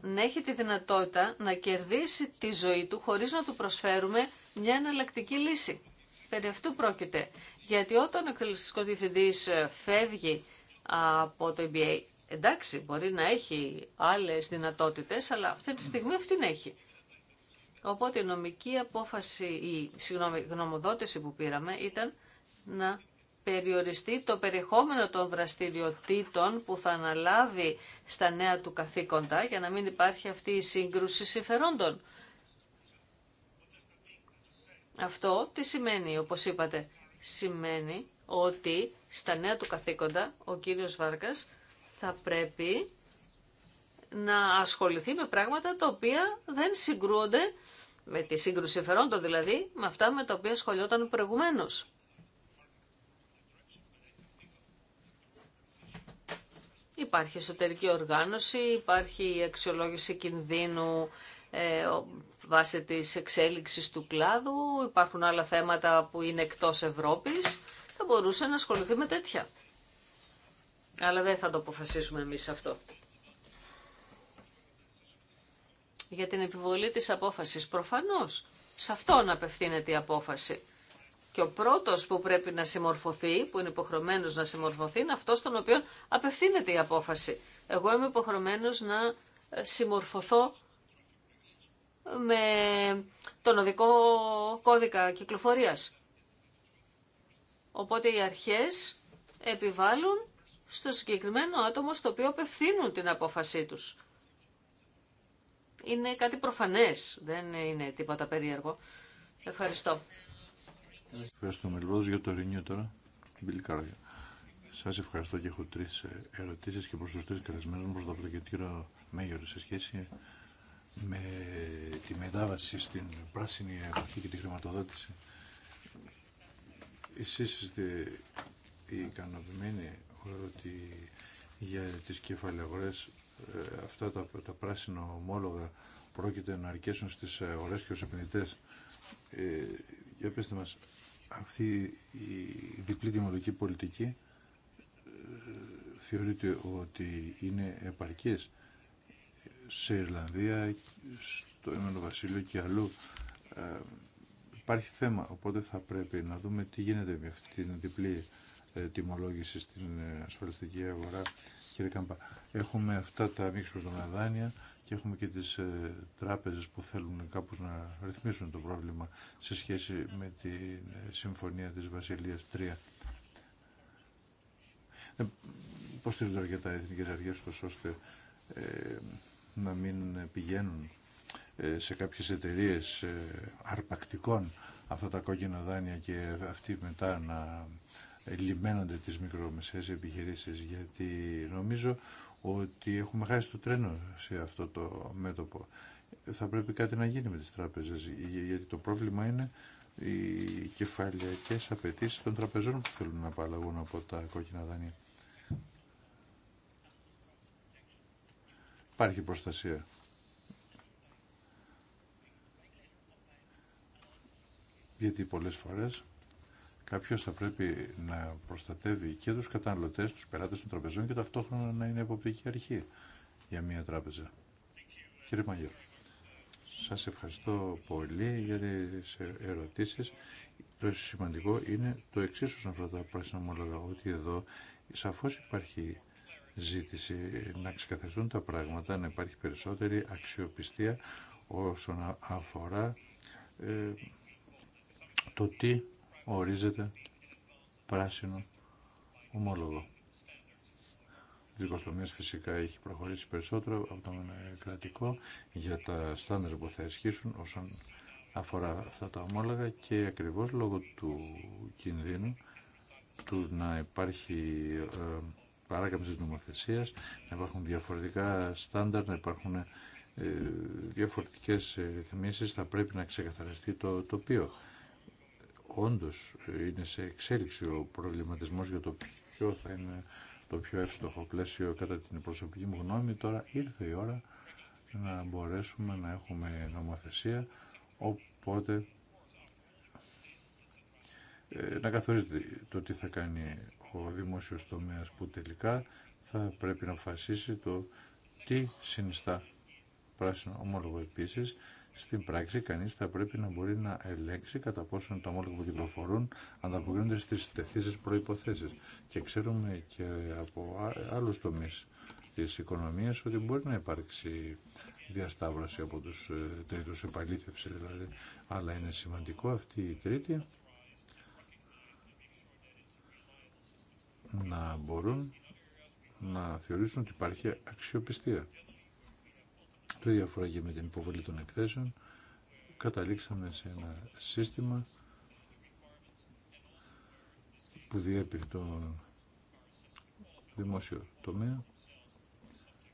να έχει τη δυνατότητα να κερδίσει τη ζωή του χωρίς να του προσφέρουμε μια εναλλακτική λύση. Περί αυτού πρόκειται. Γιατί όταν ο εκτελεστικός διευθυντής φεύγει από το ΕΠΑ. Εντάξει, μπορεί να έχει άλλες δυνατότητες, αλλά αυτή τη στιγμή αυτήν έχει. Οπότε η νομική απόφαση, η γνωμοδότηση που πήραμε ήταν να περιοριστεί το περιεχόμενο των δραστηριοτήτων που θα αναλάβει στα νέα του καθήκοντα για να μην υπάρχει αυτή η σύγκρουση συμφερόντων. Αυτό τι σημαίνει, όπως είπατε. Σημαίνει ότι στα νέα του καθήκοντα ο κύριος Βάρκας θα πρέπει να ασχοληθεί με πράγματα τα οποία δεν συγκρούονται με τη σύγκρουση εφερόντων δηλαδή, με αυτά με τα οποία ασχολιόταν προηγουμένως. Υπάρχει εσωτερική οργάνωση, υπάρχει η αξιολόγηση κινδύνου ε, βάσει της εξέλιξης του κλάδου, υπάρχουν άλλα θέματα που είναι εκτός Ευρώπης θα μπορούσε να ασχοληθεί με τέτοια. Αλλά δεν θα το αποφασίσουμε εμείς αυτό. Για την επιβολή της απόφασης, προφανώς, σε αυτόν απευθύνεται η απόφαση. Και ο πρώτος που πρέπει να συμμορφωθεί, που είναι υποχρεωμένος να συμμορφωθεί, είναι αυτός τον οποίο απευθύνεται η απόφαση. Εγώ είμαι υποχρεωμένος να ε, συμμορφωθώ ε, με τον οδικό κώδικα κυκλοφορίας. Οπότε οι αρχές επιβάλλουν στο συγκεκριμένο άτομο στο οποίο απευθύνουν την απόφασή τους. Είναι κάτι προφανές, δεν είναι τίποτα περίεργο. Ευχαριστώ. Ευχαριστούμε λοιπόν για το ρινιό τώρα. Σας ευχαριστώ και έχω τρει ε, ερωτήσεις και προ του τρει καλεσμένου. προς το τον σε σχέση με τη μετάβαση στην πράσινη εποχή και τη χρηματοδότηση. Εσείς είστε ικανοποιημένοι ότι για τις κεφαλαιογορές ε, αυτά τα, τα πράσινα ομόλογα πρόκειται να αρκέσουν στις αγορές και στους επενδυτές. Ε, για πέστε μας, αυτή η διπλή δημοτική πολιτική ε, θεωρείται ότι είναι επαρκής σε Ιρλανδία, στο Έμενο Βασίλειο και αλλού υπάρχει θέμα, οπότε θα πρέπει να δούμε τι γίνεται με αυτή την διπλή ε, τιμολόγηση στην ε, ασφαλιστική αγορά. Κύριε έχουμε αυτά τα των δάνεια και έχουμε και τις ε, τράπεζες που θέλουν κάπως να ρυθμίσουν το πρόβλημα σε σχέση με τη συμφωνία της Βασιλείας 3. Πώς στηρίζονται και τα εθνικές αρχές ώστε να μην πηγαίνουν ε, σε κάποιες εταιρείες ε, αρπακτικών αυτά τα κόκκινα δάνεια και αυτοί μετά να λιμένονται τις μικρομεσαίες επιχειρήσεις γιατί νομίζω ότι έχουμε χάσει το τρένο σε αυτό το μέτωπο. Θα πρέπει κάτι να γίνει με τις τράπεζες γιατί το πρόβλημα είναι οι κεφαλιακές απαιτήσει των τραπεζών που θέλουν να απαλλαγούν από τα κόκκινα δάνεια. Υπάρχει προστασία γιατί πολλές φορές κάποιος θα πρέπει να προστατεύει και τους καταναλωτές, τους περάτες των τραπεζών και ταυτόχρονα να είναι εποπτική αρχή για μια τράπεζα. Κύριε Μαγιώ, σας ευχαριστώ πολύ για τις ερωτήσεις. Το σημαντικό είναι το εξής όσον αφορά τα πράσινα ομόλογα, ότι εδώ σαφώς υπάρχει ζήτηση να ξεκαθαριστούν τα πράγματα, να υπάρχει περισσότερη αξιοπιστία όσον αφορά ε, το τι ορίζεται πράσινο ομόλογο. Ο φυσικά έχει προχωρήσει περισσότερο από το κρατικό για τα στάνταρ που θα ισχύσουν όσον αφορά αυτά τα ομόλογα και ακριβώς λόγω του κινδύνου του να υπάρχει ε, παράκαμψη νομοθεσίας, να υπάρχουν διαφορετικά στάνταρ, να υπάρχουν ε, διαφορετικές ρυθμίσεις, θα πρέπει να ξεκαθαριστεί το τοπίο όντως είναι σε εξέλιξη ο προβληματισμός για το ποιο θα είναι το πιο εύστοχο πλαίσιο κατά την προσωπική μου γνώμη. Τώρα ήρθε η ώρα να μπορέσουμε να έχουμε νομοθεσία, οπότε ε, να καθορίζεται το τι θα κάνει ο δημόσιος τομέας που τελικά θα πρέπει να αποφασίσει το τι συνιστά πράσινο ομόλογο επίσης στην πράξη κανείς θα πρέπει να μπορεί να ελέγξει κατά πόσον τα μόρια που κυκλοφορούν ανταποκρίνονται στις τεθήσεις προϋποθέσεις. Και ξέρουμε και από άλλους τομείς της οικονομίας ότι μπορεί να υπάρξει διασταύρωση από τους ε, τρίτους επαλήθευση δηλαδή. Αλλά είναι σημαντικό αυτή η τρίτη να μπορούν να θεωρήσουν ότι υπάρχει αξιοπιστία. Το ίδιο αφορά και με την υποβολή των εκθέσεων. Καταλήξαμε σε ένα σύστημα που διέπει το δημόσιο τομέα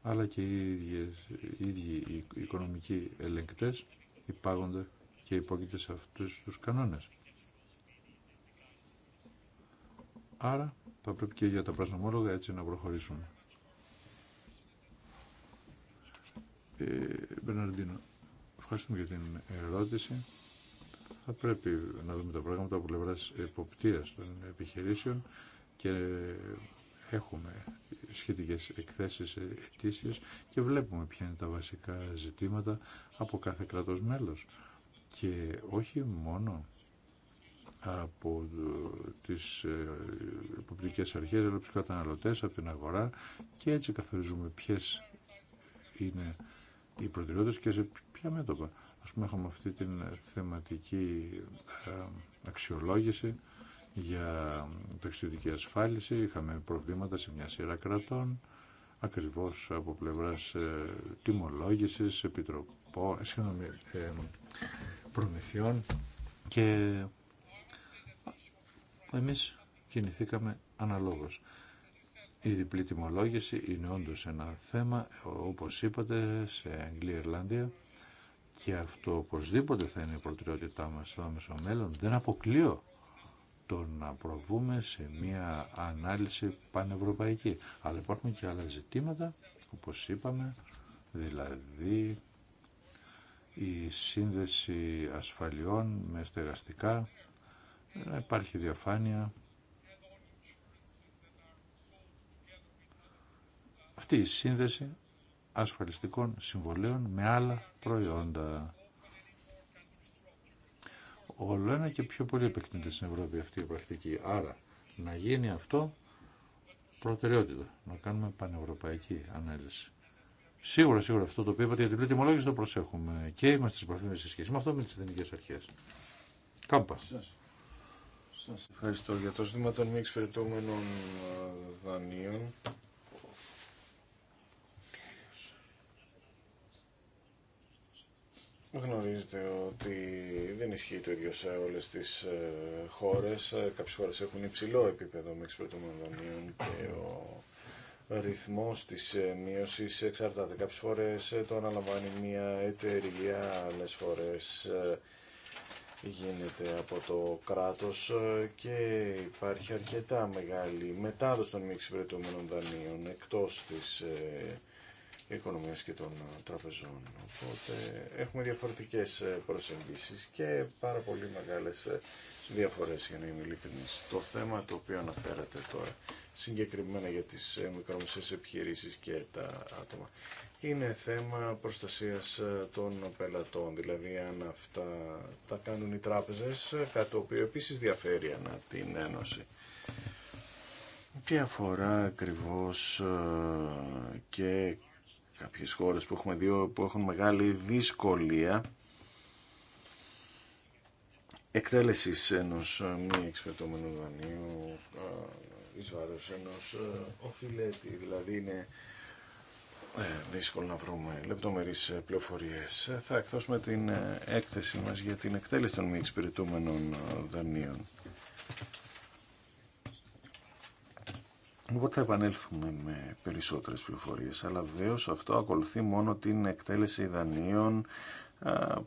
αλλά και οι, ίδιες, οι ίδιοι οι οικονομικοί ελεγκτές υπάγονται και υπόκειται σε αυτούς τους κανόνες. Άρα θα πρέπει και για τα πράσινομόλογα έτσι να προχωρήσουμε. Ε, Μπερναρντίνο, ευχαριστούμε για την ερώτηση. Θα πρέπει να δούμε τα πράγματα από πλευρά εποπτεία των επιχειρήσεων και έχουμε σχετικές εκθέσεις αιτήσει και βλέπουμε ποια είναι τα βασικά ζητήματα από κάθε κράτος μέλος. Και όχι μόνο από τις υποπτικές ε, αρχές, αλλά από του καταναλωτές, από την αγορά και έτσι καθορίζουμε ποιες είναι οι προτεραιότητε και σε ποια μέτωπα. Ας πούμε έχουμε αυτή την θεματική ε, αξιολόγηση για ταξιδιωτική ασφάλιση, είχαμε προβλήματα σε μια σειρά κρατών, ακριβώς από πλευράς ε, τιμολόγηση επιτροπών ε, συγγνώμη, προμηθειών και εμεί κινηθήκαμε αναλόγως. Η διπλή τιμολόγηση είναι όντω ένα θέμα, όπως είπατε, σε Αγγλία Ιρλανδία και αυτό οπωσδήποτε θα είναι η προτεραιότητά μας στο άμεσο μέλλον. Δεν αποκλείω το να προβούμε σε μια ανάλυση πανευρωπαϊκή. Αλλά υπάρχουν και άλλα ζητήματα, όπως είπαμε, δηλαδή η σύνδεση ασφαλιών με στεγαστικά, να υπάρχει διαφάνεια η σύνδεση ασφαλιστικών συμβολέων με άλλα προϊόντα. Όλο ένα και πιο πολύ επεκτείνεται στην Ευρώπη αυτή η πρακτική. Άρα να γίνει αυτό προτεραιότητα, να κάνουμε πανευρωπαϊκή ανάλυση. Σίγουρα, σίγουρα αυτό το οποίο είπατε για την πλήρη το προσέχουμε και είμαστε σε επαφή σε σχέση με αυτό με τι εθνικέ αρχέ. Κάμπα. Σα ευχαριστώ για το ζήτημα των μη εξυπηρετούμενων ε, δανείων. Γνωρίζετε ότι δεν ισχύει το ίδιο σε όλες τις ε, χώρες. Ε, κάποιες χώρες έχουν υψηλό επίπεδο με εξυπηρετούμενων δανείων και ο ρυθμός της ε, μείωσης εξαρτάται. Κάποιες φορές το αναλαμβάνει μια εταιρεία, άλλες φορές γίνεται από το κράτος και υπάρχει αρκετά μεγάλη μετάδοση των μη εξυπηρετούμενων δανείων εκτός της οικονομίας και των ε, τραπεζών. Οπότε έχουμε διαφορετικές ε, προσεγγίσεις και πάρα πολύ μεγάλες ε, διαφορές για να είμαι ειλικρινής. Το θέμα το οποίο αναφέρατε τώρα συγκεκριμένα για τις μικρομεσαίες επιχειρήσεις και τα άτομα είναι θέμα προστασίας των πελατών, δηλαδή αν αυτά τα κάνουν οι τράπεζες, κάτι το οποίο επίσης διαφέρει ανά την Ένωση. Τι αφορά ακριβώς και κάποιες χώρες που έχουμε δύο που έχουν μεγάλη δυσκολία εκτέλεσης ενός ε, μη εξπερτωμένου δανείου ε, εις βάρος ενός ε, οφειλέτη. Δηλαδή είναι δύσκολο να βρούμε λεπτομερείς πληροφορίες. Θα εκδώσουμε την έκθεση μας για την εκτέλεση των μη εξυπηρετούμενων δανείων Οπότε θα επανέλθουμε με περισσότερες πληροφορίες, αλλά βεβαίω αυτό ακολουθεί μόνο την εκτέλεση δανείων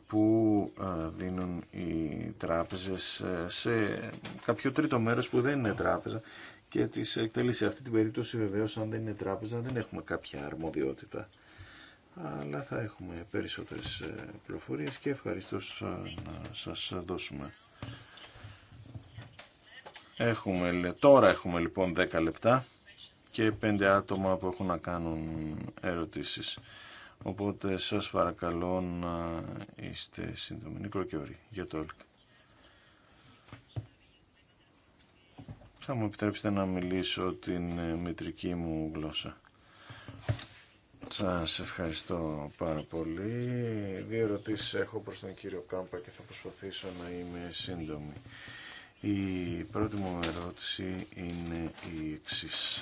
που δίνουν οι τράπεζες ε, σε κάποιο τρίτο μέρος που δεν είναι τράπεζα και τις εκτέλεση Σε αυτή την περίπτωση βεβαίως αν δεν είναι τράπεζα δεν έχουμε κάποια αρμοδιότητα. Αλλά θα έχουμε περισσότερες ε, πληροφορίες και ευχαριστώ ε, να σας δώσουμε. Έχουμε, τώρα έχουμε λοιπόν 10 λεπτά και πέντε άτομα που έχουν να κάνουν ερωτήσεις. Οπότε σας παρακαλώ να είστε σύντομοι. ορί για το όλοι. Θα μου επιτρέψετε να μιλήσω την ε, μητρική μου γλώσσα. Σας ευχαριστώ πάρα πολύ. Δύο ερωτήσεις έχω προς τον κύριο Κάμπα και θα προσπαθήσω να είμαι σύντομη. Η πρώτη μου ερώτηση είναι η εξής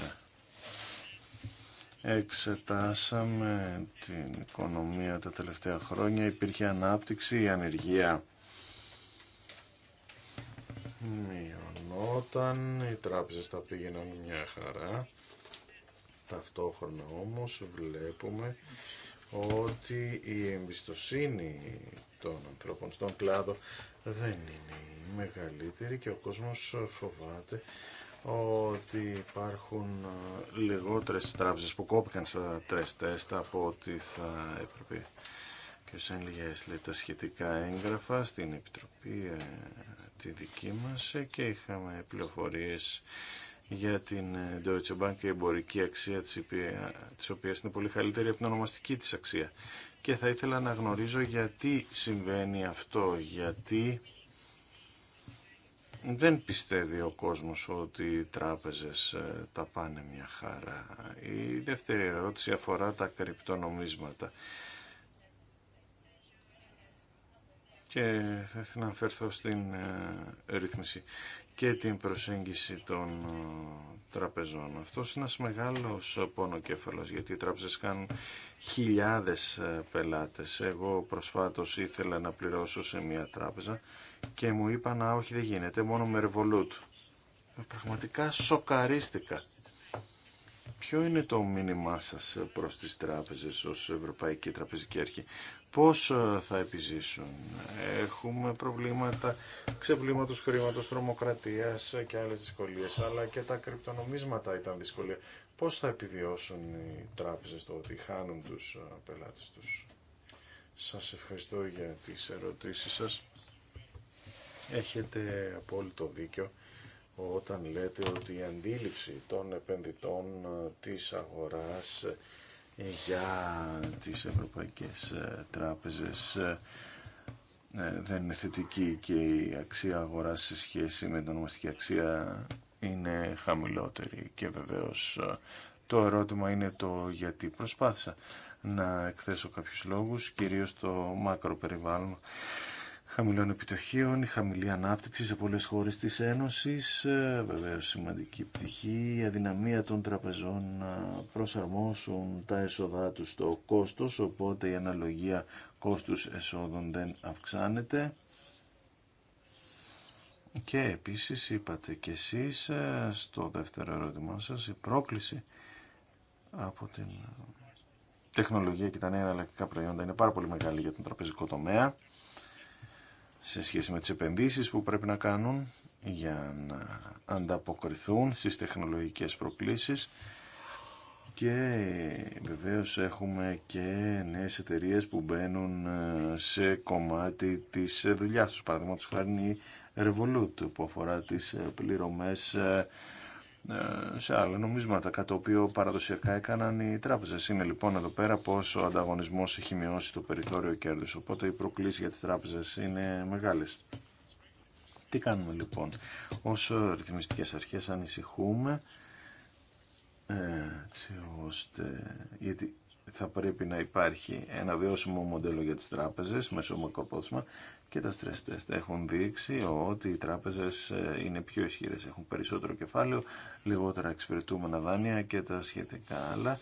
εξετάσαμε την οικονομία τα τελευταία χρόνια. Υπήρχε ανάπτυξη, η ανεργία μειωνόταν, οι τράπεζες τα πήγαιναν μια χαρά. Ταυτόχρονα όμως βλέπουμε ότι η εμπιστοσύνη των ανθρώπων στον κλάδο δεν είναι η μεγαλύτερη και ο κόσμος φοβάται ότι υπάρχουν ε, λιγότερες τράπεζες που κόπηκαν στα τρες τεστ από ό,τι θα έπρεπε. Και ο Σεν λέει τα σχετικά έγγραφα στην Επιτροπή ε, τη δική μας ε, και είχαμε πληροφορίες για την Deutsche Bank και η εμπορική αξία της, της οποίας είναι πολύ καλύτερη από την ονομαστική της αξία. Και θα ήθελα να γνωρίζω γιατί συμβαίνει αυτό, γιατί δεν πιστεύει ο κόσμος ότι οι τράπεζες ε, τα πάνε μια χαρά. Η δεύτερη ερώτηση αφορά τα κρυπτονομίσματα. και θα ήθελα να αφαιρθώ στην ε, ρύθμιση και την προσέγγιση των ε, τραπεζών. Αυτό είναι ένας μεγάλος πονοκέφαλος γιατί οι τράπεζες κάνουν χιλιάδες ε, πελάτες. Εγώ προσφάτως ήθελα να πληρώσω σε μια τράπεζα και μου είπαν «Α, όχι δεν γίνεται μόνο με Revolut. Πραγματικά σοκαρίστηκα. Ποιο είναι το μήνυμά σας προς τις τράπεζες ως Ευρωπαϊκή Τραπεζική Αρχή πώς ε, θα επιζήσουν. Έχουμε προβλήματα ξεπλήματος χρήματος, τρομοκρατίας και άλλες δυσκολίες, αλλά και τα κρυπτονομίσματα ήταν δυσκολία. Πώς θα επιβιώσουν οι τράπεζες το ότι χάνουν τους ε, πελάτες τους. Σας ευχαριστώ για τις ερωτήσεις σας. Έχετε απόλυτο δίκιο όταν λέτε ότι η αντίληψη των επενδυτών ε, της αγοράς για τις ευρωπαϊκές ε, τράπεζες ε, ε, δεν είναι θετική και η αξία αγοράς σε σχέση με την ονομαστική αξία είναι χαμηλότερη και βεβαίως το ερώτημα είναι το γιατί προσπάθησα να εκθέσω κάποιους λόγους, κυρίως το μακροπεριβάλλον χαμηλών επιτοχίων, η χαμηλή ανάπτυξη σε πολλές χώρες της Ένωσης, ε, Βεβαίω σημαντική πτυχή, η αδυναμία των τραπεζών να προσαρμόσουν τα έσοδά τους στο κόστος, οπότε η αναλογία κόστους εσόδων δεν αυξάνεται. Και επίσης είπατε και εσείς ε, στο δεύτερο ερώτημά σας η πρόκληση από την τεχνολογία και τα νέα εναλλακτικά προϊόντα είναι πάρα πολύ μεγάλη για τον τραπεζικό τομέα σε σχέση με τις επενδύσεις που πρέπει να κάνουν για να ανταποκριθούν στις τεχνολογικές προκλήσεις και βεβαίως έχουμε και νέες εταιρείε που μπαίνουν ε, σε κομμάτι της δουλειάς τους. Παραδείγματος χάρη η Revolut που αφορά τις ε, πληρωμές ε, ε, σε άλλα νομίσματα, κάτι το οποίο παραδοσιακά έκαναν οι τράπεζε Είναι λοιπόν εδώ πέρα πω ο ανταγωνισμό έχει μειώσει το περιθώριο κέρδους, οπότε οι προκλήσει για τις τράπεζες είναι μεγάλε. Τι κάνουμε λοιπόν, ως ρυθμιστικέ αρχές ανησυχούμε, ε, έτσι ώστε, γιατί θα πρέπει να υπάρχει ένα βιώσιμο μοντέλο για τις τράπεζες μέσω μακροπρόθεσμα και τα stress test έχουν δείξει ότι οι τράπεζες ε, είναι πιο ισχυρές, έχουν περισσότερο κεφάλαιο, λιγότερα εξυπηρετούμενα δάνεια και τα σχετικά άλλα.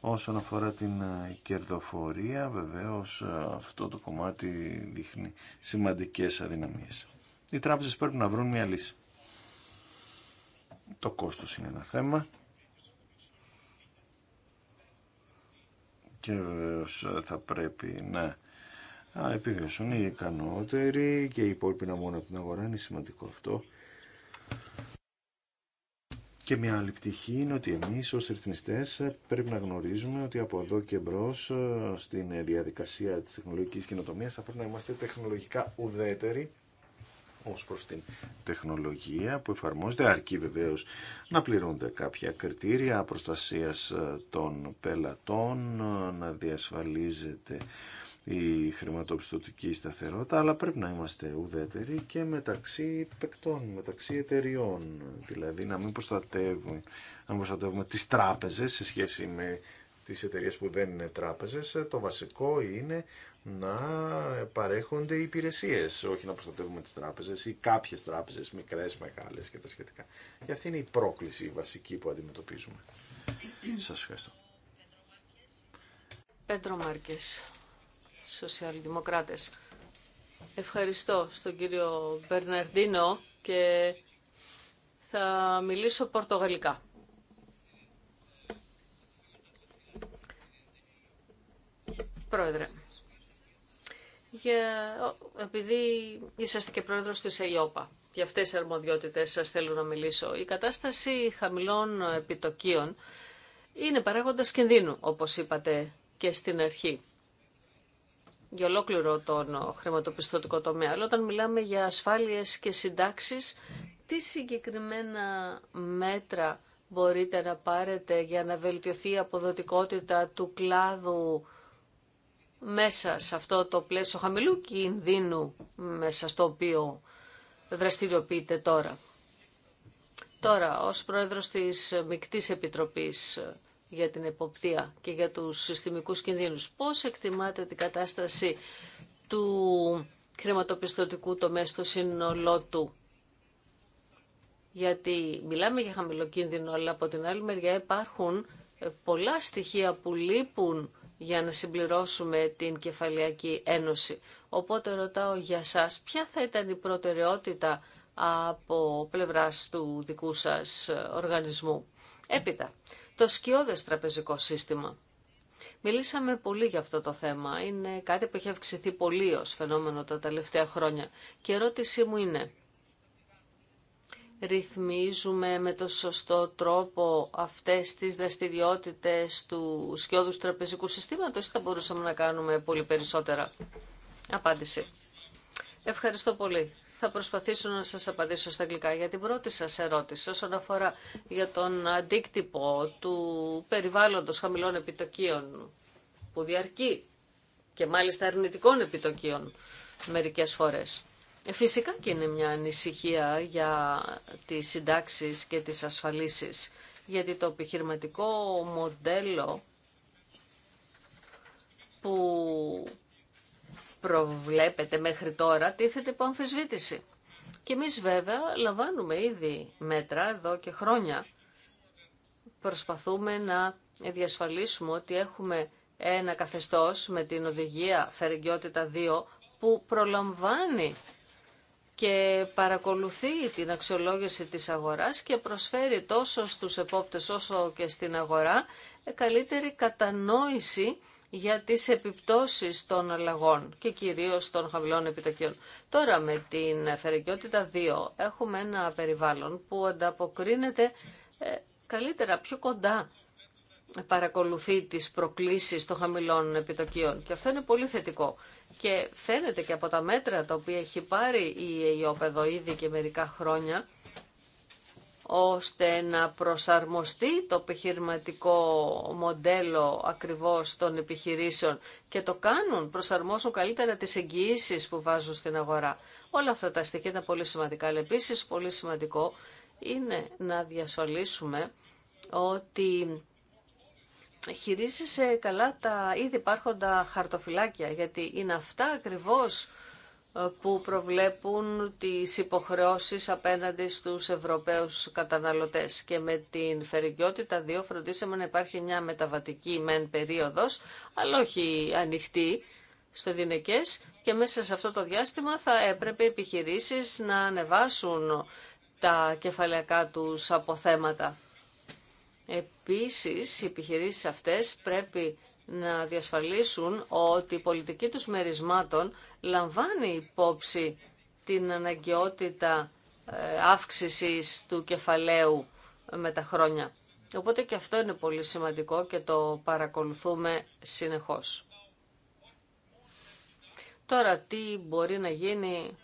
Όσον αφορά την ε, κερδοφορία, βεβαίως ε, αυτό το κομμάτι δείχνει σημαντικές αδυναμίες. Οι τράπεζες πρέπει να βρουν μια λύση. Το κόστος είναι ένα θέμα. Και βεβαίως θα πρέπει να α, επιβιώσουν οι ικανότεροι και οι υπόλοιποι να μόνο από την αγορά. Είναι σημαντικό αυτό. Και μια άλλη πτυχή είναι ότι εμείς ως ρυθμιστές πρέπει να γνωρίζουμε ότι από εδώ και μπρο ε, στην διαδικασία της τεχνολογικής κοινοτομίας θα πρέπει να είμαστε τεχνολογικά ουδέτεροι ως προς την τεχνολογία που εφαρμόζεται, αρκεί βεβαίω να πληρούνται κάποια κριτήρια προστασίας ε, των πελατών, ε, να διασφαλίζεται η χρηματοπιστωτική σταθερότητα, αλλά πρέπει να είμαστε ουδέτεροι και μεταξύ παικτών, μεταξύ εταιριών. Δηλαδή να μην προστατεύουμε, να προστατεύουμε τις τράπεζες σε σχέση με τις εταιρείες που δεν είναι τράπεζες. Το βασικό είναι να παρέχονται υπηρεσίες, όχι να προστατεύουμε τις τράπεζες ή κάποιες τράπεζες, μικρές, μεγάλες και τα σχετικά. Και αυτή είναι η πρόκληση η βασική που αντιμετωπίζουμε. Σας ευχαριστώ. Πέτρο Μάρκες σοσιαλδημοκράτες. Ευχαριστώ στον κύριο Μπερναρντίνο και θα μιλήσω πορτογαλικά. Πρόεδρε, για... επειδή είσαστε και πρόεδρος της ΕΙΟΠΑ, για αυτές τις αρμοδιότητες σας θέλω να μιλήσω. Η κατάσταση χαμηλών επιτοκίων είναι παράγοντας κινδύνου, όπως είπατε και στην αρχή για ολόκληρο τον χρηματοπιστωτικό τομέα. Αλλά όταν μιλάμε για ασφάλειες και συντάξεις, τι συγκεκριμένα μέτρα μπορείτε να πάρετε για να βελτιωθεί η αποδοτικότητα του κλάδου μέσα σε αυτό το πλαίσιο χαμηλού κινδύνου μέσα στο οποίο δραστηριοποιείται τώρα. Τώρα, ως πρόεδρος της Μικτής Επιτροπής για την εποπτεία και για τους συστημικούς κινδύνους. Πώς εκτιμάτε την κατάσταση του χρηματοπιστωτικού τομέα στο σύνολό του. Γιατί μιλάμε για χαμηλό αλλά από την άλλη μεριά υπάρχουν πολλά στοιχεία που λείπουν για να συμπληρώσουμε την Κεφαλιακή Ένωση. Οπότε ρωτάω για σας, ποια θα ήταν η προτεραιότητα από πλευράς του δικού σας οργανισμού. Έπειτα, το σκιώδες τραπεζικό σύστημα. Μιλήσαμε πολύ για αυτό το θέμα. Είναι κάτι που έχει αυξηθεί πολύ ως φαινόμενο τα τελευταία χρόνια. Και η ερώτησή μου είναι, ρυθμίζουμε με το σωστό τρόπο αυτές τις δραστηριότητες του σκιώδους τραπεζικού συστήματος ή θα μπορούσαμε να κάνουμε πολύ περισσότερα. Απάντηση. Ευχαριστώ πολύ θα προσπαθήσω να σας απαντήσω στα αγγλικά για την πρώτη σας ερώτηση όσον αφορά για τον αντίκτυπο του περιβάλλοντος χαμηλών επιτοκίων που διαρκεί και μάλιστα αρνητικών επιτοκίων μερικές φορές. Ε, φυσικά και είναι μια ανησυχία για τις συντάξεις και τις ασφαλίσεις, γιατί το επιχειρηματικό μοντέλο που προβλέπετε μέχρι τώρα τίθεται υπό αμφισβήτηση. Και εμείς βέβαια λαμβάνουμε ήδη μέτρα εδώ και χρόνια. Προσπαθούμε να διασφαλίσουμε ότι έχουμε ένα καθεστώς με την οδηγία Φερεγγιότητα 2 που προλαμβάνει και παρακολουθεί την αξιολόγηση της αγοράς και προσφέρει τόσο στους επόπτες όσο και στην αγορά ε, καλύτερη κατανόηση για τις επιπτώσεις των αλλαγών και κυρίως των χαμηλών επιτοκίων. Τώρα με την φερικιότητα 2 έχουμε ένα περιβάλλον που ανταποκρίνεται ε, καλύτερα, πιο κοντά παρακολουθεί τις προκλήσεις των χαμηλών επιτοκίων. Και αυτό είναι πολύ θετικό. Και φαίνεται και από τα μέτρα τα οποία έχει πάρει η ΕΙΟΠ ήδη και μερικά χρόνια, ώστε να προσαρμοστεί το επιχειρηματικό μοντέλο ακριβώς των επιχειρήσεων και το κάνουν, προσαρμόσουν καλύτερα τις εγγυήσει που βάζουν στην αγορά. Όλα αυτά τα στοιχεία είναι πολύ σημαντικά, αλλά επίσης πολύ σημαντικό είναι να διασφαλίσουμε ότι χειρίζεσαι καλά τα ήδη υπάρχοντα χαρτοφυλάκια, γιατί είναι αυτά ακριβώς που προβλέπουν τις υποχρεώσεις απέναντι στους Ευρωπαίους καταναλωτές. Και με την φερικιότητα 2 φροντίσαμε να υπάρχει μια μεταβατική μεν περίοδος, αλλά όχι ανοιχτή στο δινεκές και μέσα σε αυτό το διάστημα θα έπρεπε οι επιχειρήσεις να ανεβάσουν τα κεφαλαιακά τους αποθέματα. Επίσης, οι επιχειρήσεις αυτές πρέπει να διασφαλίσουν ότι η πολιτική τους μερισμάτων λαμβάνει υπόψη την αναγκαιότητα ε, αύξησης του κεφαλαίου ε, με τα χρόνια. Οπότε και αυτό είναι πολύ σημαντικό και το παρακολουθούμε συνεχώς. Τώρα τι μπορεί να γίνει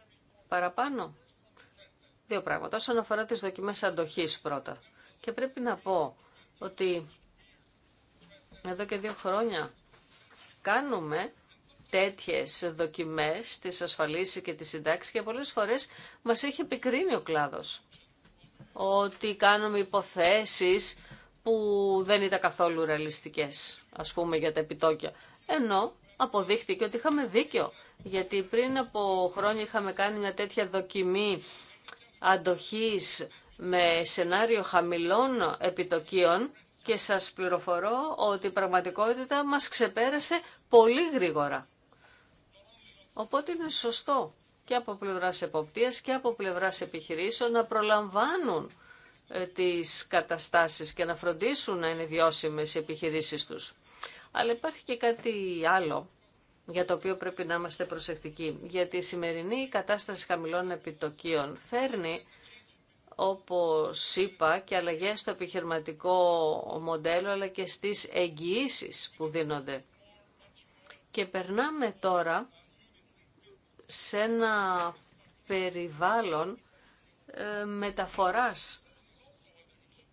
παραπάνω. Δύο πράγματα. Όσον αφορά τις δοκιμές αντοχής πρώτα. Και πρέπει να πω ότι εδώ και δύο χρόνια κάνουμε τέτοιες δοκιμές της ασφαλίσεις και της συντάξεις και πολλές φορές μας έχει επικρίνει ο κλάδος ότι κάνουμε υποθέσεις που δεν ήταν καθόλου ρεαλιστικές, ας πούμε, για τα επιτόκια. Ενώ αποδείχθηκε ότι είχαμε δίκιο, γιατί πριν από χρόνια είχαμε κάνει μια τέτοια δοκιμή αντοχής με σενάριο χαμηλών επιτοκίων και σας πληροφορώ ότι η πραγματικότητα μας ξεπέρασε πολύ γρήγορα. Οπότε είναι σωστό και από πλευράς εποπτείας και από πλευράς επιχειρήσεων να προλαμβάνουν ε, τις καταστάσεις και να φροντίσουν να είναι βιώσιμες οι επιχειρήσεις τους. Αλλά υπάρχει και κάτι άλλο για το οποίο πρέπει να είμαστε προσεκτικοί. Γιατί η σημερινή κατάσταση χαμηλών επιτοκίων φέρνει όπως είπα, και αλλαγές στο επιχειρηματικό μοντέλο, αλλά και στις εγγυήσει που δίνονται. Και περνάμε τώρα σε ένα περιβάλλον ε, μεταφοράς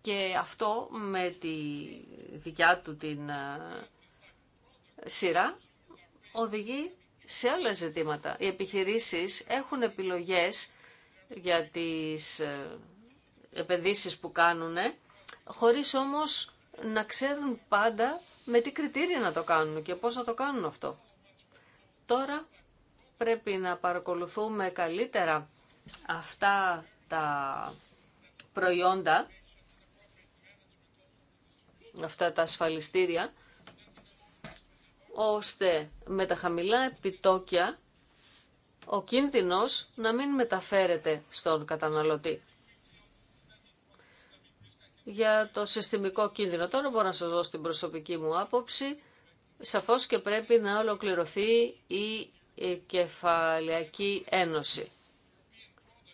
και αυτό με τη δικιά του την ε, σειρά οδηγεί σε άλλα ζητήματα. Οι επιχειρήσεις έχουν επιλογές για τις ε, επενδύσει που κάνουν, χωρίς όμως να ξέρουν πάντα με τι κριτήρια να το κάνουν και πώς να το κάνουν αυτό. Τώρα πρέπει να παρακολουθούμε καλύτερα αυτά τα προϊόντα, αυτά τα ασφαλιστήρια, ώστε με τα χαμηλά επιτόκια ο κίνδυνος να μην μεταφέρεται στον καταναλωτή για το συστημικό κίνδυνο. Τώρα μπορώ να σας δώσω την προσωπική μου άποψη. Σαφώς και πρέπει να ολοκληρωθεί η κεφαλαιακή ένωση.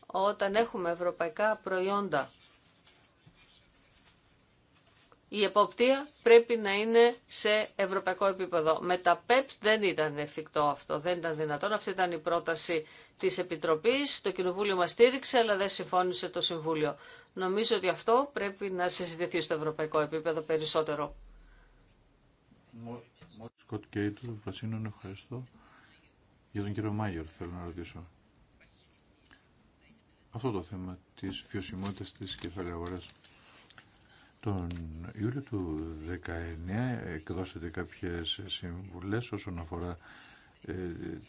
Όταν έχουμε ευρωπαϊκά προϊόντα, η εποπτεία πρέπει να είναι σε ευρωπαϊκό επίπεδο. Με τα ΠΕΠΣ e δεν ήταν εφικτό αυτό, δεν ήταν δυνατόν. Αυτή ήταν η πρόταση της Επιτροπής. Το Κοινοβούλιο μας στήριξε, αλλά δεν συμφώνησε το Συμβούλιο. Νομίζω ότι αυτό πρέπει να συζητηθεί στο ευρωπαϊκό επίπεδο περισσότερο. Σκοτ και του ευχαριστώ. Για τον κύριο Μάγερ θέλω να ρωτήσω. Αυτό το θέμα της βιωσιμότητας της κεφαλαίου αγοράς. Τον Ιούλιο του 19 εκδώσετε κάποιες συμβουλές όσον αφορά ε,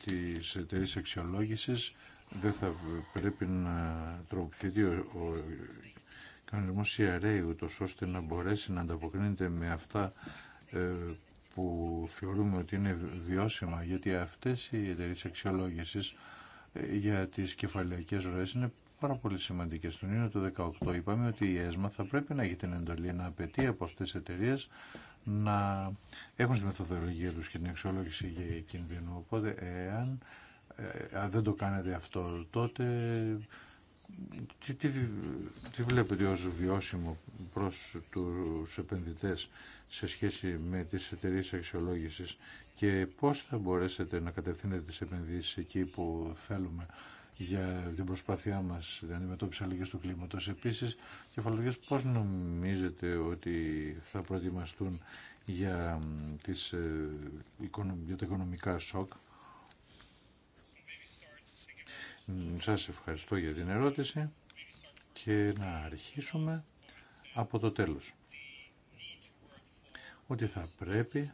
τις εταιρείες αξιολόγησης. Δεν θα πρέπει να τροποποιηθεί ο κανονισμό CRA ούτως ώστε να μπορέσει να ανταποκρίνεται με αυτά ε, που θεωρούμε ότι είναι βιώσιμα γιατί αυτές οι εταιρείε αξιολόγηση ε, για τις κεφαλαιακές ροές είναι πάρα πολύ σημαντικέ Στον Ιούνιο του 2018 είπαμε ότι η ΕΣΜΑ θα πρέπει να έχει την εντολή να απαιτεί από αυτέ τι εταιρείε να έχουν τη μεθοδολογία του και την αξιολόγηση για κίνδυνο. Οπότε εάν ε, δεν το κάνετε αυτό τότε τι, βλέπετε ως βιώσιμο προς τους επενδυτές σε σχέση με τις εταιρείε αξιολόγησης και πώς θα μπορέσετε να κατευθύνετε τις επενδύσεις εκεί που θέλουμε για την προσπάθειά μας για αντιμετώπιση αλλαγής του κλίματος. Επίσης, κεφαλογίες πώς νομίζετε ότι θα προετοιμαστούν για, τις, ε, για τα οικονομικά σοκ σας ευχαριστώ για την ερώτηση και να αρχίσουμε από το τέλος. Ότι θα πρέπει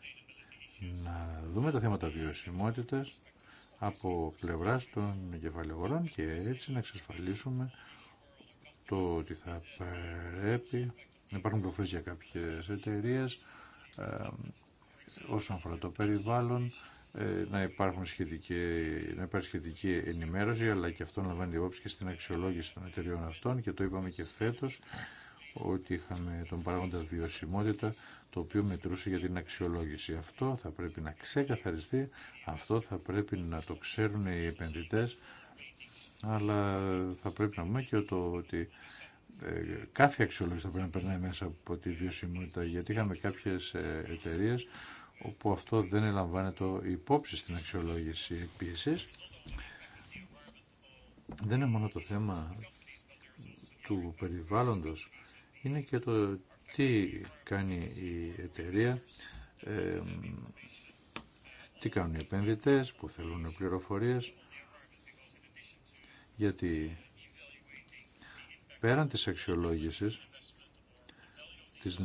να δούμε τα θέματα βιωσιμότητας από πλευράς των κεφαλαιογορών και έτσι να εξασφαλίσουμε το ότι θα πρέπει να υπάρχουν προφορές για κάποιες εταιρείες ε, όσον αφορά το περιβάλλον, ε, να, υπάρχουν σχετική, να υπάρχει σχετική ενημέρωση, αλλά και αυτό να λαμβάνει υπόψη και στην αξιολόγηση των εταιριών αυτών και το είπαμε και φέτος ότι είχαμε τον παράγοντα βιωσιμότητα, το οποίο μετρούσε για την αξιολόγηση. Αυτό θα πρέπει να ξεκαθαριστεί, αυτό θα πρέπει να το ξέρουν οι επενδυτές, αλλά θα πρέπει να πούμε και το ότι ε, κάθε αξιολόγηση θα πρέπει να περνάει μέσα από τη βιωσιμότητα, γιατί είχαμε κάποιες ε, εταιρείες όπου αυτό δεν ελαμβάνεται υπόψη στην αξιολόγηση επίση. Δεν είναι μόνο το θέμα του περιβάλλοντος, είναι και το τι κάνει η εταιρεία, τι κάνουν οι επενδυτές που θέλουν πληροφορίες, γιατί πέραν της αξιολόγησης της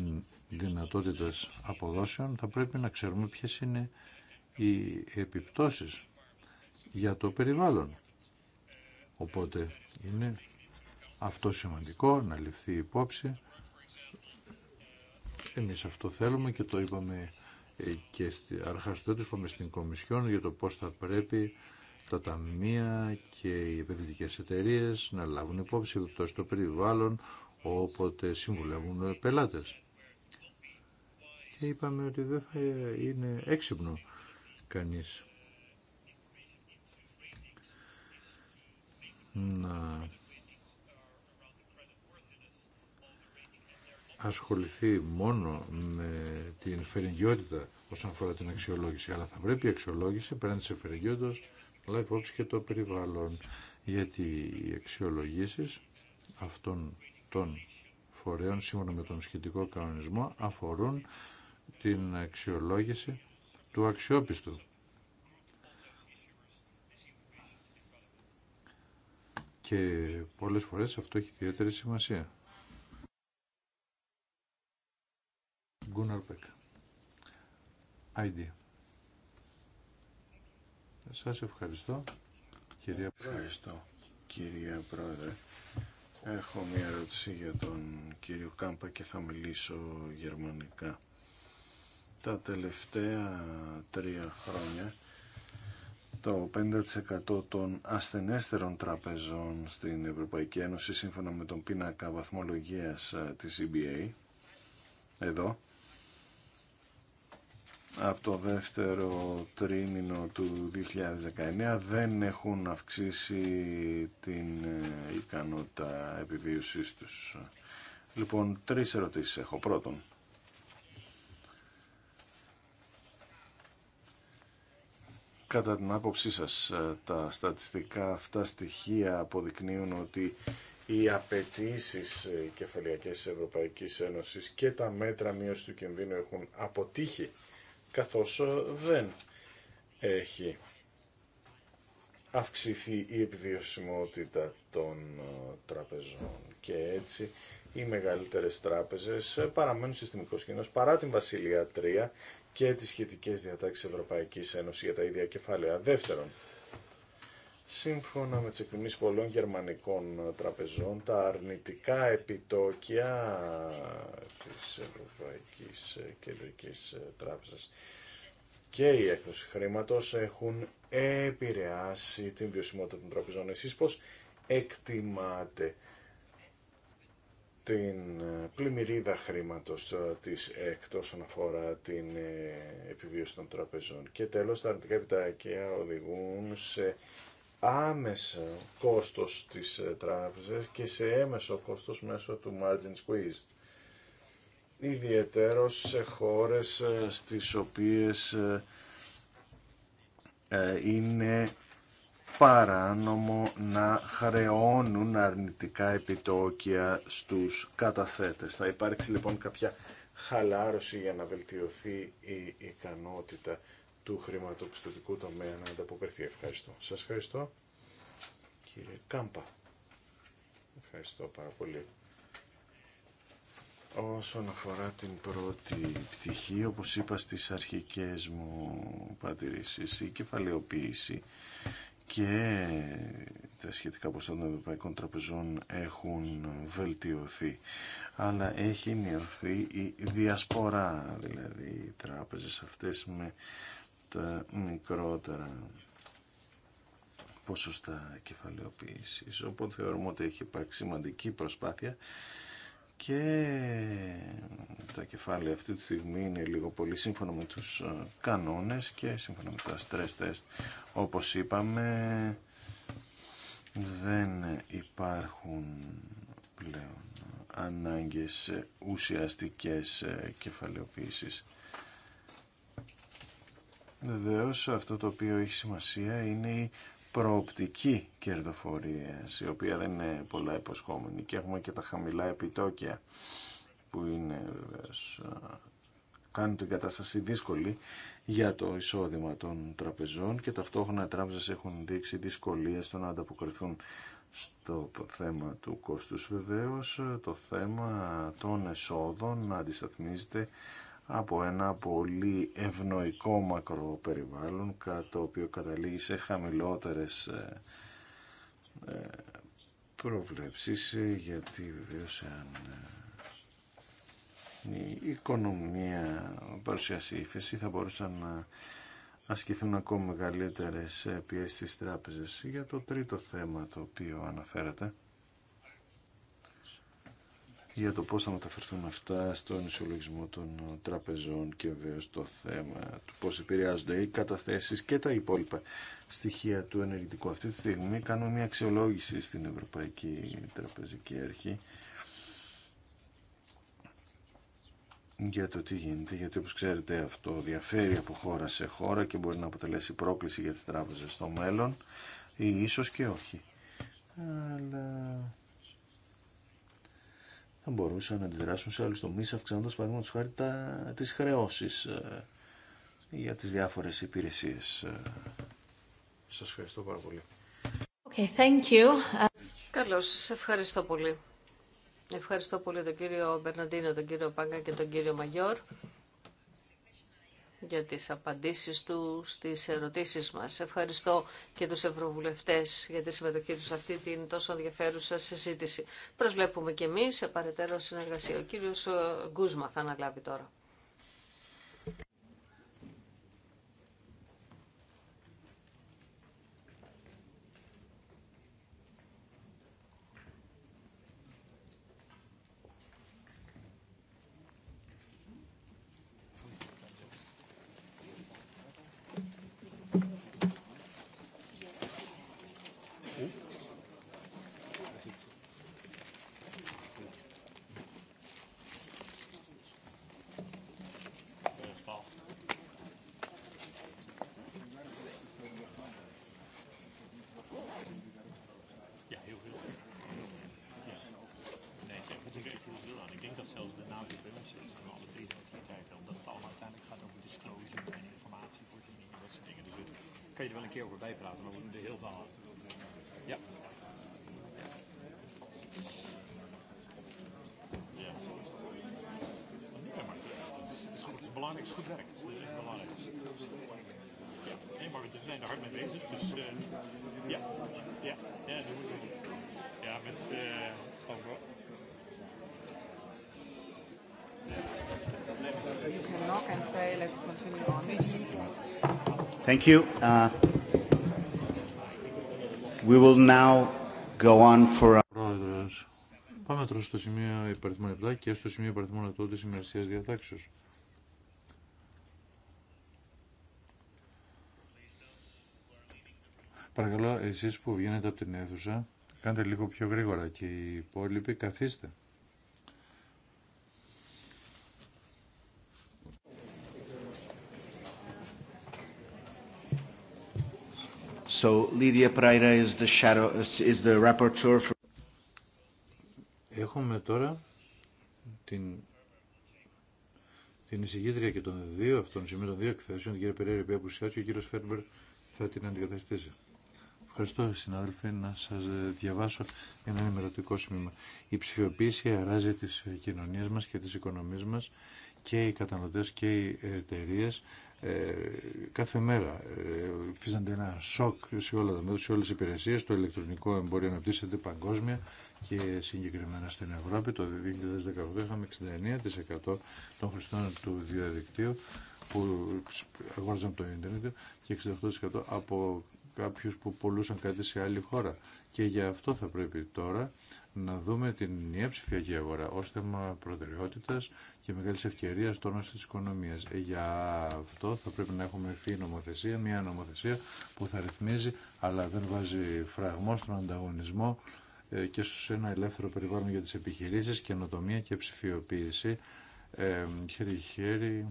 δυνατότητας αποδόσεων θα πρέπει να ξέρουμε ποιες είναι οι επιπτώσεις για το περιβάλλον. Οπότε είναι αυτό σημαντικό να ληφθεί υπόψη. Εμείς αυτό θέλουμε και το είπαμε ε, και αρχάς του είπαμε στην Κομισιόν για το πώς θα πρέπει τα ταμεία και οι επενδυτικές εταιρείε να λάβουν υπόψη επιπτώσεις στο περιβάλλον όποτε συμβουλεύουν πελάτες είπαμε ότι δεν θα είναι έξυπνο κανείς να ασχοληθεί μόνο με την φερεγγιότητα όσον αφορά την αξιολόγηση, αλλά θα πρέπει η αξιολόγηση πέραν της εφερεγγιότητας αλλά υπόψη και το περιβάλλον, γιατί οι αξιολογήσεις αυτών των φορέων σύμφωνα με τον σχετικό κανονισμό αφορούν την αξιολόγηση του αξιόπιστου. Και πολλές φορές αυτό έχει ιδιαίτερη σημασία. Γκούναρ Σας ευχαριστώ, κυρία Πρόεδρε. Ευχαριστώ, κυρία Πρόεδρε. Έχω μία ερώτηση για τον κύριο Κάμπα και θα μιλήσω γερμανικά τα τελευταία τρία χρόνια το 5% των ασθενέστερων τραπεζών στην Ευρωπαϊκή Ένωση σύμφωνα με τον πίνακα βαθμολογίας ε, της EBA εδώ από το δεύτερο τρίμηνο του 2019 δεν έχουν αυξήσει την ε, ικανότητα επιβίωσής τους. Λοιπόν, τρεις ερωτήσεις έχω. Πρώτον, Κατά την άποψή σας, ε, τα στατιστικά αυτά στοιχεία αποδεικνύουν ότι οι απαιτήσει ε, κεφαλιακές της Ευρωπαϊκής Ένωσης και τα μέτρα μείωση του κινδύνου έχουν αποτύχει, καθώς ε, δεν έχει αυξηθεί η επιβιωσιμότητα των τραπεζών και έτσι οι μεγαλύτερες τράπεζες παραμένουν συστημικός κίνδυνος παρά την Βασιλεία και τις σχετικές διατάξεις Ευρωπαϊκής Ένωσης για τα ίδια κεφάλαια. Δεύτερον, σύμφωνα με τις εκτιμήσεις πολλών γερμανικών τραπεζών, τα αρνητικά επιτόκια της Ευρωπαϊκής Κεντρικής Τράπεζας και η έκδοση χρήματος έχουν επηρεάσει την βιωσιμότητα των τραπεζών. Εσείς πώς εκτιμάτε την ε, πλημμυρίδα χρήματος ε, της ΕΚΤ όσον αφορά την ε, επιβίωση των τραπεζών. Και τέλος, τα αρνητικά επιτάκια οδηγούν σε άμεσο κόστος της τράπεζας και σε έμεσο κόστος μέσω του margin squeeze. Ιδιαιτέρως σε χώρες στις οποίες είναι παράνομο να χρεώνουν αρνητικά επιτόκια στους καταθέτες. Θα υπάρξει λοιπόν κάποια χαλάρωση για να βελτιωθεί η ικανότητα του χρηματοπιστωτικού τομέα να ανταποκριθεί. Ευχαριστώ. Σας ευχαριστώ κύριε Κάμπα. Ευχαριστώ πάρα πολύ. Όσον αφορά την πρώτη πτυχή, όπως είπα στις αρχικές μου παρατηρήσεις, η κεφαλαιοποίηση και τα σχετικά ποσά των ευρωπαϊκών τραπεζών έχουν βελτιωθεί. Αλλά έχει μειωθεί η διασπορά, δηλαδή οι τράπεζες αυτές με τα μικρότερα ποσοστά κεφαλαιοποίησης. Οπότε θεωρούμε ότι έχει υπάρξει σημαντική προσπάθεια και τα κεφάλαια αυτή τη στιγμή είναι λίγο πολύ σύμφωνα με τους ε, κανόνες και σύμφωνα με τα stress test όπως είπαμε δεν υπάρχουν πλέον ανάγκες ουσιαστικές ε, κεφαλαιοποίησεις. Βεβαίω αυτό το οποίο έχει σημασία είναι η προοπτική κερδοφορία η οποία δεν είναι πολλά υποσχόμενη και έχουμε και τα χαμηλά επιτόκια που είναι βεβαίως, κάνουν την κατάσταση δύσκολη για το εισόδημα των τραπεζών και ταυτόχρονα οι τράπεζες έχουν δείξει δυσκολίες στο να ανταποκριθούν στο θέμα του κόστους βεβαίως το θέμα των εσόδων να αντισταθμίζεται από ένα πολύ ευνοϊκό περιβάλλον το οποίο καταλήγει σε χαμηλότερες ε, ε, προβλέψεις ε, γιατί βεβαίως αν η οικονομία παρουσιάσει ύφεση θα μπορούσαν να ασκηθούν ακόμη μεγαλύτερες πιέσεις στις τράπεζες. Για το τρίτο θέμα το οποίο αναφέρατε για το πώς θα μεταφερθούν αυτά στον ισολογισμό των τραπεζών και βέβαια το θέμα του πώς επηρεάζονται οι καταθέσεις και τα υπόλοιπα στοιχεία του ενεργητικού. Αυτή τη στιγμή κάνουμε μια αξιολόγηση στην Ευρωπαϊκή Τραπεζική Αρχή για το τι γίνεται, γιατί όπως ξέρετε αυτό διαφέρει από χώρα σε χώρα και μπορεί να αποτελέσει πρόκληση για τις τράπεζες στο μέλλον ή ίσως και όχι. Αλλά θα μπορούσαν να αντιδράσουν σε άλλου τομείς αυξάνοντα παραδείγματο χάρη τι χρεώσει χρεώσεις ε, για τις διάφορες υπηρεσίες. Ε, σας ευχαριστώ πάρα πολύ. Okay, thank you. Καλώς, ευχαριστώ πολύ. Ευχαριστώ πολύ τον κύριο Μπερναντίνο, τον κύριο Πάγκα και τον κύριο Μαγιόρ για τις απαντήσεις του στις ερωτήσεις μας. Ευχαριστώ και τους ευρωβουλευτές για τη συμμετοχή τους σε αυτή την τόσο ενδιαφέρουσα συζήτηση. Προσβλέπουμε και εμείς σε παρετέρω συνεργασία. Ο κύριος ε, Γκούσμα θα αναλάβει τώρα. Dankeschön. Ja, ja, ja, ja mit äh, Frau Brock. You Thank you. Uh, we will now go on for... Πρόεδρος, πάμε τώρα στο σημείο υπαριθμών 7 και στο σημείο υπαριθμών 8 της ημερησίας διατάξεως. Παρακαλώ εσείς που βγαίνετε από την αίθουσα, κάντε λίγο πιο γρήγορα και οι υπόλοιποι καθίστε. So Lydia is the rapporteur for Έχουμε τώρα την την εισηγήτρια και των δύο αυτών σημείων των δύο εκθέσεων, την κυρία Περέρη που και ο κύριος Φέρμπερ θα την αντικαταστήσει. Ευχαριστώ συνάδελφοι να σα ε, διαβάσω ένα ενημερωτικό σημείο. Η ψηφιοποίηση αράζει τι ε, κοινωνίε μα και τι οικονομίε μα και οι καταναλωτές και οι εταιρείε. Ε, κάθε μέρα ε, υφίστανται ένα σοκ σε όλα τα μέτρα, σε όλες τις υπηρεσίες. Το ηλεκτρονικό εμπόριο αναπτύσσεται παγκόσμια και συγκεκριμένα στην Ευρώπη. Το 2018 είχαμε 69% των χρηστών του διαδικτύου που αγόραζαν το ίντερνετ και 68% από κάποιους που πολλούσαν κάτι σε άλλη χώρα. Και γι' αυτό θα πρέπει τώρα να δούμε την νέα ψηφιακή αγορά ως θέμα προτεραιότητας και μεγάλης ευκαιρίας τόνωση της οικονομίας. Ε, για αυτό θα πρέπει να έχουμε ευφύ νομοθεσία, μια νομοθεσία που θα ρυθμίζει αλλά δεν βάζει φραγμό στον ανταγωνισμό ε, και σε ένα ελεύθερο περιβάλλον για τις επιχειρήσεις, καινοτομία και ψηφιοποίηση ε, χέρι-χέρι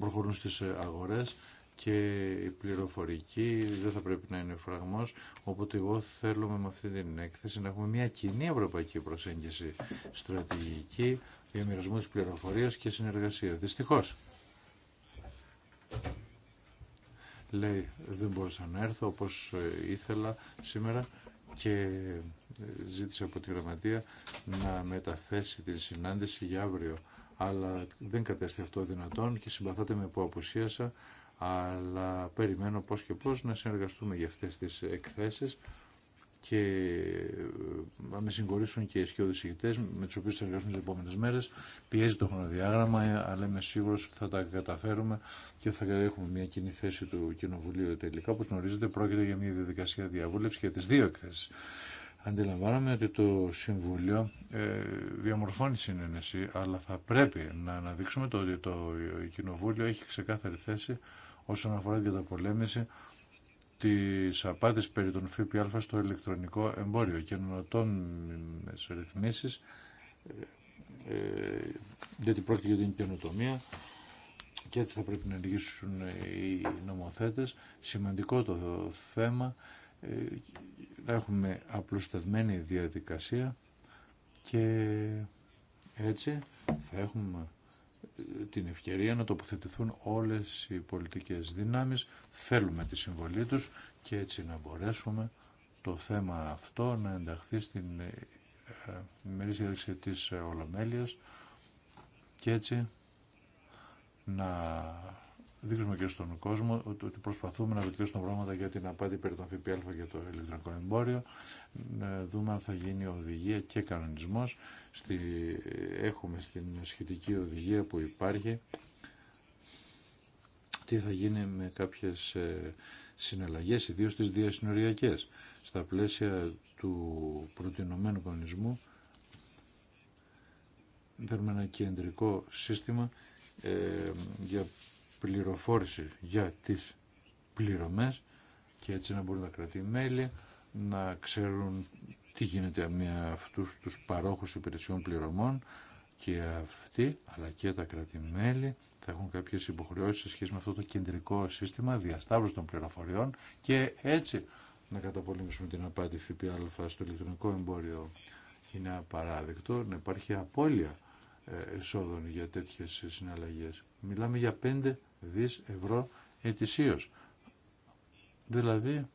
προχωρούν στις αγορές και η πληροφορική δεν θα πρέπει να είναι φραγμός, οπότε εγώ θέλουμε με αυτή την έκθεση να έχουμε μια κοινή ευρωπαϊκή προσέγγιση στρατηγική για μοιρασμό της πληροφορίας και συνεργασία. Δυστυχώς. Λέει, δεν μπορούσα να έρθω όπως ήθελα σήμερα και ζήτησα από τη γραμματεία να μεταθέσει την συνάντηση για αύριο. Αλλά δεν κατέστη αυτό δυνατόν και συμπαθάτε με που αποσίασα αλλά περιμένω πώς και πώς να συνεργαστούμε για αυτές τις εκθέσεις και να ε, με συγχωρήσουν και οι σκιώδεις με τους οποίους θα εργαστούν τις επόμενες μέρες. Πιέζει το χρονοδιάγραμμα, ε, αλλά είμαι σίγουρος ότι θα τα καταφέρουμε και θα έχουμε μια κοινή θέση του Κοινοβουλίου τελικά. Όπως γνωρίζετε πρόκειται για μια διαδικασία διαβούλευση για τις δύο εκθέσεις. Αντιλαμβάνομαι ότι το Συμβούλιο ε, διαμορφώνει συνένεση, αλλά θα πρέπει να αναδείξουμε το ότι το Κοινοβούλιο έχει ξεκάθαρη θέση όσον αφορά την καταπολέμηση της απάτης περί των ΦΠΑ στο ηλεκτρονικό εμπόριο και μες ρυθμίσεις ε, ε, γιατί πρόκειται για την καινοτομία και έτσι θα πρέπει να ενεργήσουν οι νομοθέτες. Σημαντικό το θέμα, ε, να έχουμε απλουστευμένη διαδικασία και έτσι θα έχουμε την ευκαιρία να τοποθετηθούν όλες οι πολιτικές δυνάμεις. Θέλουμε τη συμβολή τους και έτσι να μπορέσουμε το θέμα αυτό να ενταχθεί στην ημερήσια ε, της ε, Ολομέλειας και έτσι να δείξουμε και στον κόσμο ότι προσπαθούμε να βελτιώσουμε πράγματα για την απάτη περί των ΦΠΑ για το ηλεκτρονικό εμπόριο. Να δούμε αν θα γίνει οδηγία και κανονισμός. Στη, έχουμε στην σχετική οδηγία που υπάρχει τι θα γίνει με κάποιες ε, συναλλαγέ, ιδίως τις διασυνοριακέ, στα πλαίσια του προτινομένου κανονισμού Παίρνουμε ένα κεντρικό σύστημα ε, για πληροφόρηση για τις πληρωμές και έτσι να μπορούν τα κρατημέλη μελη να ξέρουν τι γίνεται με αυτούς τους παρόχους υπηρεσιών πληρωμών και αυτοί αλλά και τα κρατημέλη θα έχουν κάποιες υποχρεώσεις σε σχέση με αυτό το κεντρικό σύστημα διασταύρωση των πληροφοριών και έτσι να καταπολεμήσουμε την απάτη ΦΠΑ στο ηλεκτρονικό εμπόριο είναι απαράδεκτο να υπάρχει απώλεια ε, εσόδων για τέτοιες συναλλαγές. Μιλάμε για πέντε δις ευρώ ετησίως. Δηλαδή,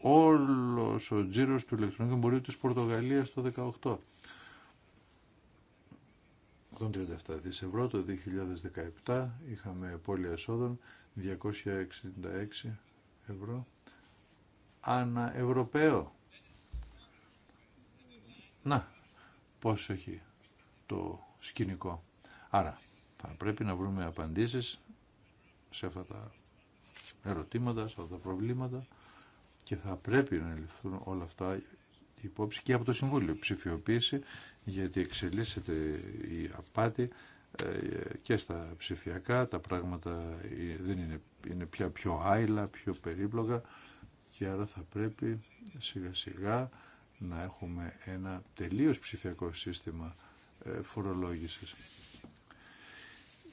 όλος ο τζίρο του ηλεκτρονικού εμπορίου της Πορτογαλίας το 18. 137 δις ευρώ το 2017 είχαμε πόλια εσόδων 266 ευρώ ανά Ευρωπαίο. Να, πώς έχει το σκηνικό. Άρα, θα πρέπει να βρούμε απαντήσεις σε αυτά τα ερωτήματα, σε αυτά τα προβλήματα και θα πρέπει να ληφθούν όλα αυτά υπόψη και από το Συμβούλιο ψηφιοποίηση γιατί εξελίσσεται η απάτη ε, και στα ψηφιακά τα πράγματα ε, δεν είναι, είναι πια πιο άειλα, πιο περίπλοκα και άρα θα πρέπει σιγά σιγά να έχουμε ένα τελείως ψηφιακό σύστημα ε, φορολόγησης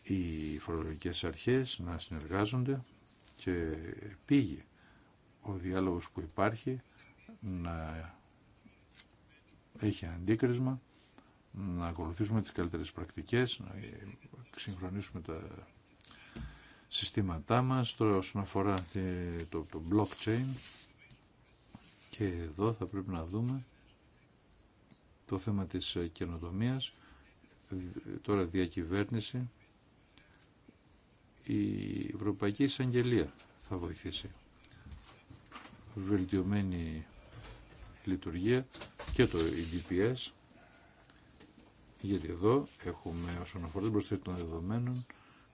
οι φορολογικές αρχές να συνεργάζονται και πήγε ο διάλογος που υπάρχει να έχει αντίκρισμα, να ακολουθήσουμε τις καλύτερες πρακτικές, να συγχρονίσουμε τα συστήματά μας, τώρα όσον αφορά το, το blockchain και εδώ θα πρέπει να δούμε το θέμα της καινοτομίας, τώρα διακυβέρνηση, η Ευρωπαϊκή Εισαγγελία θα βοηθήσει. Βελτιωμένη λειτουργία και το EDPS γιατί εδώ έχουμε όσον αφορά την προσθέτηση των δεδομένων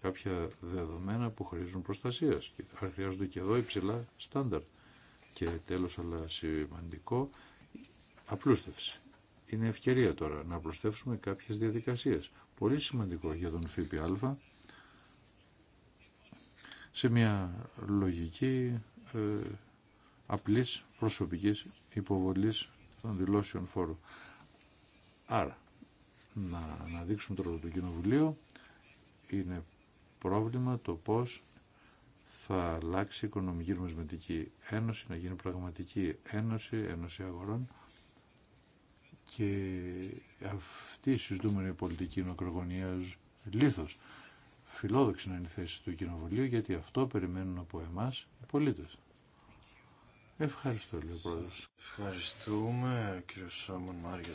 κάποια δεδομένα που χρήζουν προστασίας. και χρειάζονται και εδώ υψηλά στάνταρ. Και τέλος αλλά σημαντικό, απλούστευση. Είναι ευκαιρία τώρα να απλουστεύσουμε κάποιες διαδικασίες. Πολύ σημαντικό για τον ΦΠΑ σε μια λογική ε, απλής προσωπικής υποβολής των δηλώσεων φόρου. Άρα, να αναδείξουμε τώρα το Κοινοβουλίο είναι πρόβλημα το πώς θα αλλάξει η Οικονομική Νομισματική Ένωση, να γίνει πραγματική ένωση, ένωση αγορών και αυτή η συζητούμενη πολιτική νοκρογωνίας λήθος φιλόδοξη να είναι η θέση του Κοινοβουλίου γιατί αυτό περιμένουν από εμάς οι πολίτες. Ευχαριστώ, λέει ο Πρόεδρος. Ευχαριστούμε, κύριο Μάρια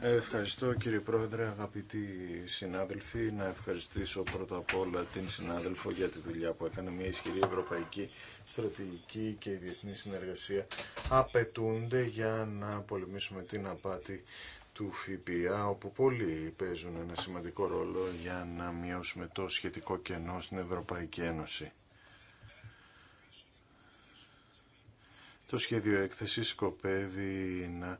Ευχαριστώ κύριε Πρόεδρε, αγαπητοί συνάδελφοι. Να ευχαριστήσω πρώτα απ' όλα την συνάδελφο για τη δουλειά που έκανε. Μια ισχυρή ευρωπαϊκή στρατηγική και διεθνή συνεργασία απαιτούνται για να πολεμήσουμε την απάτη του ΦΠΑ, όπου πολλοί παίζουν ένα σημαντικό ρόλο για να μειώσουμε το σχετικό κενό στην Ευρωπαϊκή Ένωση. Το σχέδιο έκθεση σκοπεύει να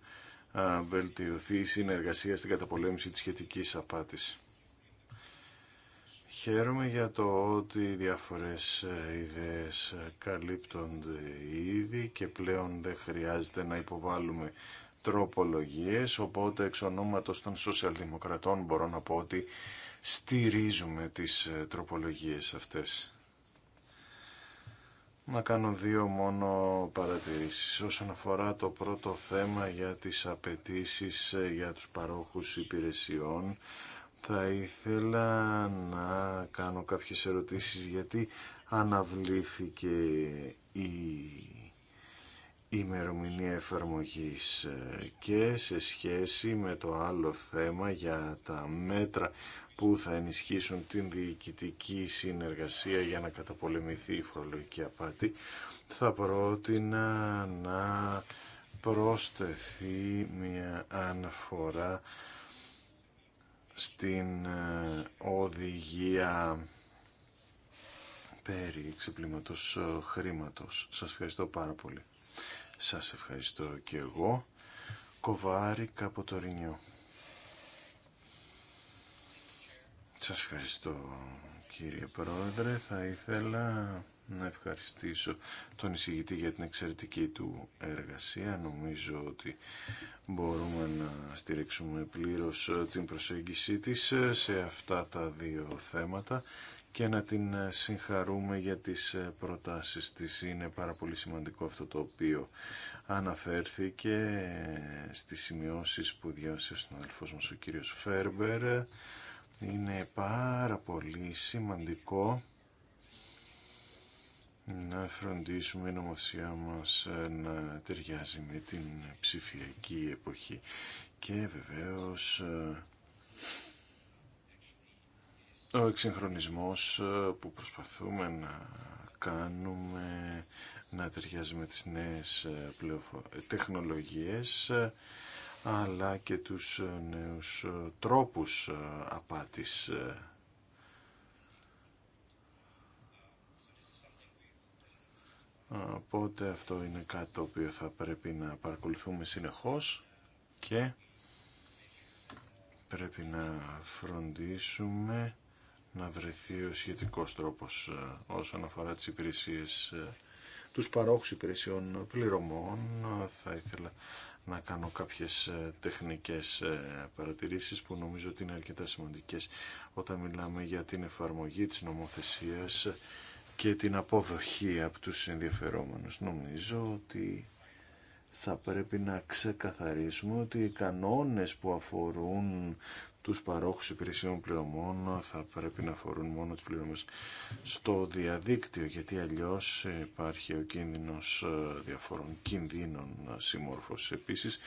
βελτιωθεί η συνεργασία στην καταπολέμηση της σχετικής απάτης. Χαίρομαι για το ότι οι διάφορες ε, ιδέες ε, καλύπτονται ήδη και πλέον δεν χρειάζεται να υποβάλουμε τροπολογίες, οπότε εξ ονόματος των σοσιαλδημοκρατών μπορώ να πω ότι στηρίζουμε τις ε, τροπολογίες αυτές να κάνω δύο μόνο παρατηρήσεις. Όσον αφορά το πρώτο θέμα για τις απαιτήσει ε, για τους παρόχους υπηρεσιών, θα ήθελα να κάνω κάποιες ερωτήσεις γιατί αναβλήθηκε η ημερομηνία εφαρμογής ε, και σε σχέση με το άλλο θέμα για τα μέτρα που θα ενισχύσουν την διοικητική συνεργασία για να καταπολεμηθεί η φορολογική απάτη, θα πρότεινα να προσθεθεί μια αναφορά στην ε, οδηγία περί εξεπλήματος ε, χρήματος. Σας ευχαριστώ πάρα πολύ. Σας ευχαριστώ και εγώ. Κοβάρη από το Ρινιό. Σας ευχαριστώ κύριε Πρόεδρε. Θα ήθελα να ευχαριστήσω τον εισηγητή για την εξαιρετική του εργασία. Νομίζω ότι μπορούμε να στηρίξουμε πλήρως ε, την προσέγγιση της ε, σε αυτά τα δύο θέματα και να την ε, συγχαρούμε για τις προτάσεις της. Είναι πάρα πολύ σημαντικό αυτό το οποίο αναφέρθηκε στις σημειώσεις που διάσε ο μας ο κύριος Φέρμπερ είναι πάρα πολύ σημαντικό να φροντίσουμε η νομοθεσία μας να ταιριάζει με την ψηφιακή εποχή και βεβαίως ο εξυγχρονισμός που προσπαθούμε να κάνουμε να ταιριάζει με τις νέες τεχνολογίες αλλά και τους ε, νέους ε, τρόπους ε, απάτης. Οπότε αυτό είναι κάτι το οποίο θα πρέπει να παρακολουθούμε συνεχώς και πρέπει να φροντίσουμε να βρεθεί ο σχετικός τρόπος όσον αφορά τις υπηρεσίες τους παρόχους υπηρεσιών πληρωμών. Θα ήθελα να κάνω κάποιες ε, τεχνικές ε, παρατηρήσεις που νομίζω ότι είναι αρκετά σημαντικές όταν μιλάμε για την εφαρμογή της νομοθεσίας και την αποδοχή από τους ενδιαφερόμενους. Νομίζω ότι θα πρέπει να ξεκαθαρίσουμε ότι οι κανόνες που αφορούν τους παρόχους υπηρεσιών πληρωμών θα πρέπει να αφορούν μόνο τις πληρωμές στο διαδίκτυο γιατί αλλιώς υπάρχει ο κίνδυνος ε, διαφόρων κινδύνων ε, συμμόρφωσης. Επίσης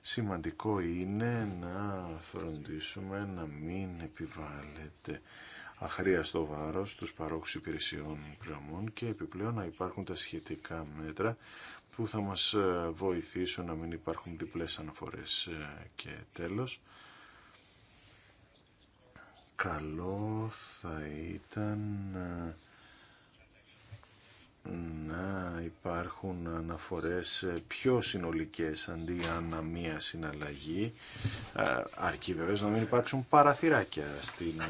σημαντικό είναι να φροντίσουμε να μην επιβάλλεται αχρίαστο βάρος στους παρόχους υπηρεσιών πληρωμών και επιπλέον να υπάρχουν τα σχετικά μέτρα που θα μας ε, βοηθήσουν να μην υπάρχουν διπλές αναφορές και τέλος καλό θα ήταν ε, να υπάρχουν αναφορές πιο συνολικές αντί ανά μία συναλλαγή ε, αρκεί βεβαίως να μην υπάρξουν παραθυράκια στην ε,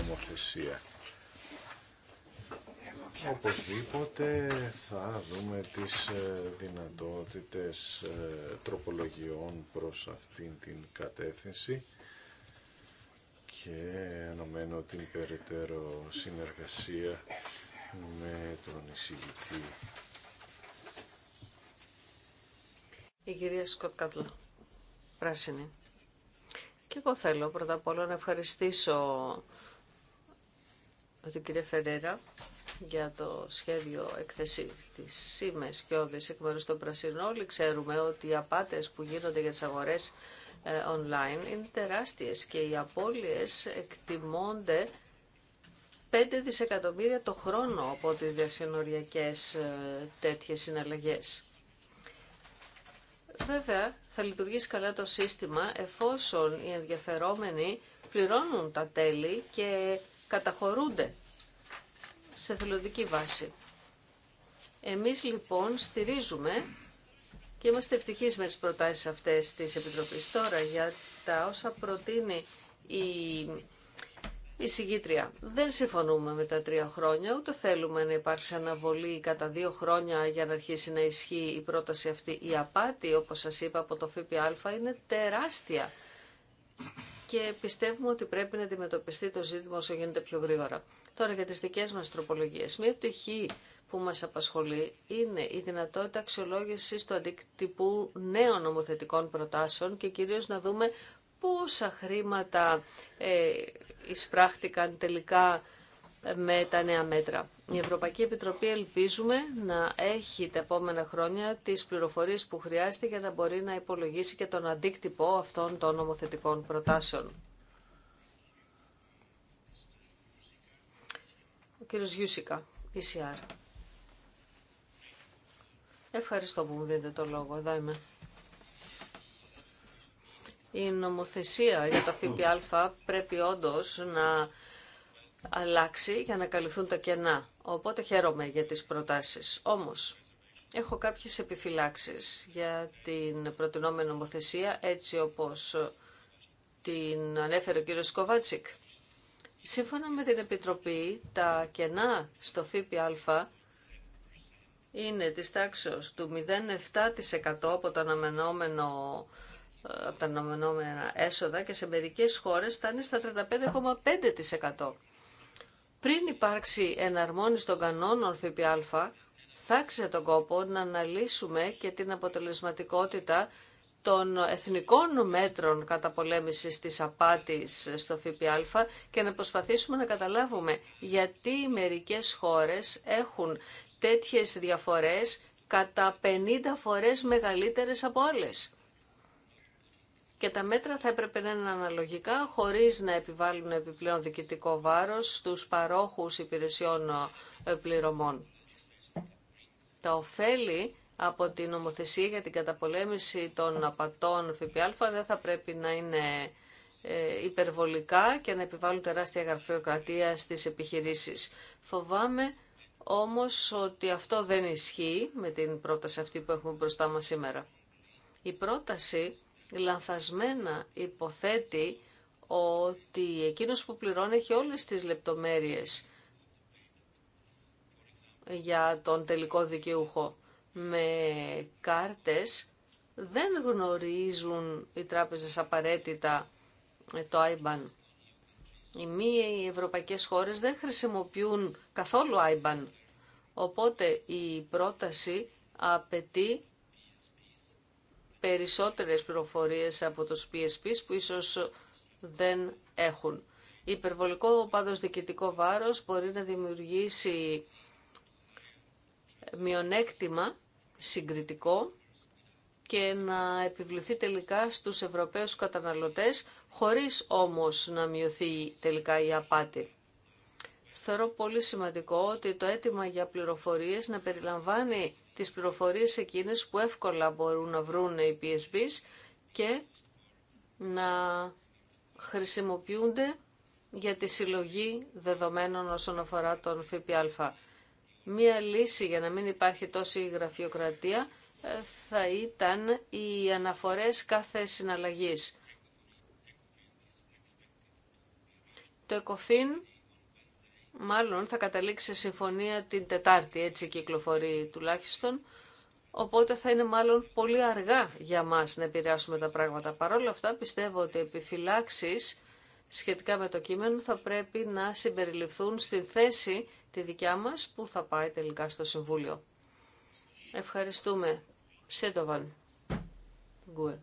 νομοθεσία. Οπωσδήποτε θα δούμε τις δυνατότητες τροπολογιών προς αυτήν την κατεύθυνση και αναμένω την περαιτέρω συνεργασία με τον εισηγητή. Η κυρία Σκοτ πράσινη. Και εγώ θέλω πρώτα απ' όλα να ευχαριστήσω την κυρία Φερέρα για το σχέδιο εκθεσή τη ΣΥΜΕΣ και όδες εκ μέρους των Πρασινών. Όλοι ξέρουμε ότι οι απάτες που γίνονται για τι αγορέ. Ε, online είναι τεράστιες και οι απώλειες εκτιμώνται 5 δισεκατομμύρια το χρόνο από τις διασυνοριακές ε, τέτοιες συναλλαγές. Βέβαια, θα λειτουργήσει καλά το σύστημα εφόσον οι ενδιαφερόμενοι πληρώνουν τα τέλη και καταχωρούνται σε θελοντική βάση. Εμείς λοιπόν στηρίζουμε και είμαστε ευτυχείς με τις προτάσεις αυτές της Επιτροπής. Τώρα για τα όσα προτείνει η, η συγκήτρια. Δεν συμφωνούμε με τα τρία χρόνια, ούτε θέλουμε να υπάρξει αναβολή κατά δύο χρόνια για να αρχίσει να ισχύει η πρόταση αυτή. Η απάτη, όπως σας είπα, από το ΦΠΑ είναι τεράστια και πιστεύουμε ότι πρέπει να αντιμετωπιστεί το ζήτημα όσο γίνεται πιο γρήγορα. Τώρα για τις δικές μας τροπολογίες. Μία πτυχή που μας απασχολεί είναι η δυνατότητα αξιολόγησης του αντικτυπού νέων νομοθετικών προτάσεων και κυρίως να δούμε πόσα χρήματα ε, εισπράχτηκαν τελικά ε, με τα νέα μέτρα. Η Ευρωπαϊκή Επιτροπή ελπίζουμε να έχει τα επόμενα χρόνια τις πληροφορίες που χρειάζεται για να μπορεί να υπολογίσει και τον αντίκτυπο αυτών των νομοθετικών προτάσεων. Ο κύριος Γιούσικα, PCR. Ευχαριστώ που μου δίνετε το λόγο. Εδώ είμαι. Η νομοθεσία για τα ΦΠΑ πρέπει όντως να αλλάξει για να καλυφθούν τα κενά. Οπότε χαίρομαι για τις προτάσεις. Όμως, έχω κάποιες επιφυλάξεις για την προτινόμενη νομοθεσία έτσι όπως την ανέφερε ο κύριος Σκοβάτσικ. Σύμφωνα με την Επιτροπή, τα κενά στο ΦΠΑ είναι της τάξης του 0,7% από αναμενόμενο ε, από τα αναμενόμενα έσοδα και σε μερικές χώρες φτάνει στα 35,5%. Πριν υπάρξει εναρμόνιση των κανόνων ΦΠΑ, θα άξιζε τον κόπο να αναλύσουμε και την αποτελεσματικότητα των εθνικών μέτρων καταπολέμησης της απάτης στο ΦΠΑ και να προσπαθήσουμε να καταλάβουμε γιατί μερικές χώρες έχουν τέτοιες διαφορές κατά 50 φορές μεγαλύτερες από όλες. Και τα μέτρα θα έπρεπε να είναι αναλογικά, χωρίς να επιβάλλουν επιπλέον διοικητικό βάρος στους παρόχους υπηρεσιών ε, πληρωμών. Τα ωφέλη από την νομοθεσία για την καταπολέμηση των απατών ΦΠΑ δεν θα πρέπει να είναι ε, υπερβολικά και να επιβάλλουν τεράστια γραφειοκρατία στις επιχειρήσεις. Φοβάμαι όμως ότι αυτό δεν ισχύει με την πρόταση αυτή που έχουμε μπροστά μας σήμερα. Η πρόταση λανθασμένα υποθέτει ότι εκείνος που πληρώνει έχει όλες τις λεπτομέρειες για τον τελικό δικαιούχο. Με κάρτες δεν γνωρίζουν οι τράπεζες απαραίτητα το IBAN. Οι μη ευρωπαϊκές χώρες δεν χρησιμοποιούν καθόλου IBAN Οπότε η πρόταση απαιτεί περισσότερες πληροφορίες από τους PSPs που ίσως δεν έχουν. υπερβολικό πάντως διοικητικό βάρος μπορεί να δημιουργήσει μειονέκτημα συγκριτικό και να επιβληθεί τελικά στους Ευρωπαίους καταναλωτές, χωρίς όμως να μειωθεί τελικά η απάτη θεωρώ πολύ σημαντικό ότι το αίτημα για πληροφορίες να περιλαμβάνει τις πληροφορίες εκείνες που εύκολα μπορούν να βρουν οι PSBs και να χρησιμοποιούνται για τη συλλογή δεδομένων όσον αφορά τον ΦΠΑ. Μία λύση για να μην υπάρχει τόση γραφειοκρατία ε, θα ήταν οι αναφορές κάθε συναλλαγής. Το μάλλον θα καταλήξει σε συμφωνία την Τετάρτη, έτσι κυκλοφορεί τουλάχιστον. Οπότε θα είναι μάλλον πολύ αργά για μας να επηρεάσουμε τα πράγματα. Παρ' όλα αυτά πιστεύω ότι επιφυλάξεις σχετικά με το κείμενο θα πρέπει να συμπεριληφθούν στην θέση τη δικιά μας που θα πάει τελικά στο Συμβούλιο. Ευχαριστούμε. Σέτοβαν. Γκουε.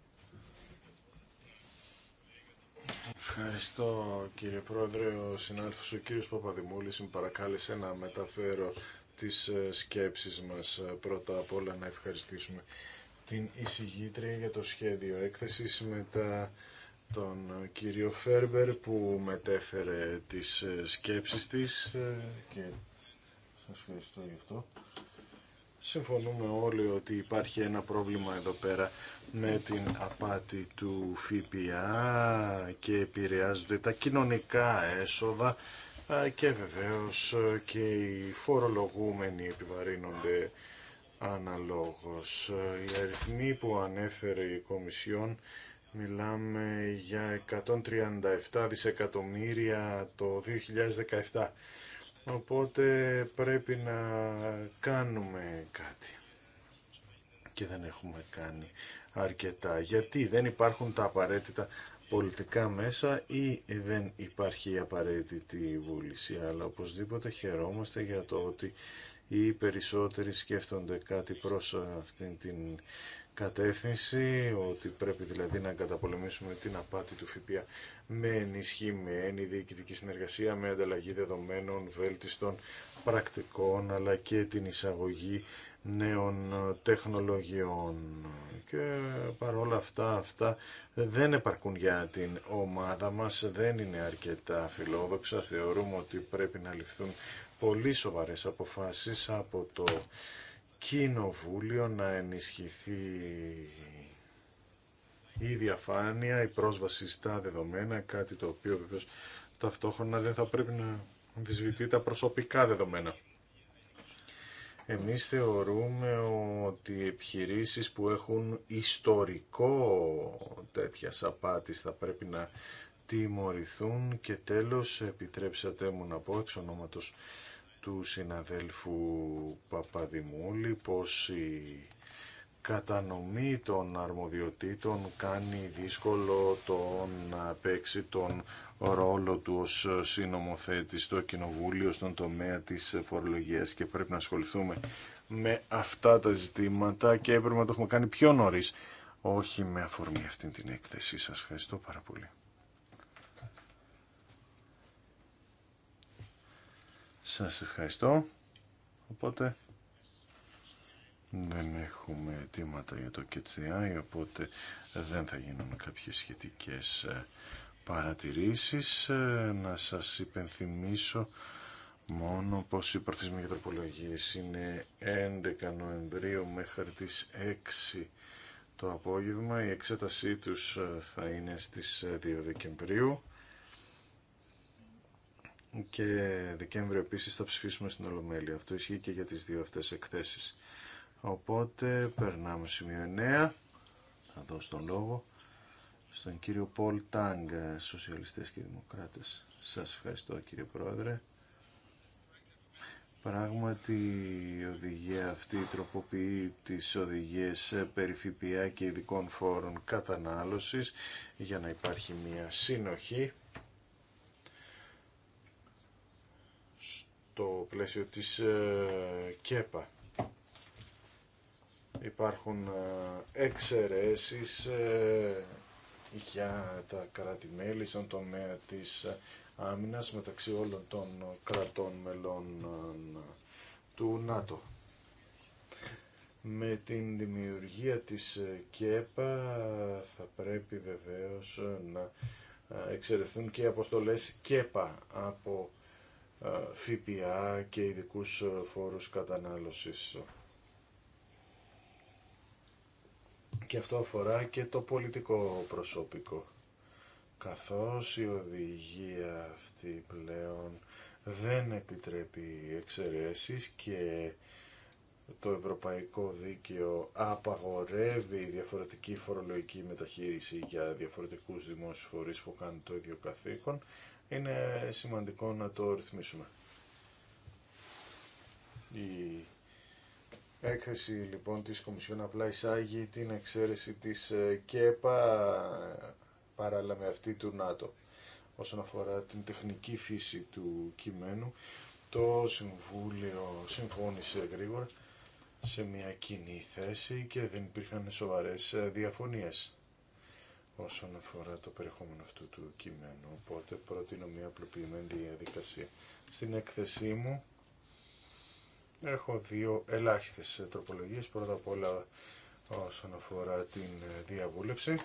Ευχαριστώ κύριε Πρόεδρε. Ο συνάδελφος ο κύριος Παπαδημούλης με παρακάλεσε να μεταφέρω τις ε, σκέψεις μας. Ε, πρώτα απ' όλα να ευχαριστήσουμε την εισηγήτρια για το σχέδιο έκθεσης μετά τον ε, κύριο Φέρμπερ που μετέφερε τις σκέψεις της και σας ευχαριστώ γι' αυτό συμφωνούμε όλοι ότι υπάρχει ένα πρόβλημα εδώ πέρα με την απάτη του ΦΠΑ και επηρεάζονται τα κοινωνικά έσοδα και βεβαίως και οι φορολογούμενοι επιβαρύνονται αναλόγως. Οι αριθμοί που ανέφερε η Κομισιόν μιλάμε για 137 δισεκατομμύρια το 2017 Οπότε πρέπει να κάνουμε κάτι. Και δεν έχουμε κάνει αρκετά. Γιατί δεν υπάρχουν τα απαραίτητα πολιτικά μέσα ή δεν υπάρχει η απαραίτητη βούληση. Αλλά οπωσδήποτε χαιρόμαστε για το ότι οι περισσότεροι σκέφτονται κάτι προς αυτήν την κατεύθυνση, ότι πρέπει δηλαδή να καταπολεμήσουμε την απάτη του ΦΠΑ με ενισχυμένη διοικητική συνεργασία, με ανταλλαγή δεδομένων, βέλτιστων πρακτικών, αλλά και την εισαγωγή νέων ε, τεχνολογιών. Και παρόλα αυτά, αυτά δεν επαρκούν για την ομάδα μας, δεν είναι αρκετά φιλόδοξα. Θεωρούμε ότι πρέπει να ληφθούν πολύ σοβαρές αποφάσεις από το Κοινοβούλιο να ενισχυθεί η διαφάνεια, η πρόσβαση στα δεδομένα, κάτι το οποίο βεβαίως ταυτόχρονα δεν θα πρέπει να αμφισβητεί τα προσωπικά δεδομένα. Εμείς θεωρούμε ότι επιχειρήσεις που έχουν ιστορικό τέτοια απάτης θα πρέπει να τιμωρηθούν και τέλος επιτρέψατε μου να πω εξ ονόματος του συναδέλφου Παπαδημούλη πως η κατανομή των αρμοδιοτήτων κάνει δύσκολο το να παίξει τον ρόλο του ως συνομοθέτη στο Κοινοβούλιο, στον τομέα της φορολογίας και πρέπει να ασχοληθούμε με αυτά τα ζητήματα και έπρεπε να το έχουμε κάνει πιο νωρίς, όχι με αφορμή αυτή την έκθεση. Σας ευχαριστώ πάρα πολύ. Σας ευχαριστώ. Οπότε... Δεν έχουμε αιτήματα για το KTI, οπότε δεν θα γίνουν κάποιες σχετικές ε, παρατηρήσεις. Ε, να σας υπενθυμίσω μόνο πως οι προθεσμοί για τροπολογίες είναι 11 Νοεμβρίου μέχρι τις 6 το απόγευμα. Η εξέτασή τους ε, θα είναι στις 2 Δεκεμβρίου και Δεκέμβριο επίσης θα ψηφίσουμε στην Ολομέλεια. Αυτό ισχύει και για τις δύο αυτές εκθέσεις. Οπότε περνάμε σημείο 9. Θα δώσω τον λόγο στον κύριο Πολ Τάγκ, Σοσιαλιστές και Δημοκράτες. Σας ευχαριστώ κύριε Πρόεδρε. Πράγματι η οδηγία αυτή τροποποιεί τις οδηγίες περί ΦΠΑ και ειδικών φόρων κατανάλωσης για να υπάρχει μια συνοχή στο πλαίσιο της ε, ΚΕΠΑ. Υπάρχουν ε, εξαιρέσεις ε, για τα κράτη-μέλη στον τομέα της ε, άμυνας μεταξύ όλων των κρατών μελών του ΝΑΤΟ. Με την δημιουργία της ΚΕΠΑ θα πρέπει βεβαίως να εξαιρεθούν και οι αποστολές ΚΕΠΑ από ΦΠΑ και ειδικού φόρους κατανάλωσης. και αυτό αφορά και το πολιτικό προσωπικό. Καθώς η οδηγία αυτή πλέον δεν επιτρέπει εξαιρέσεις και το ευρωπαϊκό δίκαιο απαγορεύει διαφορετική φορολογική μεταχείριση για διαφορετικούς δημόσιους φορείς που κάνουν το ίδιο καθήκον, είναι σημαντικό να το ρυθμίσουμε. Έκθεση λοιπόν της Κομισιόν απλά εισάγει την εξαίρεση της ε, ΚΕΠΑ ε, παράλληλα με αυτή του ΝΑΤΟ. Όσον αφορά την τεχνική φύση του κειμένου, το Συμβούλιο συμφώνησε γρήγορα σε μια κοινή θέση και δεν υπήρχαν σοβαρές ε, διαφωνίες όσον αφορά το περιεχόμενο αυτού του κειμένου. Οπότε προτείνω μια απλοποιημένη διαδικασία. Στην έκθεσή μου Έχω δύο ελάχιστες τροπολογίες. Πρώτα απ' όλα όσον αφορά την διαβούλευση.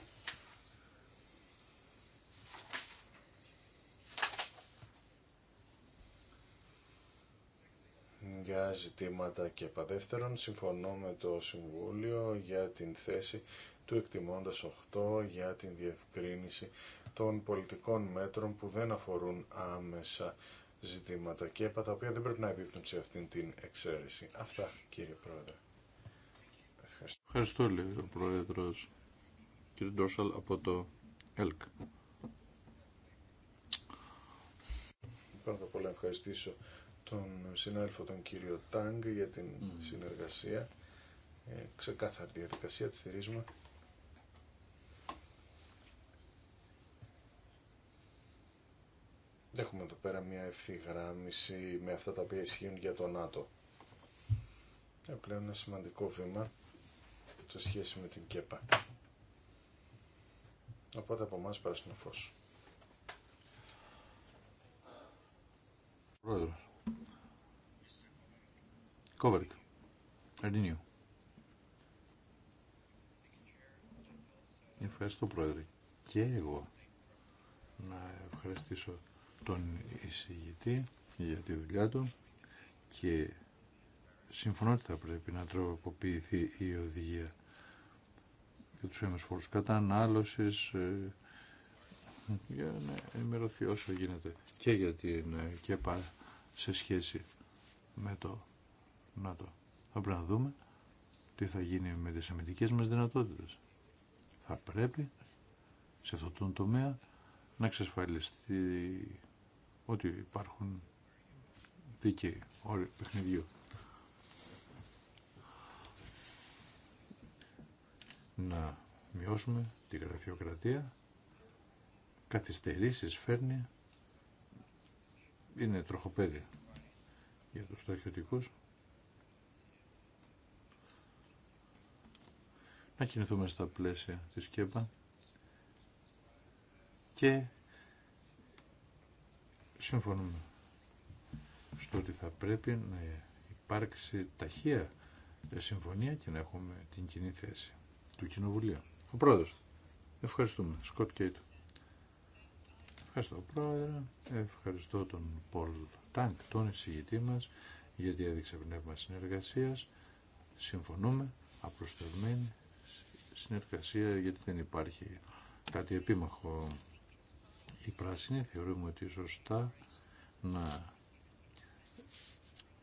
για ζητήματα και παδεύτερον συμφωνώ με το Συμβούλιο για την θέση του εκτιμώντας 8 για την διευκρίνηση των πολιτικών μέτρων που δεν αφορούν άμεσα ζητήματα και ΕΠΑ τα οποία δεν πρέπει να επίπτουν σε αυτήν την εξαίρεση. Αυτά κύριε Πρόεδρε. Ευχαριστώ. Ευχαριστώ λέει ο Πρόεδρος κύριε Ντόρσαλ από το ΕΛΚ. Πρώτα απ' όλα ευχαριστήσω τον συνάδελφο τον κύριο Τάγκ για την συνεργασία. Ε, ξεκάθαρη διαδικασία, τη στηρίζουμε. Έχουμε εδώ πέρα μια ευθυγράμμιση με αυτά τα οποία ισχύουν για το ΝΑΤΟ. Ε, πλέον ένα σημαντικό βήμα σε σχέση με την ΚΕΠΑ. Οπότε από εμάς πράσινο φως. Πρόεδρος. Κόβερικ. Ευχαριστώ πρόεδρε. Και εγώ να ευχαριστήσω τον εισηγητή για τη δουλειά του και συμφωνώ ότι θα πρέπει να τροποποιηθεί η οδηγία για τους φόρους κατανάλωσης ε, για να ενημερωθεί όσο γίνεται και για την ε, ΚΕΠΑ σε σχέση με το ΝΑΤΟ. Θα πρέπει να δούμε τι θα γίνει με τις αμυντικές μας δυνατότητες. Θα πρέπει σε αυτόν τον τομέα να εξασφαλιστεί ότι υπάρχουν δίκαιοι όροι παιχνιδιού. Να μειώσουμε τη γραφειοκρατία, καθυστερήσεις φέρνει, είναι τροχοπέδι για τους στρατιωτικούς. Να κινηθούμε στα πλαίσια της ΚΕΠΑ και συμφωνούμε στο ότι θα πρέπει να υπάρξει ταχεία συμφωνία και να έχουμε την κοινή θέση του Κοινοβουλίου. Ο Πρόεδρος. Ευχαριστούμε. Σκοτ Κέιτ. Ευχαριστώ Πρόεδρε. Ευχαριστώ τον Πολ Τάνκ, τον εισηγητή μας, γιατί έδειξε πνεύμα συνεργασίας. Συμφωνούμε. Απροστευμένη συνεργασία γιατί δεν υπάρχει κάτι επίμαχο η πράσινη θεωρούμε ότι σωστά να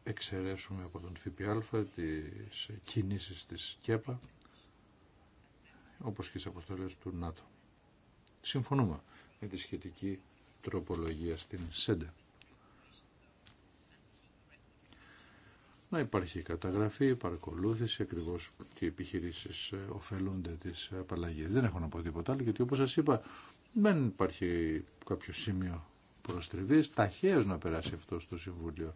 εξαιρέσουμε από τον ΦΠΑ τις κινήσεις της ΚΕΠΑ όπως και τις αποστολές του ΝΑΤΟ. Συμφωνούμε με τη σχετική τροπολογία στην ΣΕΝΤΕ. Να υπάρχει καταγραφή, παρακολούθηση, ακριβώς και οι επιχειρήσει ε, ωφελούνται τη απαλλαγή. Δεν έχω να πω τίποτα άλλο, γιατί όπως σας είπα, δεν υπάρχει κάποιο σημείο προστριβής. Ταχαίως να περάσει αυτό στο Συμβούλιο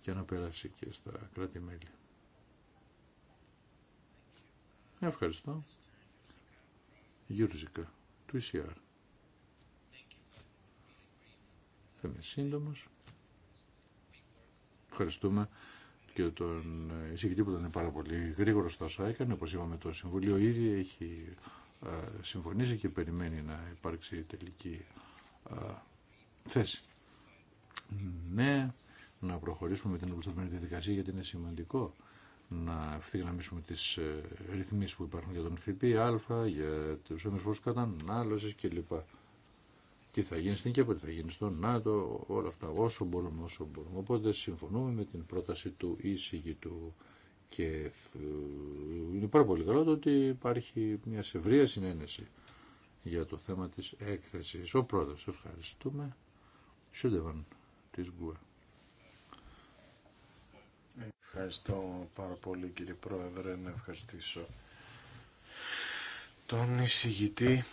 και να περάσει και στα κράτη-μέλη. Ευχαριστώ. Γιούρζικα, του ECR. Θα είμαι σύντομος. Ευχαριστούμε και τον εισηγητή που ήταν πάρα πολύ γρήγορο στα όσα έκανε. Όπως είπαμε το Συμβουλίο ήδη έχει ε, συμφωνήσει και περιμένει να υπάρξει τελική ε, θέση. Ναι, να προχωρήσουμε με την απλουστευμένη διαδικασία γιατί είναι σημαντικό να ευθυγραμμίσουμε τις ε, ρυθμίσεις που υπάρχουν για τον ΦΠΑ, για τους έμεσους κατανάλωσης κλπ. Τι θα γίνει στην ΚΕΠΑ, τι θα γίνει στον ΝΑΤΟ, όλα αυτά όσο μπορούμε, όσο μπορούμε. Οπότε συμφωνούμε με την πρόταση του εισηγητού. Και είναι πάρα πολύ καλό το ότι υπάρχει μια ευρεία συνένεση για το θέμα της έκθεσης. Ο πρόεδρος, ευχαριστούμε. Σούντεβαν της Γκουα. Ευχαριστώ πάρα πολύ κύριε Πρόεδρε, να ευχαριστήσω τον εισηγητή.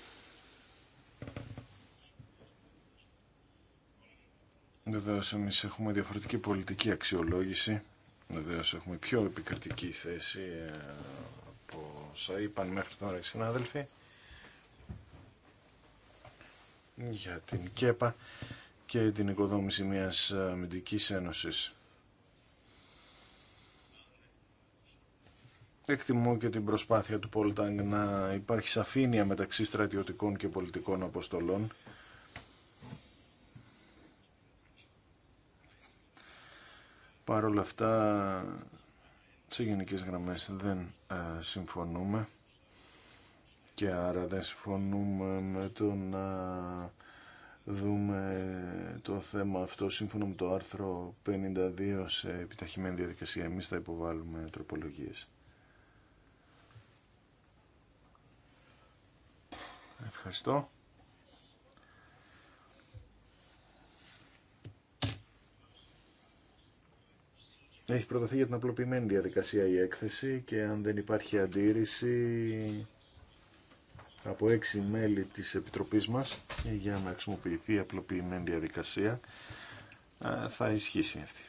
Βεβαίω εμείς έχουμε διαφορετική πολιτική αξιολόγηση Βεβαίω έχουμε πιο επικριτική θέση ε, από όσα είπαν μέχρι τώρα οι συνάδελφοι για την ΚΕΠΑ και την οικοδόμηση μιας αμυντικής ένωσης. Εκτιμώ και την προσπάθεια του Πολτάγκ να υπάρχει σαφήνεια μεταξύ στρατιωτικών και πολιτικών αποστολών Παρ' όλα αυτά, σε γενικές γραμμές δεν ε, συμφωνούμε και άρα δεν συμφωνούμε με το να δούμε το θέμα αυτό σύμφωνα με το άρθρο 52 σε επιταχυμένη διαδικασία. Εμείς θα υποβάλουμε τροπολογίες. Ευχαριστώ. Έχει προταθεί για την απλοποιημένη διαδικασία η έκθεση και αν δεν υπάρχει αντίρρηση από έξι μέλη της Επιτροπής μας για να χρησιμοποιηθεί η απλοποιημένη διαδικασία θα ισχύσει αυτή.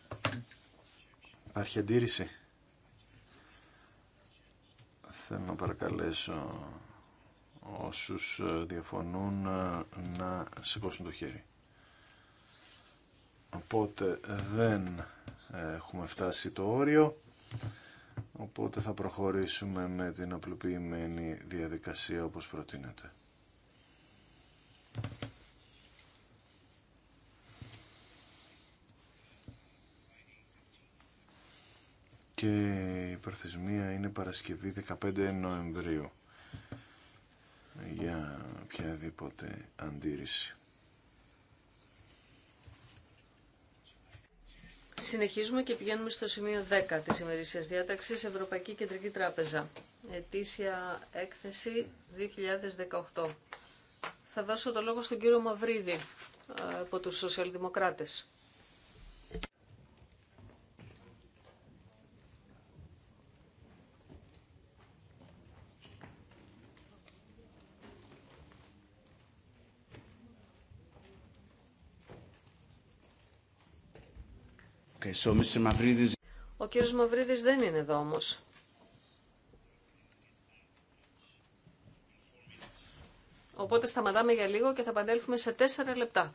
Υπάρχει αντίρρηση. Θέλω να παρακαλέσω όσους ε, διαφωνούν ε, να σηκώσουν το χέρι. Οπότε δεν έχουμε φτάσει το όριο. Οπότε θα προχωρήσουμε με την απλοποιημένη διαδικασία όπως προτείνεται. Και η προθεσμία είναι Παρασκευή 15 Νοεμβρίου για οποιαδήποτε αντίρρηση. Συνεχίζουμε και πηγαίνουμε στο σημείο 10 της ημερήσιας διάταξης Ευρωπαϊκή Κεντρική Τράπεζα. Ετήσια έκθεση 2018. Θα δώσω το λόγο στον κύριο Μαυρίδη ε, από τους Σοσιαλδημοκράτες. Ο κύριος Μαυρίδης δεν είναι εδώ όμως. Οπότε σταματάμε για λίγο και θα επανέλθουμε σε τέσσερα λεπτά.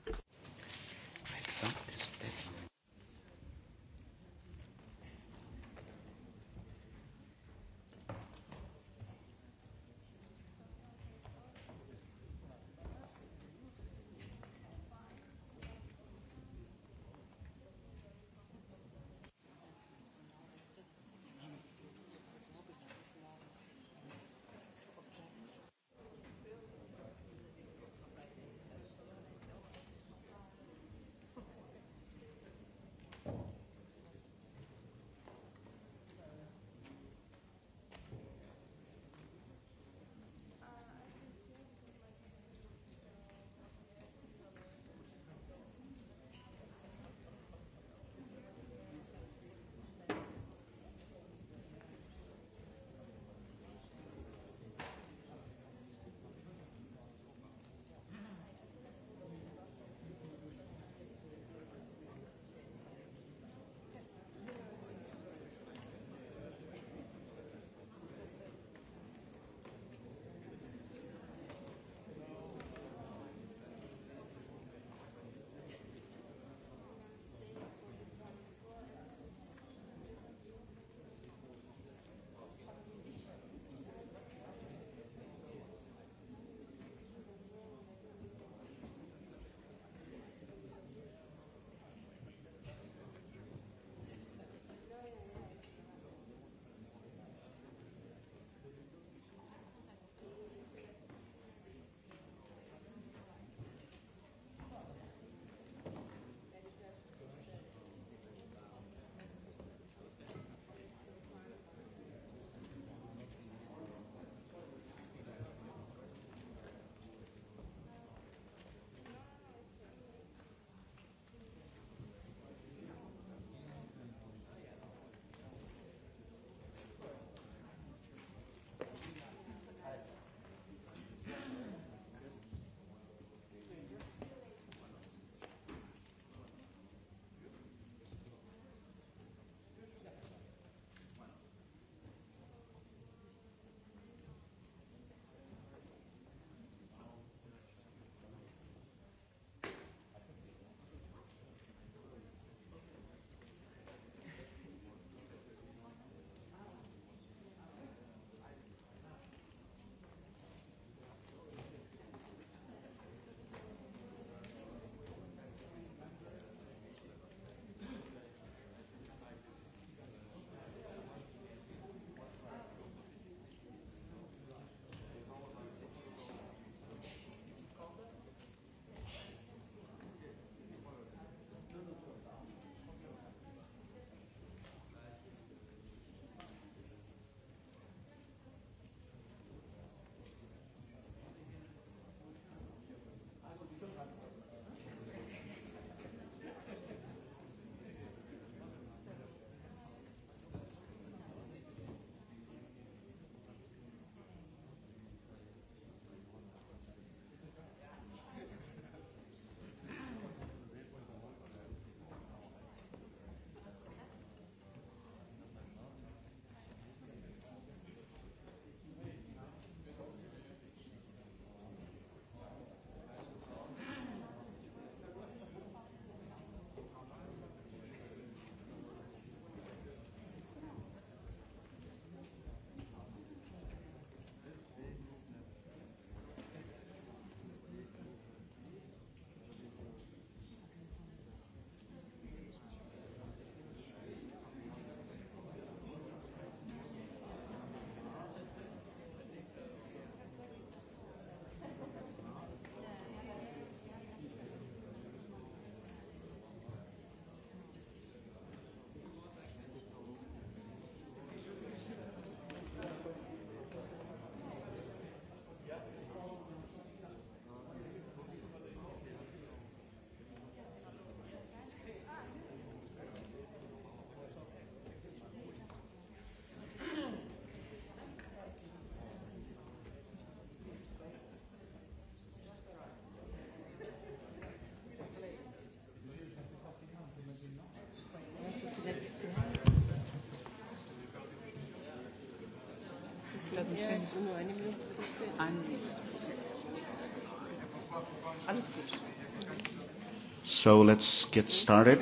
So let's get started.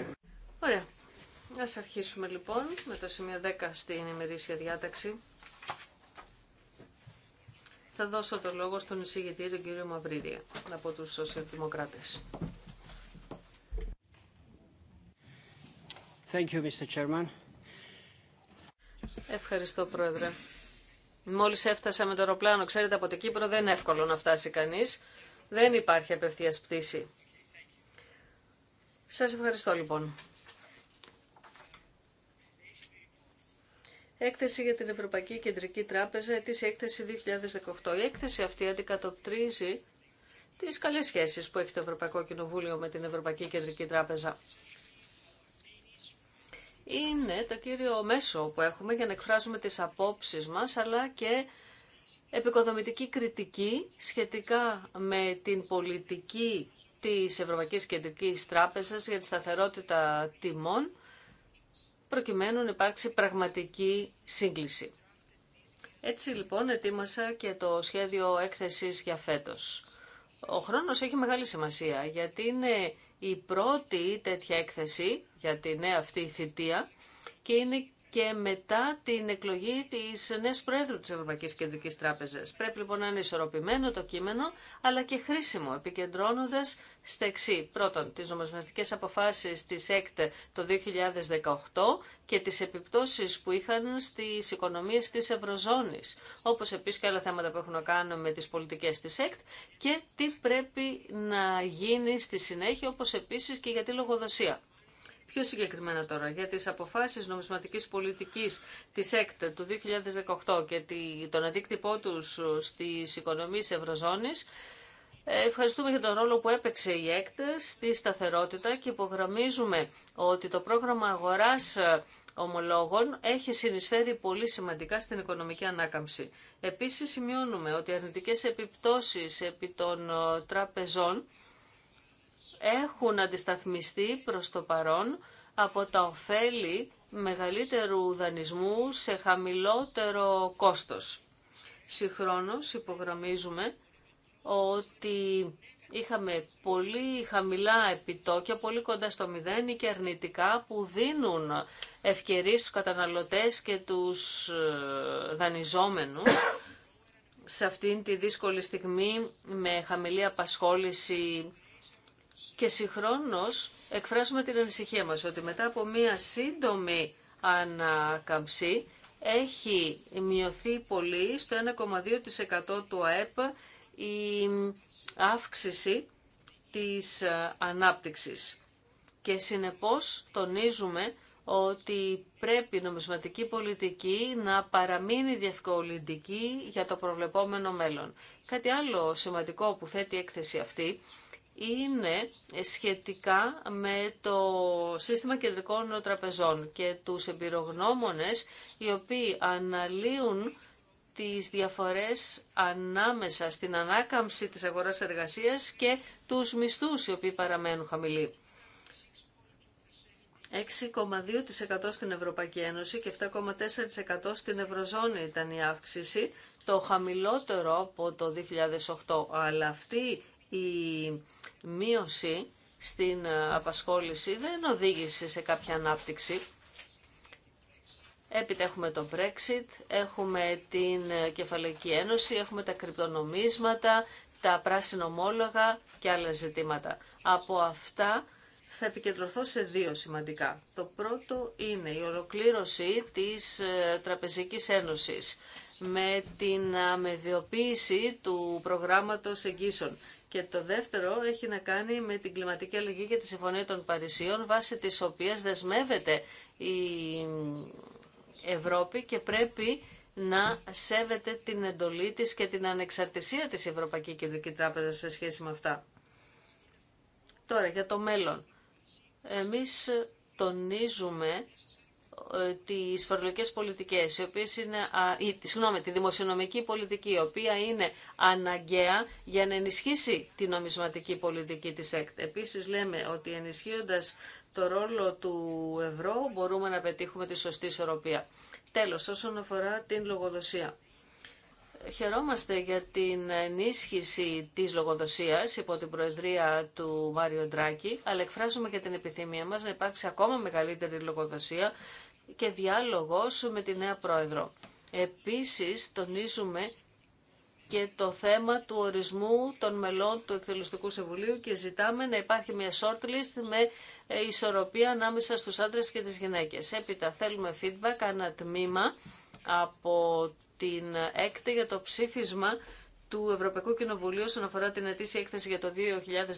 Ωραία. Να αρχίσουμε λοιπόν με το σημείο 10 στην ημερήσια διάταξη. Θα δώσω το λόγο στον εισηγητή, τον κύριο Μαυρίδη, από τους σοσιαλδημοκράτες. Thank you, Mr. Chairman. Ευχαριστώ, Πρόεδρε. Μόλις έφτασα με το αεροπλάνο, ξέρετε από την Κύπρο δεν είναι εύκολο να φτάσει κανείς. Δεν υπάρχει απευθεία πτήση. Σας ευχαριστώ λοιπόν. Έκθεση για την Ευρωπαϊκή Κεντρική Τράπεζα, ετήσια έκθεση 2018. Η έκθεση αυτή αντικατοπτρίζει τις καλέ σχέσει που έχει το Ευρωπαϊκό Κοινοβούλιο με την Ευρωπαϊκή Κεντρική Τράπεζα είναι το κύριο μέσο που έχουμε για να εκφράζουμε τις απόψεις μας, αλλά και επικοδομητική κριτική σχετικά με την πολιτική της Ευρωπαϊκής Κεντρικής Τράπεζας για τη σταθερότητα τιμών, προκειμένου να υπάρξει πραγματική σύγκληση. Έτσι λοιπόν ετοίμασα και το σχέδιο έκθεσης για φέτος. Ο χρόνος έχει μεγάλη σημασία γιατί είναι η πρώτη τέτοια έκθεση για τη νέα αυτή θητεία και είναι και μετά την εκλογή τη νέα Προέδρου τη Ευρωπαϊκή Κεντρική Τράπεζα. Πρέπει λοιπόν να είναι ισορροπημένο το κείμενο, αλλά και χρήσιμο, επικεντρώνοντα στα εξή. Πρώτον, τι νομισματικέ αποφάσει τη ΕΚΤ το 2018 και τι επιπτώσει που είχαν στι οικονομίε τη Ευρωζώνη, όπω επίση και άλλα θέματα που έχουν να κάνουν με τι πολιτικέ τη ΕΚΤ και τι πρέπει να γίνει στη συνέχεια, όπω επίση και για τη λογοδοσία. Πιο συγκεκριμένα τώρα, για τις αποφάσεις νομισματικής πολιτικής της ΕΚΤ του 2018 και τον αντίκτυπό τους στις οικονομίες Ευρωζώνης, ε, Ευχαριστούμε για τον ρόλο που έπαιξε η ΕΚΤ στη σταθερότητα και υπογραμμίζουμε ότι το πρόγραμμα αγοράς ε, ομολόγων έχει συνεισφέρει πολύ σημαντικά στην οικονομική ανάκαμψη. Επίσης σημειώνουμε ότι οι αρνητικές επιπτώσεις επί των ε, τραπεζών έχουν αντισταθμιστεί προς το παρόν από τα ωφέλη μεγαλύτερου δανεισμού σε χαμηλότερο κόστος. Συγχρόνως υπογραμμίζουμε ότι είχαμε πολύ χαμηλά επιτόκια, πολύ κοντά στο μηδέν και αρνητικά που δίνουν ευκαιρίες στους καταναλωτές και τους ε, δανειζόμενους σε αυτήν τη δύσκολη στιγμή με χαμηλή απασχόληση και συγχρόνως εκφράζουμε την ανησυχία μας ότι μετά από μία σύντομη ανακαμψή έχει μειωθεί πολύ στο 1,2% του ΑΕΠ η αύξηση της ε, ανάπτυξης. Και συνεπώς τονίζουμε ότι πρέπει η νομισματική πολιτική να παραμείνει διευκολυντική για το προβλεπόμενο μέλλον. Κάτι άλλο σημαντικό που θέτει η έκθεση αυτή είναι σχετικά με το σύστημα κεντρικών τραπεζών και τους εμπειρογνώμονες οι οποίοι αναλύουν τις διαφορές ανάμεσα στην ανάκαμψη της αγοράς εργασίας και τους μισθούς οι οποίοι παραμένουν χαμηλοί. 6,2% στην Ευρωπαϊκή Ένωση και 7,4% στην Ευρωζώνη ήταν η αύξηση, το χαμηλότερο από το 2008. Αλλά αυτή η μείωση στην ε, απασχόληση δεν οδήγησε σε κάποια ανάπτυξη. Έπειτα έχουμε το Brexit, έχουμε την ε, Κεφαλαϊκή Ένωση, έχουμε τα κρυπτονομίσματα, τα πράσινα και άλλα ζητήματα. Από αυτά θα επικεντρωθώ σε δύο σημαντικά. Το πρώτο είναι η ολοκλήρωση της ε, Τραπεζικής Ένωσης με την αμεδιοποίηση του προγράμματος εγγύσεων και το δεύτερο έχει να κάνει με την κλιματική αλλαγή και τη Συμφωνία των Παρισίων, βάσει της οποίας δεσμεύεται η Ευρώπη και πρέπει να σέβεται την εντολή της και την ανεξαρτησία της Ευρωπαϊκή Κεντρική Τράπεζα σε σχέση με αυτά. Τώρα, για το μέλλον. Εμείς τονίζουμε ε, τις φορολογικές πολιτικές, οι οποίες είναι, συγγνώμη, τη δημοσιονομική πολιτική, η οποία είναι αναγκαία για να ενισχύσει τη νομισματική πολιτική της ΕΚΤ. Επίσης λέμε ότι ενισχύοντας το ρόλο του ευρώ μπορούμε να πετύχουμε τη σωστή ισορροπία. Τέλος, όσον αφορά την λογοδοσία. Χαιρόμαστε για την ενίσχυση της λογοδοσίας υπό την Προεδρία του Μάριο Ντράκη, αλλά εκφράζουμε και την επιθυμία μας να υπάρξει ακόμα μεγαλύτερη λογοδοσία και διάλογος με τη νέα πρόεδρο. Επίσης τονίζουμε και το θέμα του ορισμού των μελών του Εκτελεστικού Συμβουλίου και ζητάμε να υπάρχει μια shortlist με ε, ισορροπία ανάμεσα στους άντρες και τις γυναίκες. Έπειτα θέλουμε feedback ένα τμήμα από την έκτη για το ψήφισμα του Ευρωπαϊκού Κοινοβουλίου όσον αφορά την ετήσια έκθεση για το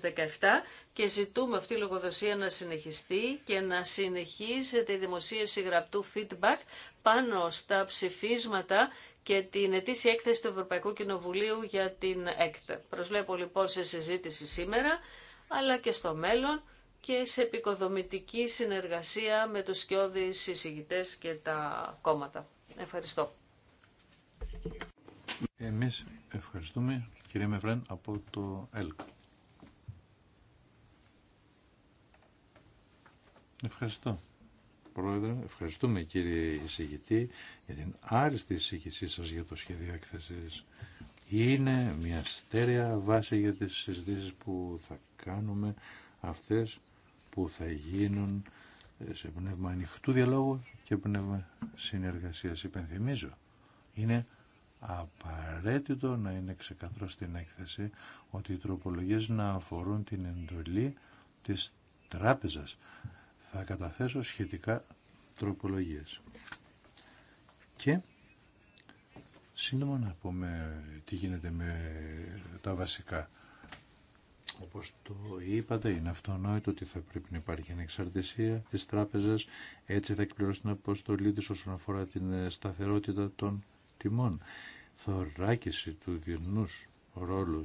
2017 και ζητούμε αυτή η λογοδοσία να συνεχιστεί και να συνεχίζεται η δημοσίευση γραπτού feedback πάνω στα ψηφίσματα και την ετήσια έκθεση του Ευρωπαϊκού Κοινοβουλίου για την ΕΚΤ. Προσβλέπω λοιπόν σε συζήτηση σήμερα αλλά και στο μέλλον και σε επικοδομητική συνεργασία με τους σκιώδεις συζητητές και τα κόμματα. Ευχαριστώ. Εμείς Ευχαριστούμε. κύριε Μεφρέν από το ΕΛΚ. Ευχαριστώ. Πρόεδρε, ευχαριστούμε κύριε εισηγητή για την άριστη εισηγησή σας για το σχέδιο έκθεσης. Είναι μια στέρεα βάση για τις συζητήσεις που θα κάνουμε αυτές που θα γίνουν σε πνεύμα ανοιχτού διαλόγου και πνεύμα συνεργασίας. Υπενθυμίζω, είναι απαραίτητο να είναι ξεκαθρό στην έκθεση ότι οι τροπολογίες να αφορούν την εντολή της τράπεζας. Θα καταθέσω σχετικά τροπολογίες. Και σύντομα να πούμε τι γίνεται με τα βασικά. Όπως το είπατε, είναι αυτονόητο ότι θα πρέπει να υπάρχει ανεξαρτησία της τράπεζας, έτσι θα εκπληρώσει την αποστολή της όσον αφορά την σταθερότητα των τιμών, θωράκιση του διεθνούς ρόλου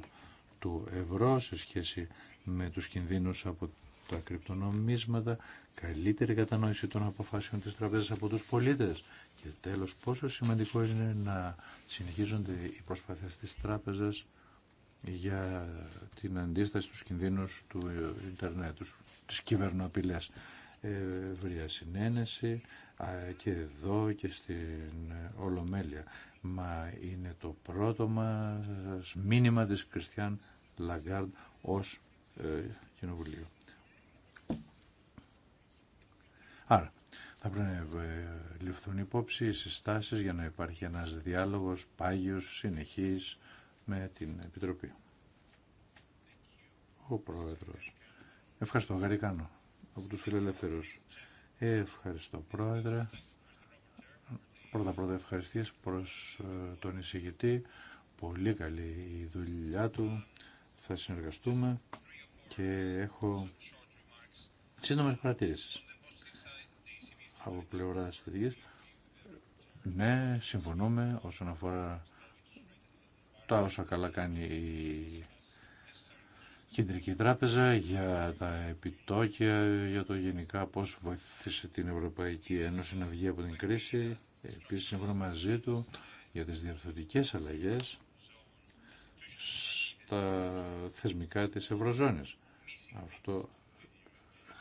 του ευρώ σε σχέση με τους κινδύνους από τα κρυπτονομίσματα, καλύτερη κατανόηση των αποφάσεων της τραπέζας από τους πολίτες και τέλος πόσο σημαντικό είναι να συνεχίζονται οι προσπάθειες της τράπεζας για την αντίσταση στους κινδύνους του Ιντερνετ, της κυβερνοαπειλές. βρια συνένεση και εδώ και στην Ολομέλεια. Μα είναι το πρώτο μας μήνυμα της Κριστιαν Λαγκάρντ ως ε, κοινοβουλίου. Άρα, θα πρέπει να ε, ληφθούν υπόψη οι συστάσεις για να υπάρχει ένας διάλογος πάγιος, συνεχής με την Επιτροπή. Ο Πρόεδρος. Ευχαριστώ, Γαρικάνο, από τους φιλελεύθερους. Ευχαριστώ, Πρόεδρε. Πρώτα πρώτα ευχαριστίες προς ε, τον εισηγητή. Πολύ καλή η δουλειά του. Θα συνεργαστούμε και έχω σύντομες παρατήρησεις από πλευρά της Ναι, συμφωνούμε όσον αφορά τα όσα καλά κάνει η Κεντρική Τράπεζα για τα επιτόκια, για το γενικά πώς βοήθησε την Ευρωπαϊκή Ένωση να βγει από την κρίση Επίσης, σύμφωνα μαζί του, για τις διαρθρωτικές αλλαγές στα θεσμικά της Ευρωζώνης. Αυτό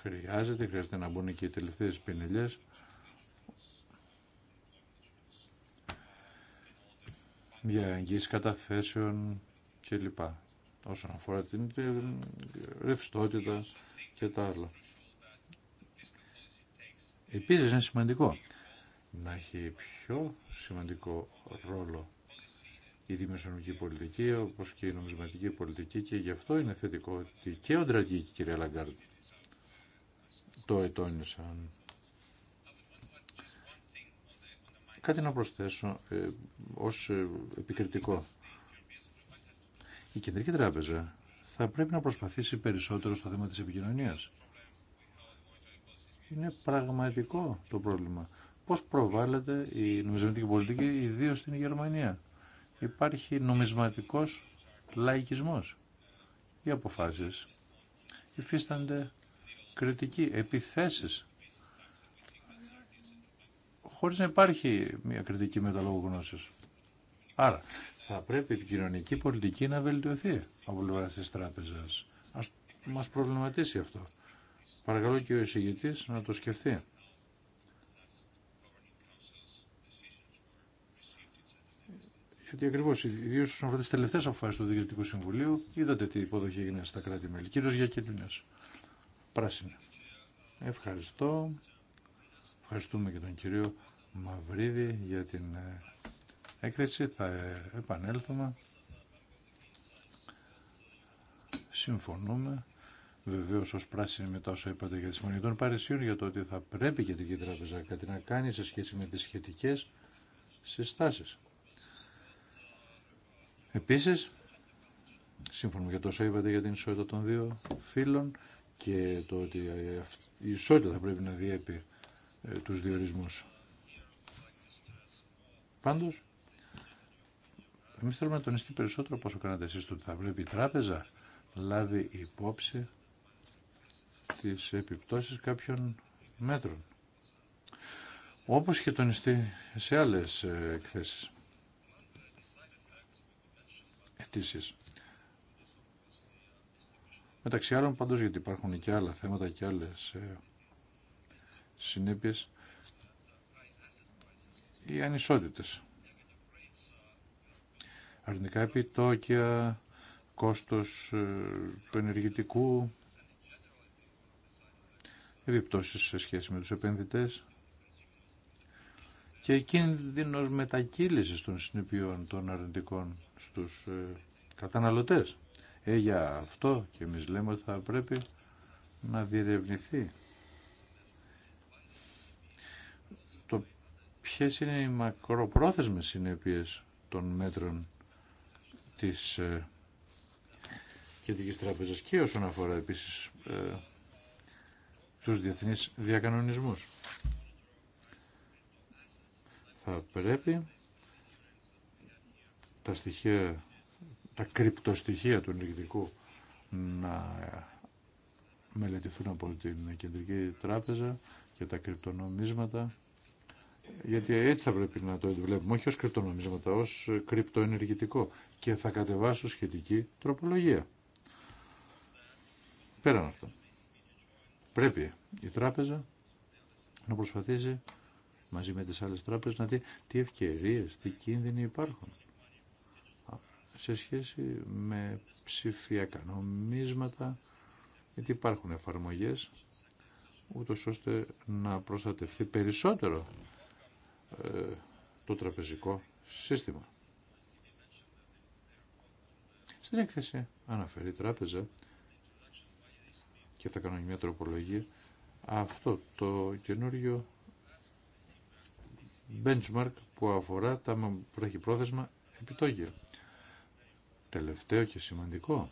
χρειάζεται, χρειάζεται να μπουν και οι τελευταίες πινελιές. για εγγύηση καταθέσεων κλπ. Όσον αφορά την ρευστότητα και τα άλλα. Επίσης είναι σημαντικό να έχει πιο σημαντικό ρόλο η δημοσιονομική πολιτική όπως και η νομισματική πολιτική και γι' αυτό είναι θετικό ότι και ο Ντραγκή και η κυρία Λαγκάρντ το ετώνησαν. Κάτι να προσθέσω ε, ως ε, επικριτικό. Η Κεντρική Τράπεζα θα πρέπει να προσπαθήσει περισσότερο στο θέμα της επικοινωνίας. Είναι πραγματικό το πρόβλημα πώς προβάλλεται η νομισματική πολιτική, ιδίω στην Γερμανία. Υπάρχει νομισματικός λαϊκισμός. Οι αποφάσεις υφίστανται κριτική, επιθέσεις, χωρι να υπάρχει μια κριτική με Άρα, θα πρέπει η κοινωνική πολιτική να βελτιωθεί από πλευρά τη τράπεζα. Α μας προβληματίσει αυτό. Παρακαλώ και ο εισηγητή να το σκεφτεί. Γιατί ακριβώ, ιδίω όσον αφορά τι τελευταίε αποφάσει του Διοικητικού Συμβουλίου, είδατε τι υποδοχή έγινε στα κράτη-μέλη. Κύριο Γιακελίνα. Πράσινη. Ευχαριστώ. Ευχαριστούμε και τον κύριο Μαυρίδη για την ε, έκθεση. Θα ε, επανέλθουμε. Συμφωνούμε. Βεβαίω, ω πράσινη μετά όσα είπατε για τη Συμφωνία των Παρισίων, για το ότι θα πρέπει και την Τράπεζα κάτι να κάνει σε σχέση με τι σχετικέ συστάσει. Επίσης, σύμφωνα με το είπατε για την ισότητα των δύο φίλων και το ότι η ισότητα θα πρέπει να διέπει ε, τους διορισμούς. Πάντως, εμείς θέλουμε να τονιστεί περισσότερο πόσο κάνατε εσείς το ότι θα βλέπει η τράπεζα λάβει υπόψη τις επιπτώσεις κάποιων μέτρων. Όπως και τονιστεί σε άλλες ε, εκθέσεις πτήσεις. Μεταξύ άλλων πάντως γιατί υπάρχουν και άλλα θέματα και άλλες ε, συνέπειες οι ανισότητες. Αρνητικά επιτόκια, κόστος ε, του ενεργητικού, επιπτώσεις σε σχέση με τους επενδυτές και κίνδυνος μετακύλησης των συνεπειών των αρνητικών στους ε, καταναλωτές. Ε, για αυτό και εμείς λέμε ότι θα πρέπει να διερευνηθεί το ποιες είναι οι μακροπρόθεσμες συνέπειες των μέτρων της ε, Κεντρικής Τράπεζας και όσον αφορά επίσης ε, τους διεθνείς διακανονισμούς. Θα πρέπει τα στοιχεία, τα κρυπτοστοιχεία του ενεργητικού να μελετηθούν από την Κεντρική Τράπεζα και τα κρυπτονομίσματα γιατί έτσι θα πρέπει να το βλέπουμε, όχι ως κρυπτονομίσματα, ως κρυπτοενεργητικό και θα κατεβάσω σχετική τροπολογία. Πέραν αυτό. Πρέπει η τράπεζα να προσπαθήσει μαζί με τις άλλες τράπεζες να δει τι ευκαιρίες, τι κίνδυνοι υπάρχουν σε σχέση με ψηφιακά νομίσματα, γιατί υπάρχουν εφαρμογές, ούτως ώστε να προστατευτεί περισσότερο ε, το τραπεζικό σύστημα. Στην έκθεση αναφέρει η τράπεζα και θα κάνω μια τροπολογία αυτό το καινούριο benchmark που αφορά τα προχειπρόθεσμα επιτόκια τελευταίο και σημαντικό.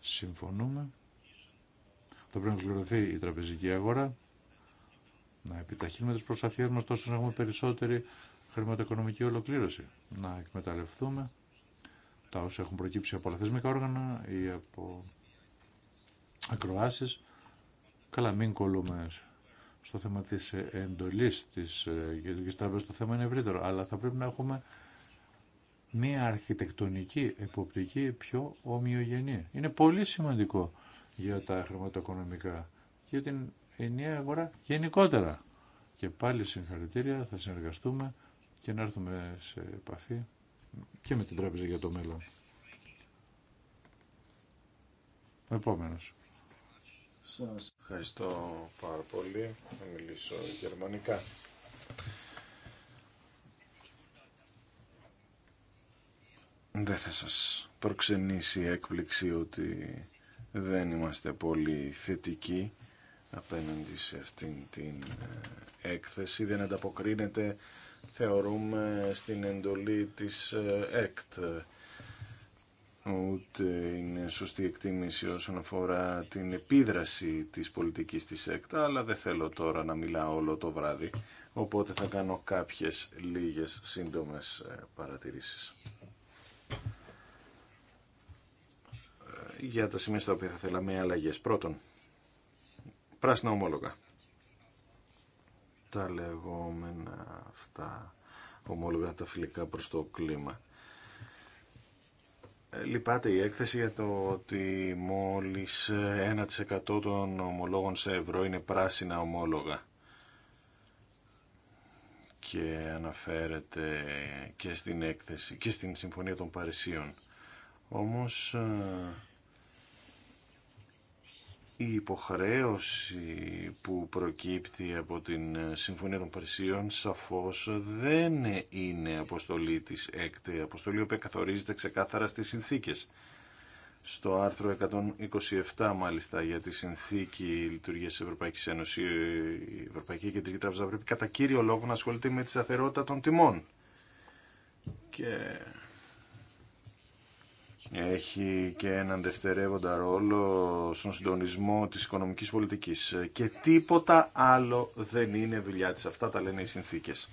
Συμφωνούμε. Θα πρέπει να κληρωθεί η τραπεζική αγορά, να επιταχύνουμε τις προσπαθίες μας τόσο να έχουμε περισσότερη χρηματοοικονομική ολοκλήρωση, να εκμεταλλευτούμε τα όσα έχουν προκύψει από λαθεσμικά όργανα ή από ακροάσεις. Καλά, μην κολλούμε στο θέμα της εντολής της ε, Κεντρικής Τράπεζας, το θέμα είναι ευρύτερο, αλλά θα πρέπει να έχουμε μια αρχιτεκτονική εποπτική πιο ομοιογενή. Είναι πολύ σημαντικό για τα χρηματοοικονομικά, για την ενιαία αγορά γενικότερα. Και πάλι συγχαρητήρια, θα συνεργαστούμε και να έρθουμε σε επαφή και με την τράπεζα για το μέλλον. Επόμενο. Σα ευχαριστώ πάρα πολύ. Θα μιλήσω γερμανικά. Δεν θα σας προξενήσει η έκπληξη ότι δεν είμαστε πολύ θετικοί απέναντι σε αυτήν την ε, έκθεση. Δεν ανταποκρίνεται, θεωρούμε, στην εντολή της ε, ΕΚΤ. Ούτε είναι σωστή εκτίμηση όσον αφορά την επίδραση της πολιτικής της ΕΚΤ, αλλά δεν θέλω τώρα να μιλάω όλο το βράδυ, οπότε θα κάνω κάποιες λίγες σύντομες ε, παρατηρήσεις για τα σημεία στα οποία θα θέλαμε αλλαγέ. Πρώτον, πράσινα ομόλογα. Τα λεγόμενα αυτά ομόλογα τα φιλικά προς το κλίμα. Ε, λυπάται η έκθεση για το ότι μόλις 1% των ομολόγων σε ευρώ είναι πράσινα ομόλογα και αναφέρεται και στην έκθεση και στην Συμφωνία των Παρισίων. Όμως ε, η υποχρέωση που προκύπτει από την Συμφωνία των Παρισίων σαφώς δεν είναι αποστολή της έκτη αποστολή που καθορίζεται ξεκάθαρα στις συνθήκες στο άρθρο 127 μάλιστα για τη συνθήκη λειτουργία τη Ευρωπαϊκής Ένωση. Η Ευρωπαϊκή Κεντρική Τράπεζα πρέπει κατά κύριο λόγο να ασχολείται με τη σταθερότητα των τιμών. Και έχει και έναν δευτερεύοντα ρόλο στον συντονισμό της οικονομικής πολιτικής. Και τίποτα άλλο δεν είναι δουλειά της. Αυτά τα λένε οι συνθήκες.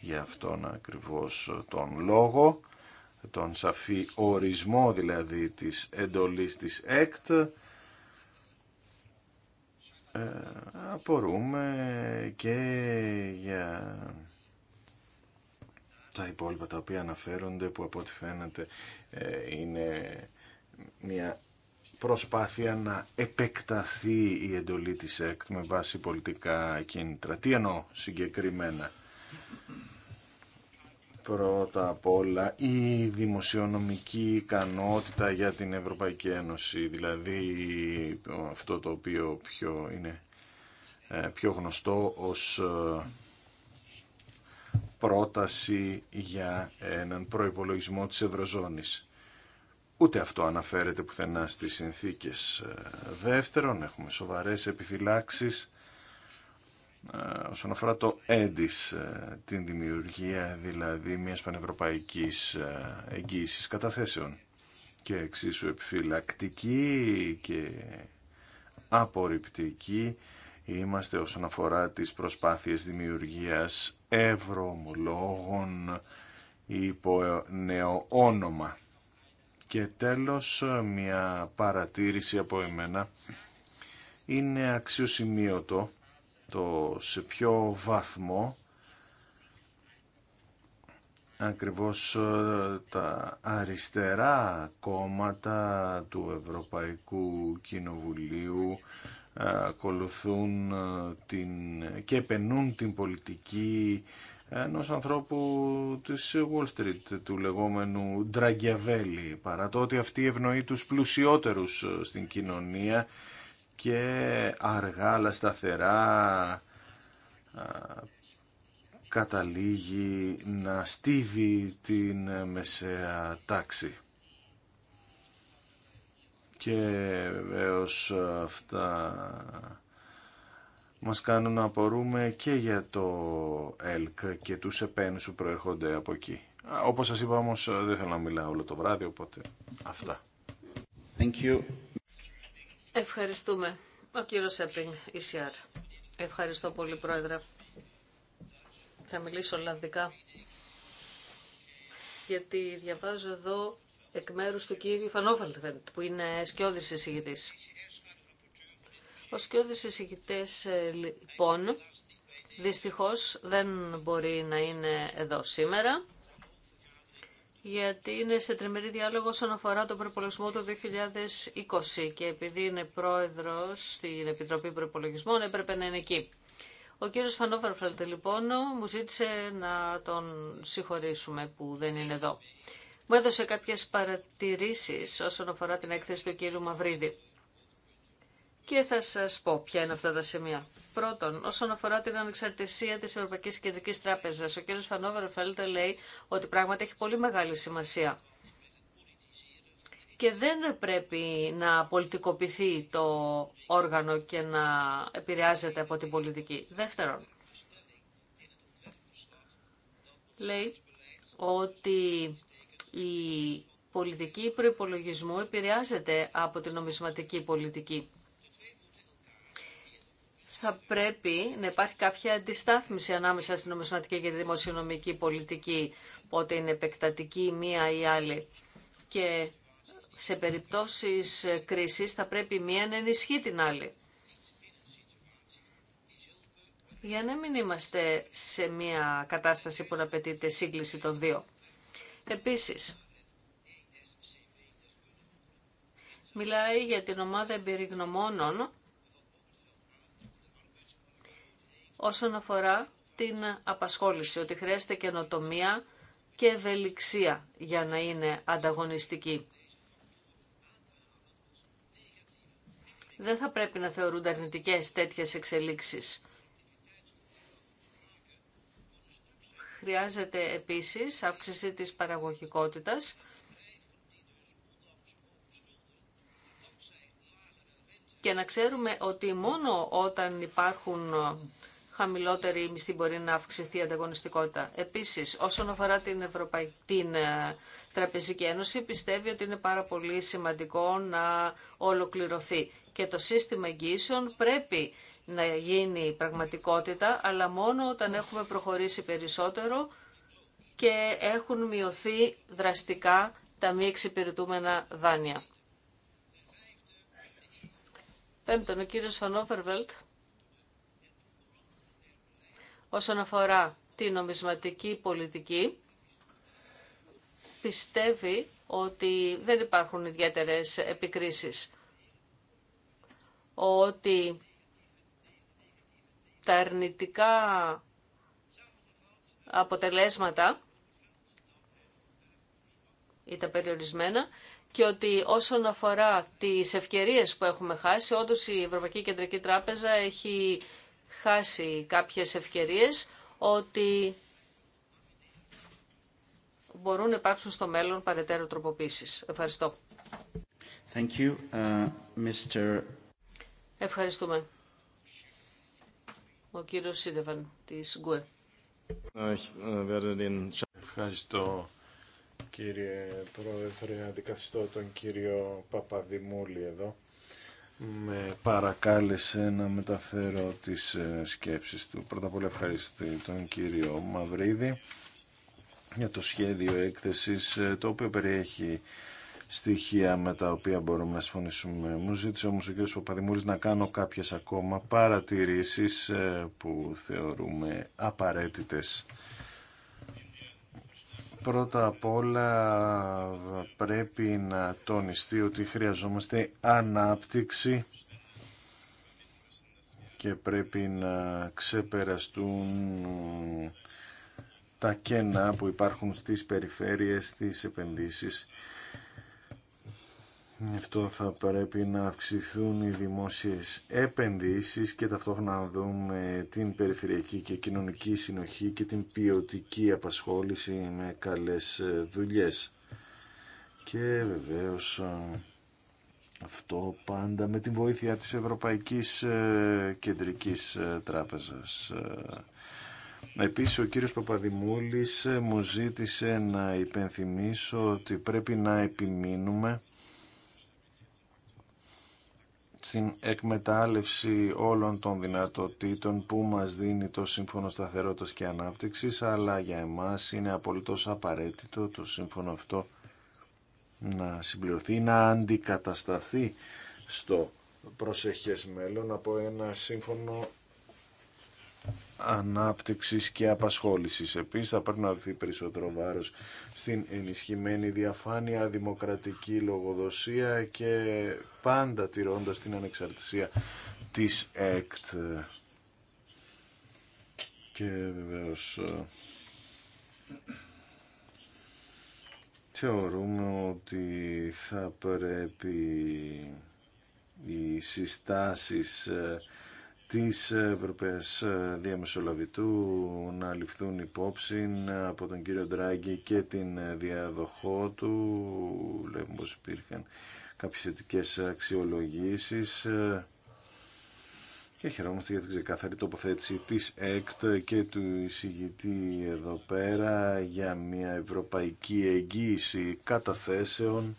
Γι' αυτόν ακριβώς τον λόγο τον σαφή ορισμό δηλαδή της εντολής της ΕΚΤ ε, απορούμε και για τα υπόλοιπα τα οποία αναφέρονται που από ό,τι φαίνεται ε, είναι μια προσπάθεια να επεκταθεί η εντολή της ΕΚΤ με βάση πολιτικά κίνητρα. Τι εννοώ συγκεκριμένα. Πρώτα απ' όλα η δημοσιονομική ικανότητα για την Ευρωπαϊκή Ένωση, δηλαδή αυτό το οποίο πιο είναι ε, πιο γνωστό ως ε, πρόταση για έναν προϋπολογισμό της Ευρωζώνης. Ούτε αυτό αναφέρεται πουθενά στις συνθήκες. Ε, δεύτερον, έχουμε σοβαρές επιφυλάξεις ε, όσον αφορά το έντις, ε, την δημιουργία δηλαδή μιας πανευρωπαϊκής ε, εγγύησης καταθέσεων και εξίσου επιφυλακτική και απορριπτική είμαστε όσον αφορά τις προσπάθειες δημιουργίας ευρωομολόγων υπό νέο όνομα. Και τέλος μια παρατήρηση από εμένα είναι αξιοσημείωτο σε ποιο βαθμό ακριβώς ε, τα αριστερά κόμματα του Ευρωπαϊκού Κοινοβουλίου ε, ακολουθούν ε, την, και επενούν την πολιτική ενό ανθρώπου της Wall Street, του λεγόμενου Ντραγκιαβέλη, παρά το ότι αυτή ευνοεί τους πλουσιότερους στην κοινωνία και αργά αλλά σταθερά καταλήγει να στίβει την μεσαία τάξη. Και βεβαίω αυτά μας κάνουν να απορούμε και για το ΕΛΚ και τους επένους που προερχόνται από εκεί. Όπως σας είπα όμως δεν θέλω να μιλάω όλο το βράδυ, οπότε αυτά. Thank you. Ευχαριστούμε. Ο κύριο Σέπινγκ, ECR. Ευχαριστώ πολύ, Πρόεδρε. Θα μιλήσω Ολλανδικά. Γιατί διαβάζω εδώ εκ μέρου του κύριου Φανόφαλτβεντ, που είναι σκιώδη εισηγητή. Ο σκιώδη εισηγητή, ε, λοιπόν, δυστυχώ δεν μπορεί να είναι εδώ σήμερα γιατί είναι σε τριμερή διάλογο όσον αφορά τον προπολογισμό του 2020 και επειδή είναι πρόεδρος στην Επιτροπή Προπολογισμών έπρεπε να είναι εκεί. Ο κύριος Φανόφερφελτ λοιπόν μου ζήτησε να τον συγχωρήσουμε που δεν είναι εδώ. Μου έδωσε κάποιες παρατηρήσεις όσον αφορά την έκθεση του κύριου Μαυρίδη. Και θα σας πω ποια είναι αυτά τα σημεία. Πρώτον, όσον αφορά την ανεξαρτησία τη Ευρωπαϊκή Κεντρική Τράπεζα, ο κ. Φανόβερο Φέλτε λέει ότι πράγματι έχει πολύ μεγάλη σημασία. Και δεν πρέπει να πολιτικοποιηθεί το όργανο και να επηρεάζεται από την πολιτική. Δεύτερον, λέει ότι η πολιτική προϋπολογισμού επηρεάζεται από την νομισματική πολιτική θα πρέπει να υπάρχει κάποια αντιστάθμιση ανάμεσα στην νομισματική και τη δημοσιονομική πολιτική, πότε είναι επεκτατική μία ή άλλη. Και σε περιπτώσεις κρίσης θα πρέπει μία να ενισχύει την άλλη. Για να μην είμαστε σε μία κατάσταση που να απαιτείται σύγκληση των δύο. Επίσης, μιλάει για την ομάδα εμπειρογνωμόνων όσον αφορά την απασχόληση, ότι χρειάζεται καινοτομία και ευελιξία για να είναι ανταγωνιστική. Δεν θα πρέπει να θεωρούνται αρνητικές τέτοιες εξελίξεις. Χρειάζεται επίσης αύξηση της παραγωγικότητας, και να ξέρουμε ότι μόνο όταν υπάρχουν χαμηλότερη η μισθή μπορεί να αυξηθεί η ανταγωνιστικότητα. Επίσης, όσον αφορά την, την ε, Τραπεζική Ένωση, πιστεύει ότι είναι πάρα πολύ σημαντικό να ολοκληρωθεί. Και το σύστημα εγγύσεων πρέπει να γίνει πραγματικότητα, αλλά μόνο όταν έχουμε προχωρήσει περισσότερο και έχουν μειωθεί δραστικά τα μη εξυπηρετούμενα δάνεια. Πέμπτον, ο κύριος Φανόφερβελτ Όσον αφορά την νομισματική πολιτική, πιστεύει ότι δεν υπάρχουν ιδιαίτερες επικρίσεις. Ότι τα αρνητικά αποτελέσματα ή τα περιορισμένα και ότι όσον αφορά τις ευκαιρίες που έχουμε χάσει, όντως η Ευρωπαϊκή Κεντρική Τράπεζα έχει χάσει κάποιες ευκαιρίες ότι μπορούν να υπάρξουν στο μέλλον παρετέρω τροποποίησης Ευχαριστώ. Uh, Ευχαριστούμε. Ο κύριος Σίδεβαν της ΓΚΟΕ. Ευχαριστώ κύριε Πρόεδρε, αντικαθιστώ τον κύριο Παπαδημούλη εδώ με παρακάλεσε να μεταφέρω τις ε, σκέψεις του. Πρώτα απ' όλα ευχαριστώ τον κύριο Μαυρίδη για το σχέδιο έκθεσης ε, το οποίο περιέχει στοιχεία με τα οποία μπορούμε να συμφωνήσουμε. Μου ζήτησε όμως ο κύριος Παπαδημούρης να κάνω κάποιες ακόμα παρατηρήσεις ε, που θεωρούμε απαραίτητες Πρώτα απ' όλα πρέπει να τονιστεί ότι χρειαζόμαστε ανάπτυξη και πρέπει να ξεπεραστούν τα κένα που υπάρχουν στις περιφέρειες, στις επενδύσεις Γι' αυτό θα πρέπει να αυξηθούν οι δημόσιες επενδύσεις και ταυτόχρονα να δούμε την περιφερειακή και κοινωνική συνοχή και την ποιοτική απασχόληση με καλές δουλειές. Και βεβαίως αυτό πάντα με την βοήθεια της Ευρωπαϊκής ε, Κεντρικής ε, Τράπεζας. Ε, επίσης ο κύριος Παπαδημούλης μου ζήτησε να υπενθυμίσω ότι πρέπει να επιμείνουμε στην εκμετάλλευση όλων των δυνατοτήτων που μας δίνει το Σύμφωνο Σταθερότητας και Ανάπτυξης, αλλά για εμάς είναι απολύτως απαραίτητο το σύμφωνο αυτό να συμπληρωθεί, να αντικατασταθεί στο προσεχές μέλλον από ένα σύμφωνο ανάπτυξης και απασχόλησης. Επίσης θα πρέπει να δοθεί περισσότερο βάρος στην ενισχυμένη διαφάνεια, δημοκρατική λογοδοσία και πάντα τηρώντας την ανεξαρτησία της ΕΚΤ. Και βεβαίως ε, θεωρούμε ότι θα πρέπει οι συστάσεις ε, της Ευρωπαίας ε, Διαμεσολαβητού να ληφθούν υπόψη ε, από τον κύριο Ντράγκη και την ε, διαδοχό του. Βλέπουμε πως υπήρχαν κάποιες αξιολογήσεις και χαιρόμαστε για την ξεκάθαρη τοποθέτηση της ΕΚΤ και του εισηγητή εδώ πέρα για μια ευρωπαϊκή εγγύηση καταθέσεων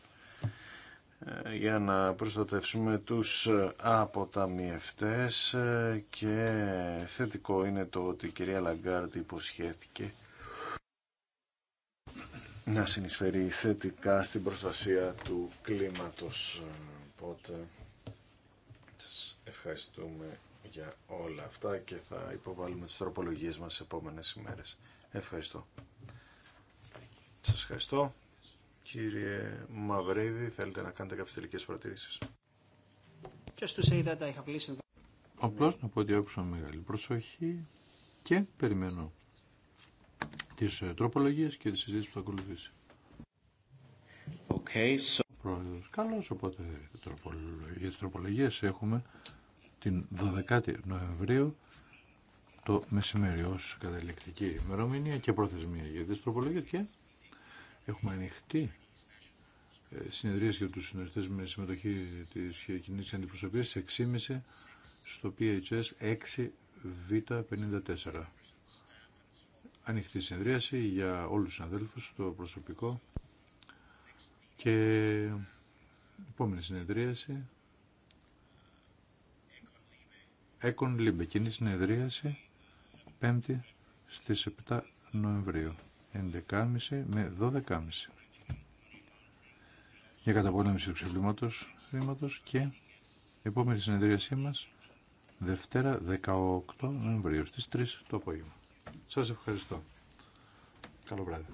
για να προστατεύσουμε τους αποταμιευτές και θετικό είναι το ότι η κυρία Λαγκάρτ υποσχέθηκε να συνεισφέρει θετικά στην προστασία του κλίματος. Οπότε σας ευχαριστούμε για όλα αυτά και θα υποβάλουμε τις τροπολογίες μας στις επόμενες ημέρες. Ευχαριστώ. Σας ευχαριστώ. Κύριε Μαυρίδη, θέλετε να κάνετε κάποιες τελικές listened. Απλώς να πω ότι άκουσα μεγάλη προσοχή και περιμένω τι ε, τροπολογίε και τη συζήτηση που θα ακολουθήσει. Okay, so... Πρόεδρος, καλώς, οπότε για τι τροπολογίε έχουμε την 12η Νοεμβρίου το μεσημέρι ως καταληκτική ημερομηνία και προθεσμία για τις τροπολογίε και Έχουμε ανοιχτή ε, συνεδρίαση για τους συντονιστές με συμμετοχή της κοινή αντιπροσωπείας στις 6.30 στο PHS 6Β54. Ανοιχτή συνεδρίαση για όλους τους συναδέλφου το προσωπικό και επόμενη συνεδρίαση Έκον Λίμπε, κοινή συνεδρίαση 5η στις 7 Νοεμβρίου. 11.30 με 12.30 για καταπολέμηση του ξεπλήματος χρήματος και επόμενη συνεδρίασή μας Δευτέρα 18 Νοεμβρίου στις 3 το απόγευμα. Σας ευχαριστώ. Καλό βράδυ.